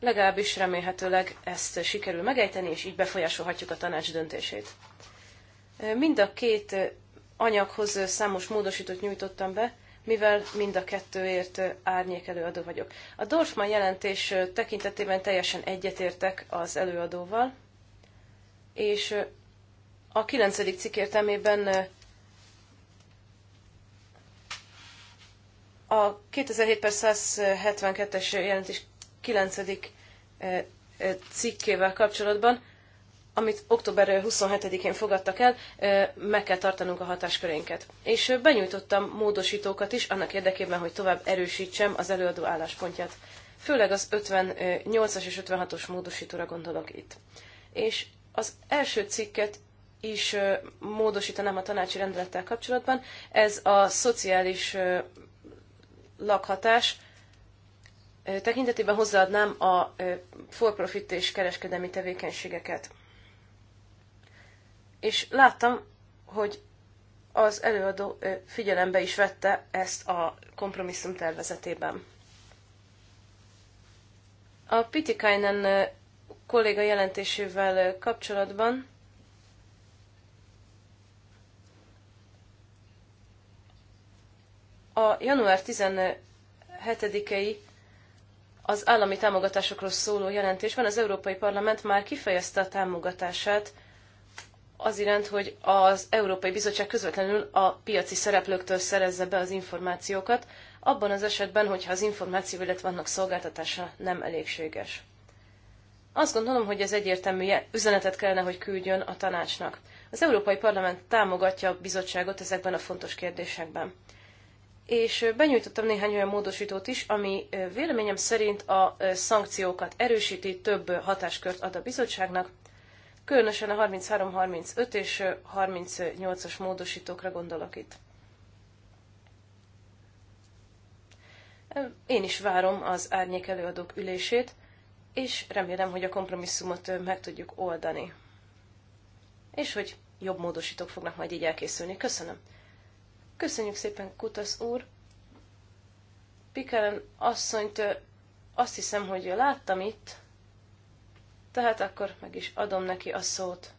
S3: legalábbis remélhetőleg ezt sikerül megejteni, és így befolyásolhatjuk a tanács döntését. Mind a két anyaghoz számos módosítót nyújtottam be, mivel mind a kettőért árnyék előadó vagyok. A Dorfman jelentés tekintetében teljesen egyetértek az előadóval, és a kilencedik cikk értelmében a 2007 es jelentés 9. cikkével kapcsolatban amit október 27-én fogadtak el, meg kell tartanunk a hatáskörénket. És benyújtottam módosítókat is, annak érdekében, hogy tovább erősítsem az előadó álláspontját. Főleg az 58-as és 56-os módosítóra gondolok itt. És az első cikket is módosítanám a tanácsi rendelettel kapcsolatban. Ez a szociális lakhatás tekintetében hozzáadnám a for-profit és kereskedelmi tevékenységeket és láttam, hogy az előadó figyelembe is vette ezt a kompromisszum tervezetében. A Pitikainen kolléga jelentésével kapcsolatban a január 17-i az állami támogatásokról szóló jelentésben az Európai Parlament már kifejezte a támogatását az iránt, hogy az Európai Bizottság közvetlenül a piaci szereplőktől szerezze be az információkat, abban az esetben, hogyha az információ, illetve annak szolgáltatása nem elégséges. Azt gondolom, hogy ez egyértelmű üzenetet kellene, hogy küldjön a tanácsnak. Az Európai Parlament támogatja a bizottságot ezekben a fontos kérdésekben. És benyújtottam néhány olyan módosítót is, ami véleményem szerint a szankciókat erősíti, több hatáskört ad a bizottságnak, Különösen a 33, 35 és 38-as módosítókra gondolok itt. Én is várom az árnyék előadók ülését, és remélem, hogy a kompromisszumot meg tudjuk oldani. És hogy jobb módosítók fognak majd így elkészülni. Köszönöm. Köszönjük szépen, Kutasz úr. Pikelen asszonyt azt hiszem, hogy láttam itt, tehát akkor meg is adom neki a szót.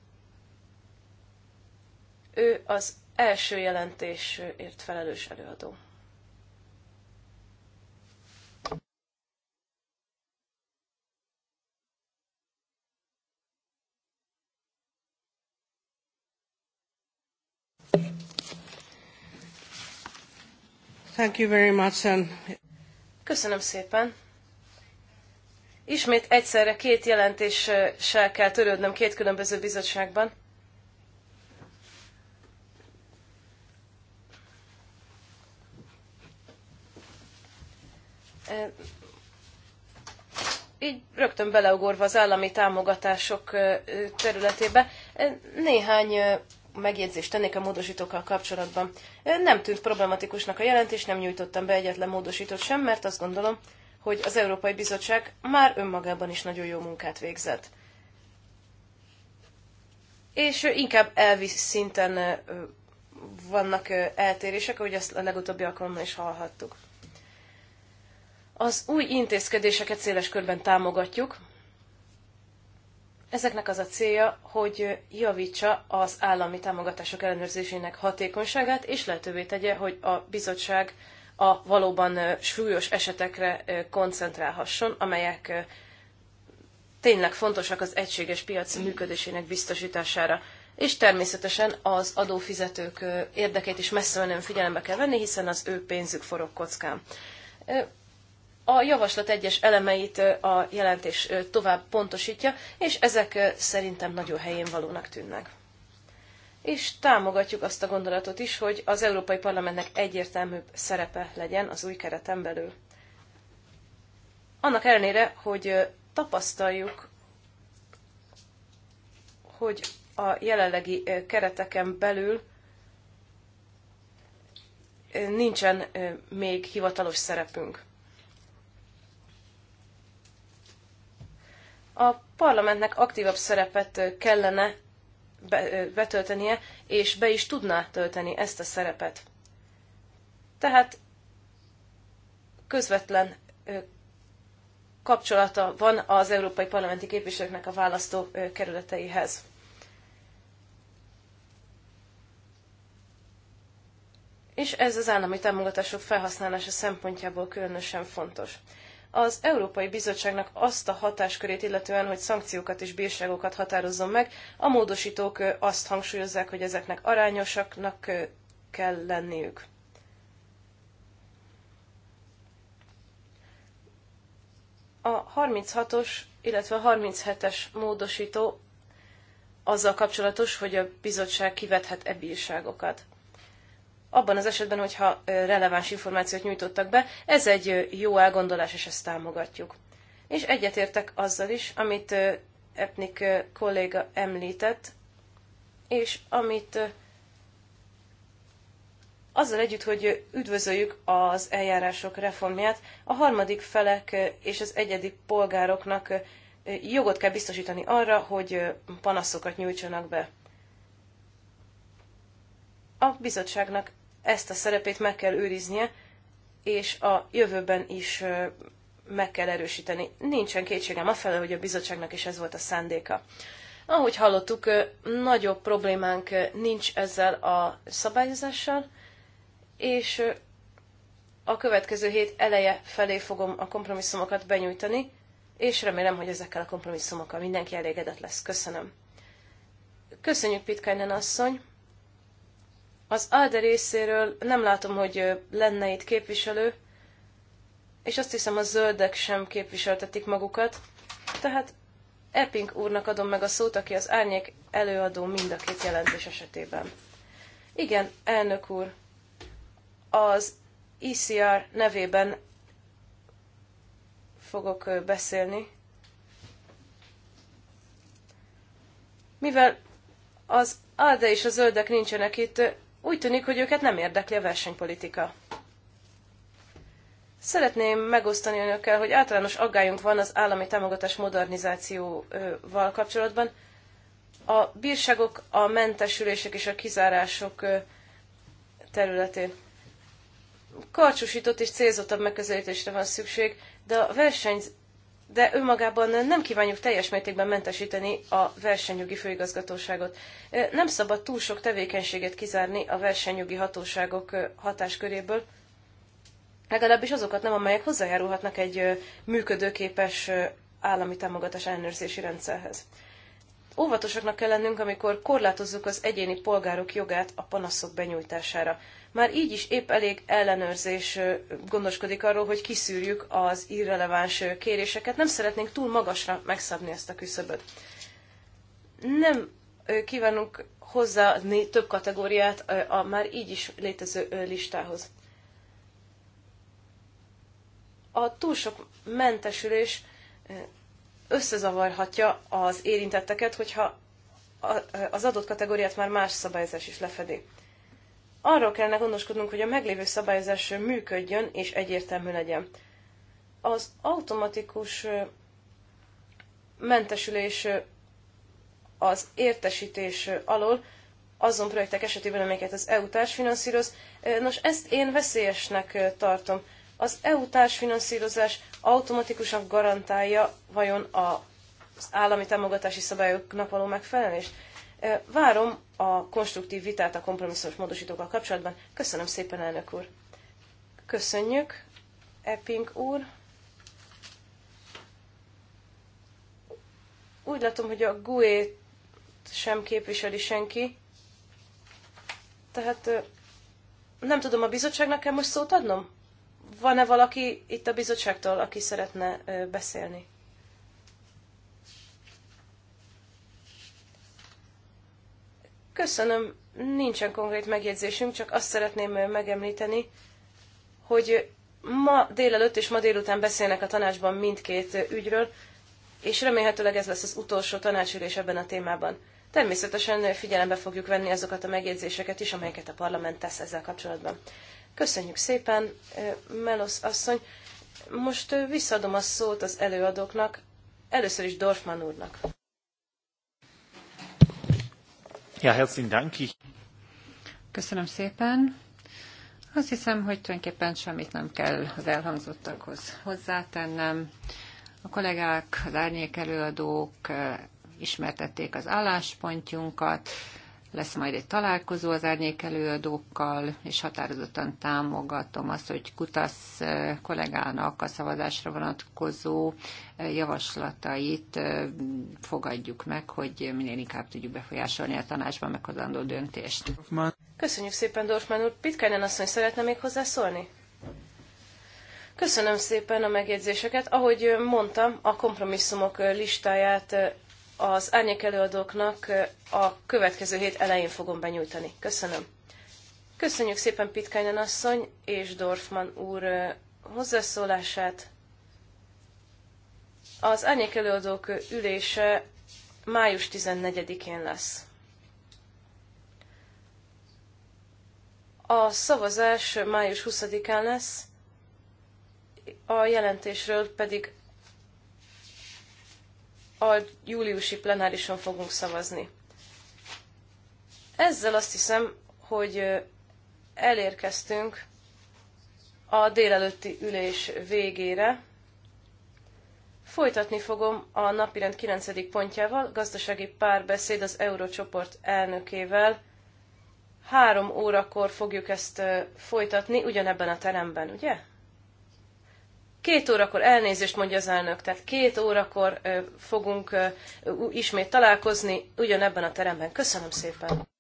S3: Ő az első jelentésért felelős előadó. Thank you very much, and... Köszönöm szépen. Ismét egyszerre két jelentéssel kell törődnöm két különböző bizottságban. Így rögtön beleugorva az állami támogatások területébe, néhány megjegyzést tennék a módosítókkal kapcsolatban. Nem tűnt problematikusnak a jelentés, nem nyújtottam be egyetlen módosítót sem, mert azt gondolom, hogy az Európai Bizottság már önmagában is nagyon jó munkát végzett. És inkább elvi szinten vannak eltérések, ahogy ezt a legutóbbi alkalommal is hallhattuk. Az új intézkedéseket széles körben támogatjuk. Ezeknek az a célja, hogy javítsa az állami támogatások ellenőrzésének hatékonyságát, és lehetővé tegye, hogy a bizottság a valóban súlyos esetekre koncentrálhasson, amelyek tényleg fontosak az egységes piac működésének biztosítására. És természetesen az adófizetők érdekét is messze menően figyelembe kell venni, hiszen az ő pénzük forog kockán. A javaslat egyes elemeit a jelentés tovább pontosítja, és ezek szerintem nagyon helyén valónak tűnnek és támogatjuk azt a gondolatot is, hogy az Európai Parlamentnek egyértelműbb szerepe legyen az új kereten belül. Annak ellenére, hogy tapasztaljuk, hogy a jelenlegi kereteken belül nincsen még hivatalos szerepünk. A parlamentnek aktívabb szerepet kellene betöltenie, és be is tudná tölteni ezt a szerepet. Tehát közvetlen kapcsolata van az európai parlamenti képviselőknek a választó kerületeihez. És ez az állami támogatások felhasználása szempontjából különösen fontos az Európai Bizottságnak azt a hatáskörét illetően, hogy szankciókat és bírságokat határozzon meg, a módosítók azt hangsúlyozzák, hogy ezeknek arányosaknak kell lenniük. A 36-os, illetve a 37-es módosító azzal kapcsolatos, hogy a bizottság kivethet e bírságokat abban az esetben, hogyha releváns információt nyújtottak be, ez egy jó elgondolás, és ezt támogatjuk. És egyetértek azzal is, amit Epnik kolléga említett, és amit azzal együtt, hogy üdvözöljük az eljárások reformját, a harmadik felek és az egyedi polgároknak jogot kell biztosítani arra, hogy panaszokat nyújtsanak be. A bizottságnak ezt a szerepét meg kell őriznie, és a jövőben is meg kell erősíteni. Nincsen kétségem afelől, hogy a bizottságnak is ez volt a szándéka. Ahogy hallottuk, nagyobb problémánk nincs ezzel a szabályozással, és a következő hét eleje felé fogom a kompromisszumokat benyújtani, és remélem, hogy ezekkel a kompromisszumokkal mindenki elégedett lesz. Köszönöm. Köszönjük, Pitkájnen asszony! Az ALDE részéről nem látom, hogy lenne itt képviselő, és azt hiszem a zöldek sem képviseltetik magukat, tehát Epping úrnak adom meg a szót, aki az árnyék előadó mind a két jelentés esetében. Igen, elnök úr, az ICR e nevében fogok beszélni. Mivel az ALDE és a zöldek nincsenek itt, úgy tűnik, hogy őket nem érdekli a versenypolitika. Szeretném megosztani önökkel, hogy általános aggályunk van az állami támogatás modernizációval kapcsolatban. A bírságok, a mentesülések és a kizárások területén. Karcsúsított és célzottabb megközelítésre van szükség, de a verseny de önmagában nem kívánjuk teljes mértékben mentesíteni a versenyjogi főigazgatóságot. Nem szabad túl sok tevékenységet kizárni a versenyjogi hatóságok hatásköréből, legalábbis azokat nem, amelyek hozzájárulhatnak egy működőképes állami támogatás ellenőrzési rendszerhez. Óvatosaknak kell lennünk, amikor korlátozzuk az egyéni polgárok jogát a panaszok benyújtására. Már így is épp elég ellenőrzés gondoskodik arról, hogy kiszűrjük az irreleváns kéréseket. Nem szeretnénk túl magasra megszabni ezt a küszöböt. Nem kívánunk hozzáadni több kategóriát a már így is létező listához. A túl sok mentesülés összezavarhatja az érintetteket, hogyha az adott kategóriát már más szabályozás is lefedi. Arról kellene gondoskodnunk, hogy a meglévő szabályozás működjön és egyértelmű legyen. Az automatikus mentesülés az értesítés alól azon projektek esetében, amelyeket az EU társfinanszíroz. Nos, ezt én veszélyesnek tartom. Az EU társfinanszírozás automatikusan garantálja vajon az állami támogatási szabályoknak való megfelelést? Várom a konstruktív vitát a kompromisszós módosítókkal kapcsolatban. Köszönöm szépen, elnök úr! Köszönjük, Epping úr! Úgy látom, hogy a gue sem képviseli senki. Tehát nem tudom, a bizottságnak kell most szót adnom? Van-e valaki itt a bizottságtól, aki szeretne beszélni? Köszönöm, nincsen konkrét megjegyzésünk, csak azt szeretném megemlíteni, hogy ma délelőtt és ma délután beszélnek a tanácsban mindkét ügyről, és remélhetőleg ez lesz az utolsó tanácsülés ebben a témában. Természetesen figyelembe fogjuk venni azokat a megjegyzéseket is, amelyeket a parlament tesz ezzel kapcsolatban. Köszönjük szépen, Melosz asszony. Most visszadom a szót az előadóknak, először is Dorfman úrnak.
S2: Ja, herzlichen Dank.
S1: Köszönöm szépen. Azt hiszem, hogy tulajdonképpen semmit nem kell az elhangzottakhoz hozzátennem. A kollégák, az árnyék előadók ismertették az álláspontjunkat, lesz majd egy találkozó az árnyék előadókkal, és határozottan támogatom azt, hogy Kutasz eh, kollégának a szavazásra vonatkozó eh, javaslatait eh, fogadjuk meg, hogy minél inkább tudjuk befolyásolni a tanácsban meghozandó döntést.
S3: Köszönjük szépen, Dorfman úr. Pitkánen asszony szeretne még hozzászólni? Köszönöm szépen a megjegyzéseket. Ahogy mondtam, a kompromisszumok listáját az árnyékelőadóknak a következő hét elején fogom benyújtani. Köszönöm. Köszönjük szépen Pitkányan asszony és Dorfman úr hozzászólását. Az árnyékelőadók ülése május 14-én lesz. A szavazás május 20-án lesz, a jelentésről pedig a júliusi plenárison fogunk szavazni. Ezzel azt hiszem, hogy elérkeztünk a délelőtti ülés végére. Folytatni fogom a napirend 9. pontjával, gazdasági párbeszéd az Eurócsoport elnökével. Három órakor fogjuk ezt folytatni, ugyanebben a teremben, ugye? Két órakor elnézést mondja az elnök, tehát két órakor fogunk ismét találkozni ugyanebben a teremben. Köszönöm szépen!